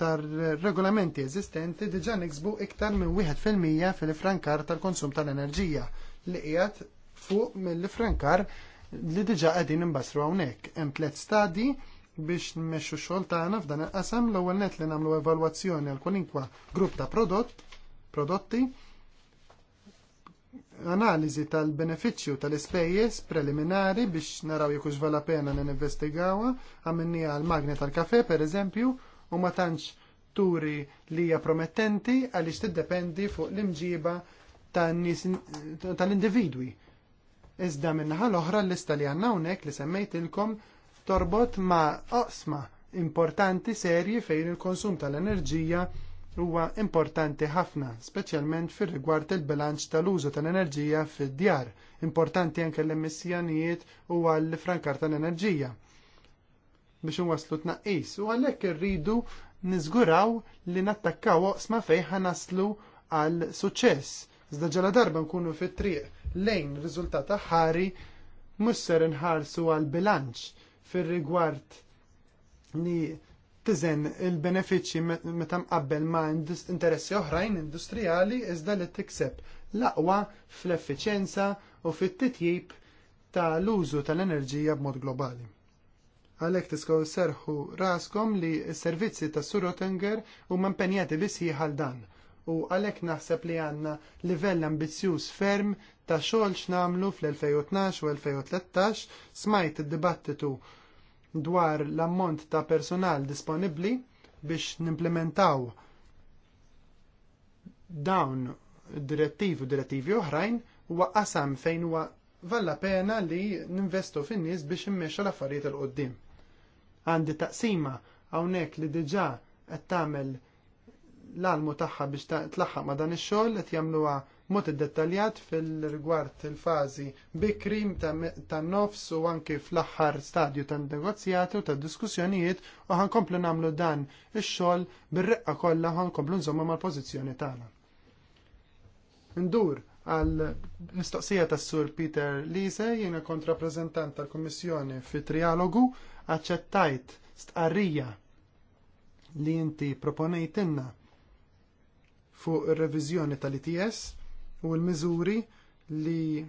tar-regolamenti eżistenti diġa niksbu iktar minn 1% fil-frankar tal-konsum tal-enerġija li qiegħed fuq mill-frankar li diġa qegħdin imbassru hawnhekk. Hemm tliet stadi biex nmexxu xogħol tagħna f'dan il-qasam l-ewwel net li nagħmlu evalwazzjoni għal kwalinkwa grupp ta' prodott prodotti analiżi tal-benefiċċju tal-ispejjeż preliminari biex naraw jekk hux vala pena ninvestigawha għamilniha għal magni tal-kafè pereżempju u ma tantx turi li hija promettenti għaliex tiddependi fuq l-imġiba tal-individwi. Iżda minnaħa l-oħra l-lista li għandna hawnhekk li semmejtilkom torbot ma' oqsma importanti serji fejn il-konsum tal-enerġija huwa importanti ħafna, speċjalment fir rigward il-bilanċ tal-użu tal-enerġija fid-djar, importanti anke l-emissjonijiet u għall-frankar tal-enerġija biex nwaslu tnaqqis u għalhekk irridu niżguraw li nattakkaw oqsma fejn ħanaslu għal suċċess. Iżda ġala darba nkunu fit-triq lejn riżultat ħari musser inħarsu għal bilanċ fir rigward li tiżen il-benefiċċji meta mqabbel ma' interessi oħrajn industrijali iżda li tikseb l-aqwa fl-effiċenza u fit-titjib tal-użu tal-enerġija b'mod globali. Għalhekk tiskaw serħu raskom li s-servizzi tas Surotenger u huma impenjati bisħiħ għal dan u għalhekk naħseb li għandna livell ambizjuż ferm ta' xogħol x'namlu fl-2012 u 2013 smajt id-dibattitu dwar l-ammont ta' personal disponibbli biex nimplementaw dawn direttiv u direttivi oħrajn huwa qasam fejn huwa valla pena li ninvestu fin-nies biex immexxa l-affarijiet il qoddim Għandi taqsima hawnhekk li diġà qed tagħmel l-almu tagħha biex tlaħħaq ma' dan ix-xogħol qed jagħmluha mod iddettaljat fil-rigward il-fażi bikri ta' nofs u anki fl-aħħar stadju ta' negozjati u ta' diskussjonijiet u ħankomplu nagħmlu dan ix-xogħol bir-reqqa kollha komplu nżomma mal-pożizzjoni tagħna. Ndur għal istoqsija tas sur Peter Lise jiena kont tal-Kummissjoni fi trialogu aċċettajt stqarrija li inti proponejtinna fuq ir-reviżjoni tal-ITS u l-miżuri li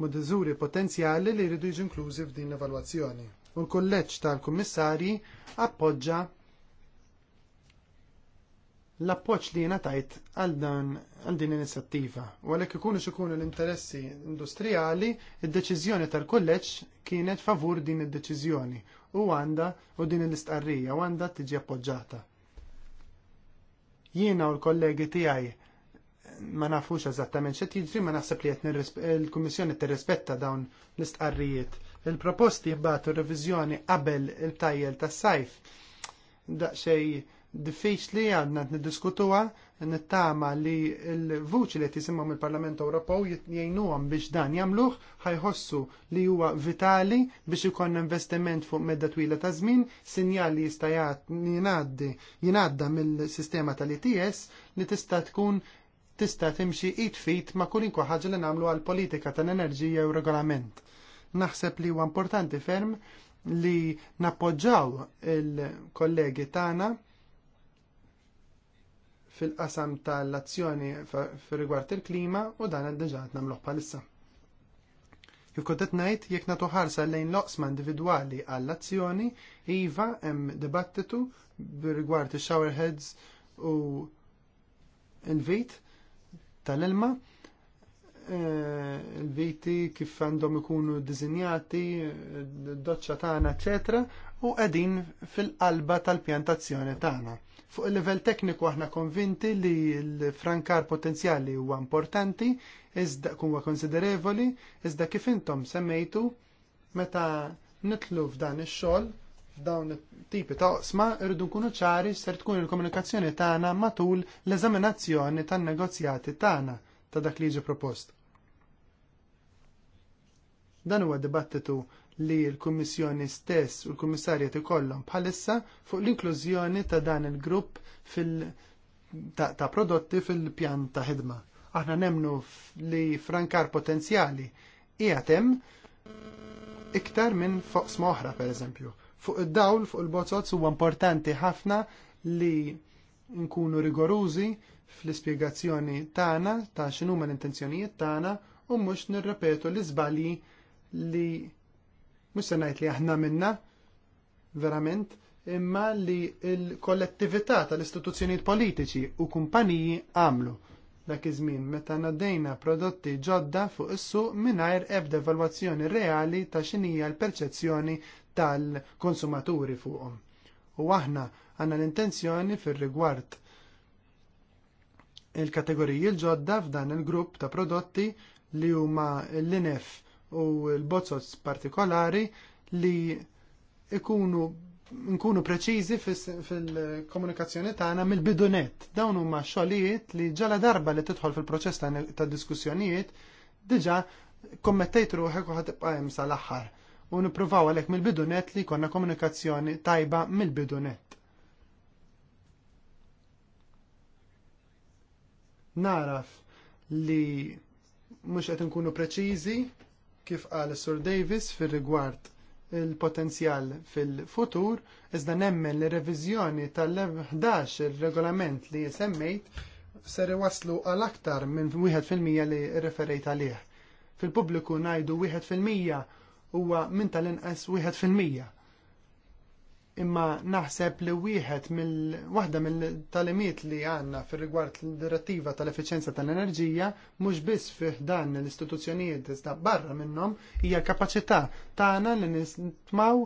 mudizuri potenzjali li jridu jiġu inklużi f'din l-evalwazzjoni. U l-kolleġġ tal-kummissarji appoġġa l-appoġġ li jiena tajt għal din l-inizjattiva. U għalhekk ikunu xikunu l-interessi industrijali, id-deċiżjoni tal-kolleġġ kienet favur din id-deċiżjoni u għandha u din l-istqarrija u għandha tiġi appoġġata. Jiena u l-kollegi tiegħi ma nafux eżattament xe tiġri ma naħseb li qed il-Kummissjoni tirrispetta dawn l-istqarrijiet. Il-proposti jibbatu revizjoni qabel il-tajjel tas-sajf. diffiċ diffiċli għadna n nittama li l-vuċi li tisimgħu mill-Parlament Ewropew għam biex dan jamluħ ħajħossu li huwa vitali biex ikun investiment fuq medda twila ta' żmien, sinjal li jista' jingħaddi jingħadda mill-sistema tal-ITS li tista' tkun tista' timxi id fit ma' kulinkwa ħaġa li nagħmlu għal politika tal-enerġija u regolament. Naħseb li huwa importanti ferm li nappoġġaw il-kollegi tagħna fil-qasam tal-azzjoni fil-rigward il-klima u dan għad-deġat namluħ palissa. Kif qed najt, jek natu ħarsa lejn loqsma individuali għall-azzjoni, iva hemm dibattitu rigward il-showerheads u il-vit, tal-ilma eh, il-viti kif għandhom ikunu dizinjati, doċċa tagħna, eċetera, u qegħdin fil-qalba tal-pjantazzjoni tagħna. Fuq il-livell tekniku aħna konvinti li l-frankar potenzjali huwa importanti, iżda huwa konsiderevoli, iżda kif intom semmejtu meta nitlu f'dan ix-xogħol f'dawn tipi ta' oqsma irridu nkunu ċari ser tkun il-komunikazzjoni tagħna matul l-eżaminazzjoni tan-negozjati tagħna ta' dak li jiġi propost. Dan huwa dibattitu li l-Kummissjoni stess u l-Kummissarja ikollhom bħalissa fuq l-inklużjoni ta' dan il-grupp ta', ta prodotti fil-pjan ta' ħidma. Aħna nemnu li frankar potenzjali qiegħed hemm iktar minn foqs per pereżempju. Fuq id-dawl, fuq il-bozzot, huwa importanti ħafna li nkunu rigorużi fl-ispjegazzjoni tagħna ta' x'inhuma l-intenzjonijiet tagħna u mhux nirrepetu l-iżbalji li mhux se ngħid li aħna minna verament imma li l-kollettività tal-istituzzjonijiet politiċi u kumpaniji għamlu dak iż-żmien meta ngħaddejna prodotti ġodda fuq is-suq mingħajr ebda evalwazzjoni reali ta' x'inhija l-perċezzjoni tal-konsumaturi fuqhom. U aħna għandna l-intenzjoni fir-rigward il-kategoriji l-ġodda f'dan il-grupp ta' prodotti li huma l-inef u l-bozzos partikolari li ikunu nkunu preċiżi fil-komunikazzjoni tagħna mill-bidunet. Dawn huma xogħlijiet li ġala darba li tidħol fil-proċess ta' diskussjonijiet diġà kommettejt ruħek u ħatibqa' hemm sal-aħħar u nippruvaw għalhekk mill-bidunet li jkollna komunikazzjoni tajba mill-bidunet. Naraf li mhux qed inkunu preċiżi kif qal Sir Davis fir-rigward il-potenzjal fil-futur, iżda nemmen li reviżjoni tal-11 il-regolament li jisemmejt seri waslu għal aktar minn 1% li referejt għalih. Fil-pubbliku najdu 1% huwa minn tal-inqas wieħed fil-mija. Imma naħseb li wieħed mill waħda mill-talimiet li għandna fir-rigward l-direttiva tal-efficienza tal-enerġija mhux biss fih dan l-istituzzjonijiet iżda barra minnhom hija kapaċità tagħna li nistmaw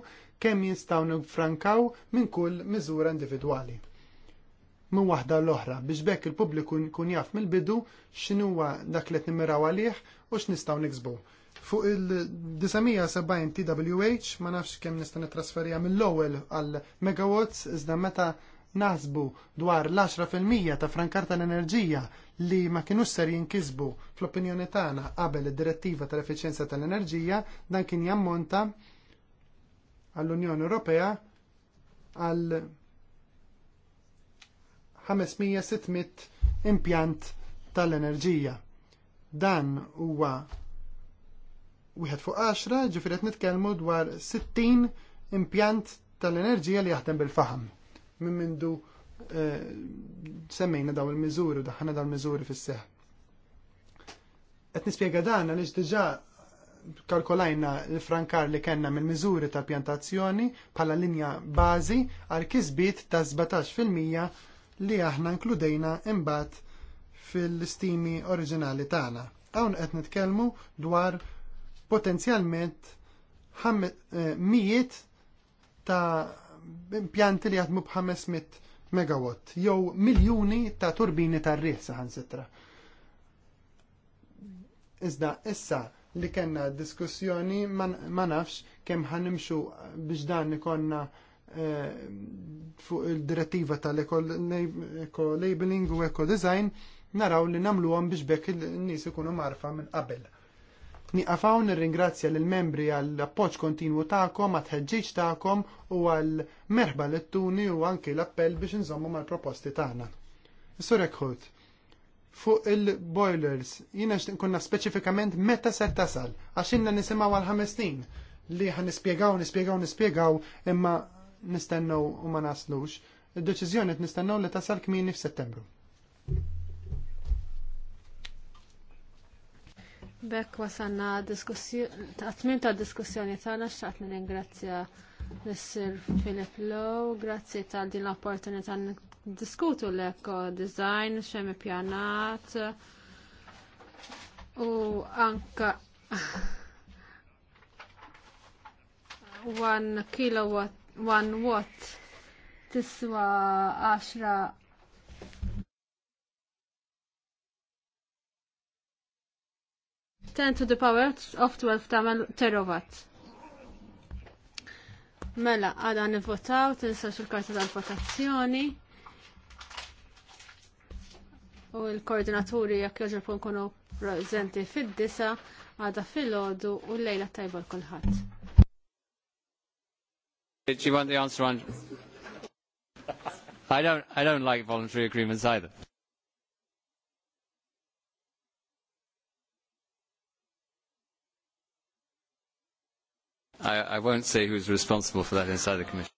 kemm jistgħu nifrankaw minn kull miżura individwali minn waħda l-oħra biex bekk il-pubbliku kun jaf mill-bidu x'inhuwa dak li qed nimmiraw għalih u x'nistgħu niksbu. Fuq il-970 TWH ma nafx kemm nista' nittrasferija mill-ewwel għal megawatts iżda meta naħsbu dwar l-10% ta' frankar tal-enerġija li ma kienux ser jinkisbu fl-opinjoni tagħna qabel id-direttiva tal-efficienza tal-enerġija dan kien jammonta għall-Unjoni Ewropea għal 500-600 impjant tal-enerġija. Dan huwa wieħed fuq 10 ġifiret qed nitkellmu dwar 60 impjant tal-enerġija li jaħdem bil-faħam. Minn mindu eh, semmejna daw il-miżuri u daħħana daw il-miżuri fis-seħ. Qed nispjega dan għaliex diġà kalkolajna l-frankar li kellna mill miżuri ta' pjantazzjoni bħala linja bażi għal kisbiet ta' 17% li aħna nkludejna imbagħad fil-stimi oriġinali tagħna. Hawn qed nitkellmu dwar potenzjalment eh, mijiet ta' impjanti li jatmu 500 megawatt jew miljuni ta' turbini ta' riħ sitra. Iżda issa li kena diskussjoni ma nafx kemm ħanimxu biex dan ikonna eh, fuq il-direttiva tal-eco-labeling u eco-design naraw li namlu għom biex bekk il-nis ikunu marfa minn qabel. Niqafaw nirringrazzja lill membri għall appoġġ kontinwu tagħkom, għat tħeġġiġ tagħkom u għall merħba li tuni u anki l-appell biex inżommu mal-proposti tagħna. Surek Ekhut, fuq il-boilers, jiena kunna speċifikament meta ser tasal, għax inna nisimgħu għal ħames snin li għan nispjegaw, nispjegaw, nispjegaw imma nistennew u ma naslux. Id-deċiżjoni qed nistennew li tasal kmieni f'Settembru. Bekk wasanna għatmim ta' diskussjoni tagħna xtaqt nirringrazzja l-Sir Philip Low, grazzi ta' din l-opportunità diskutu l-eko design, xemmi pjanat u anka [laughs] one kilowatt, one watt tiswa 10 10 to the power of 12 tamal terawatt. Mela, għada nivvotaw, tinsa il-karta tal-votazzjoni. U l-koordinaturi jekk joġobu kunu prezenti fid-disa għada fil-ħodu u l-lejla tajba l-kulħadd. [laughs] I don't, I don't like voluntary agreements either. I, I won't say who's responsible for that inside the Commission.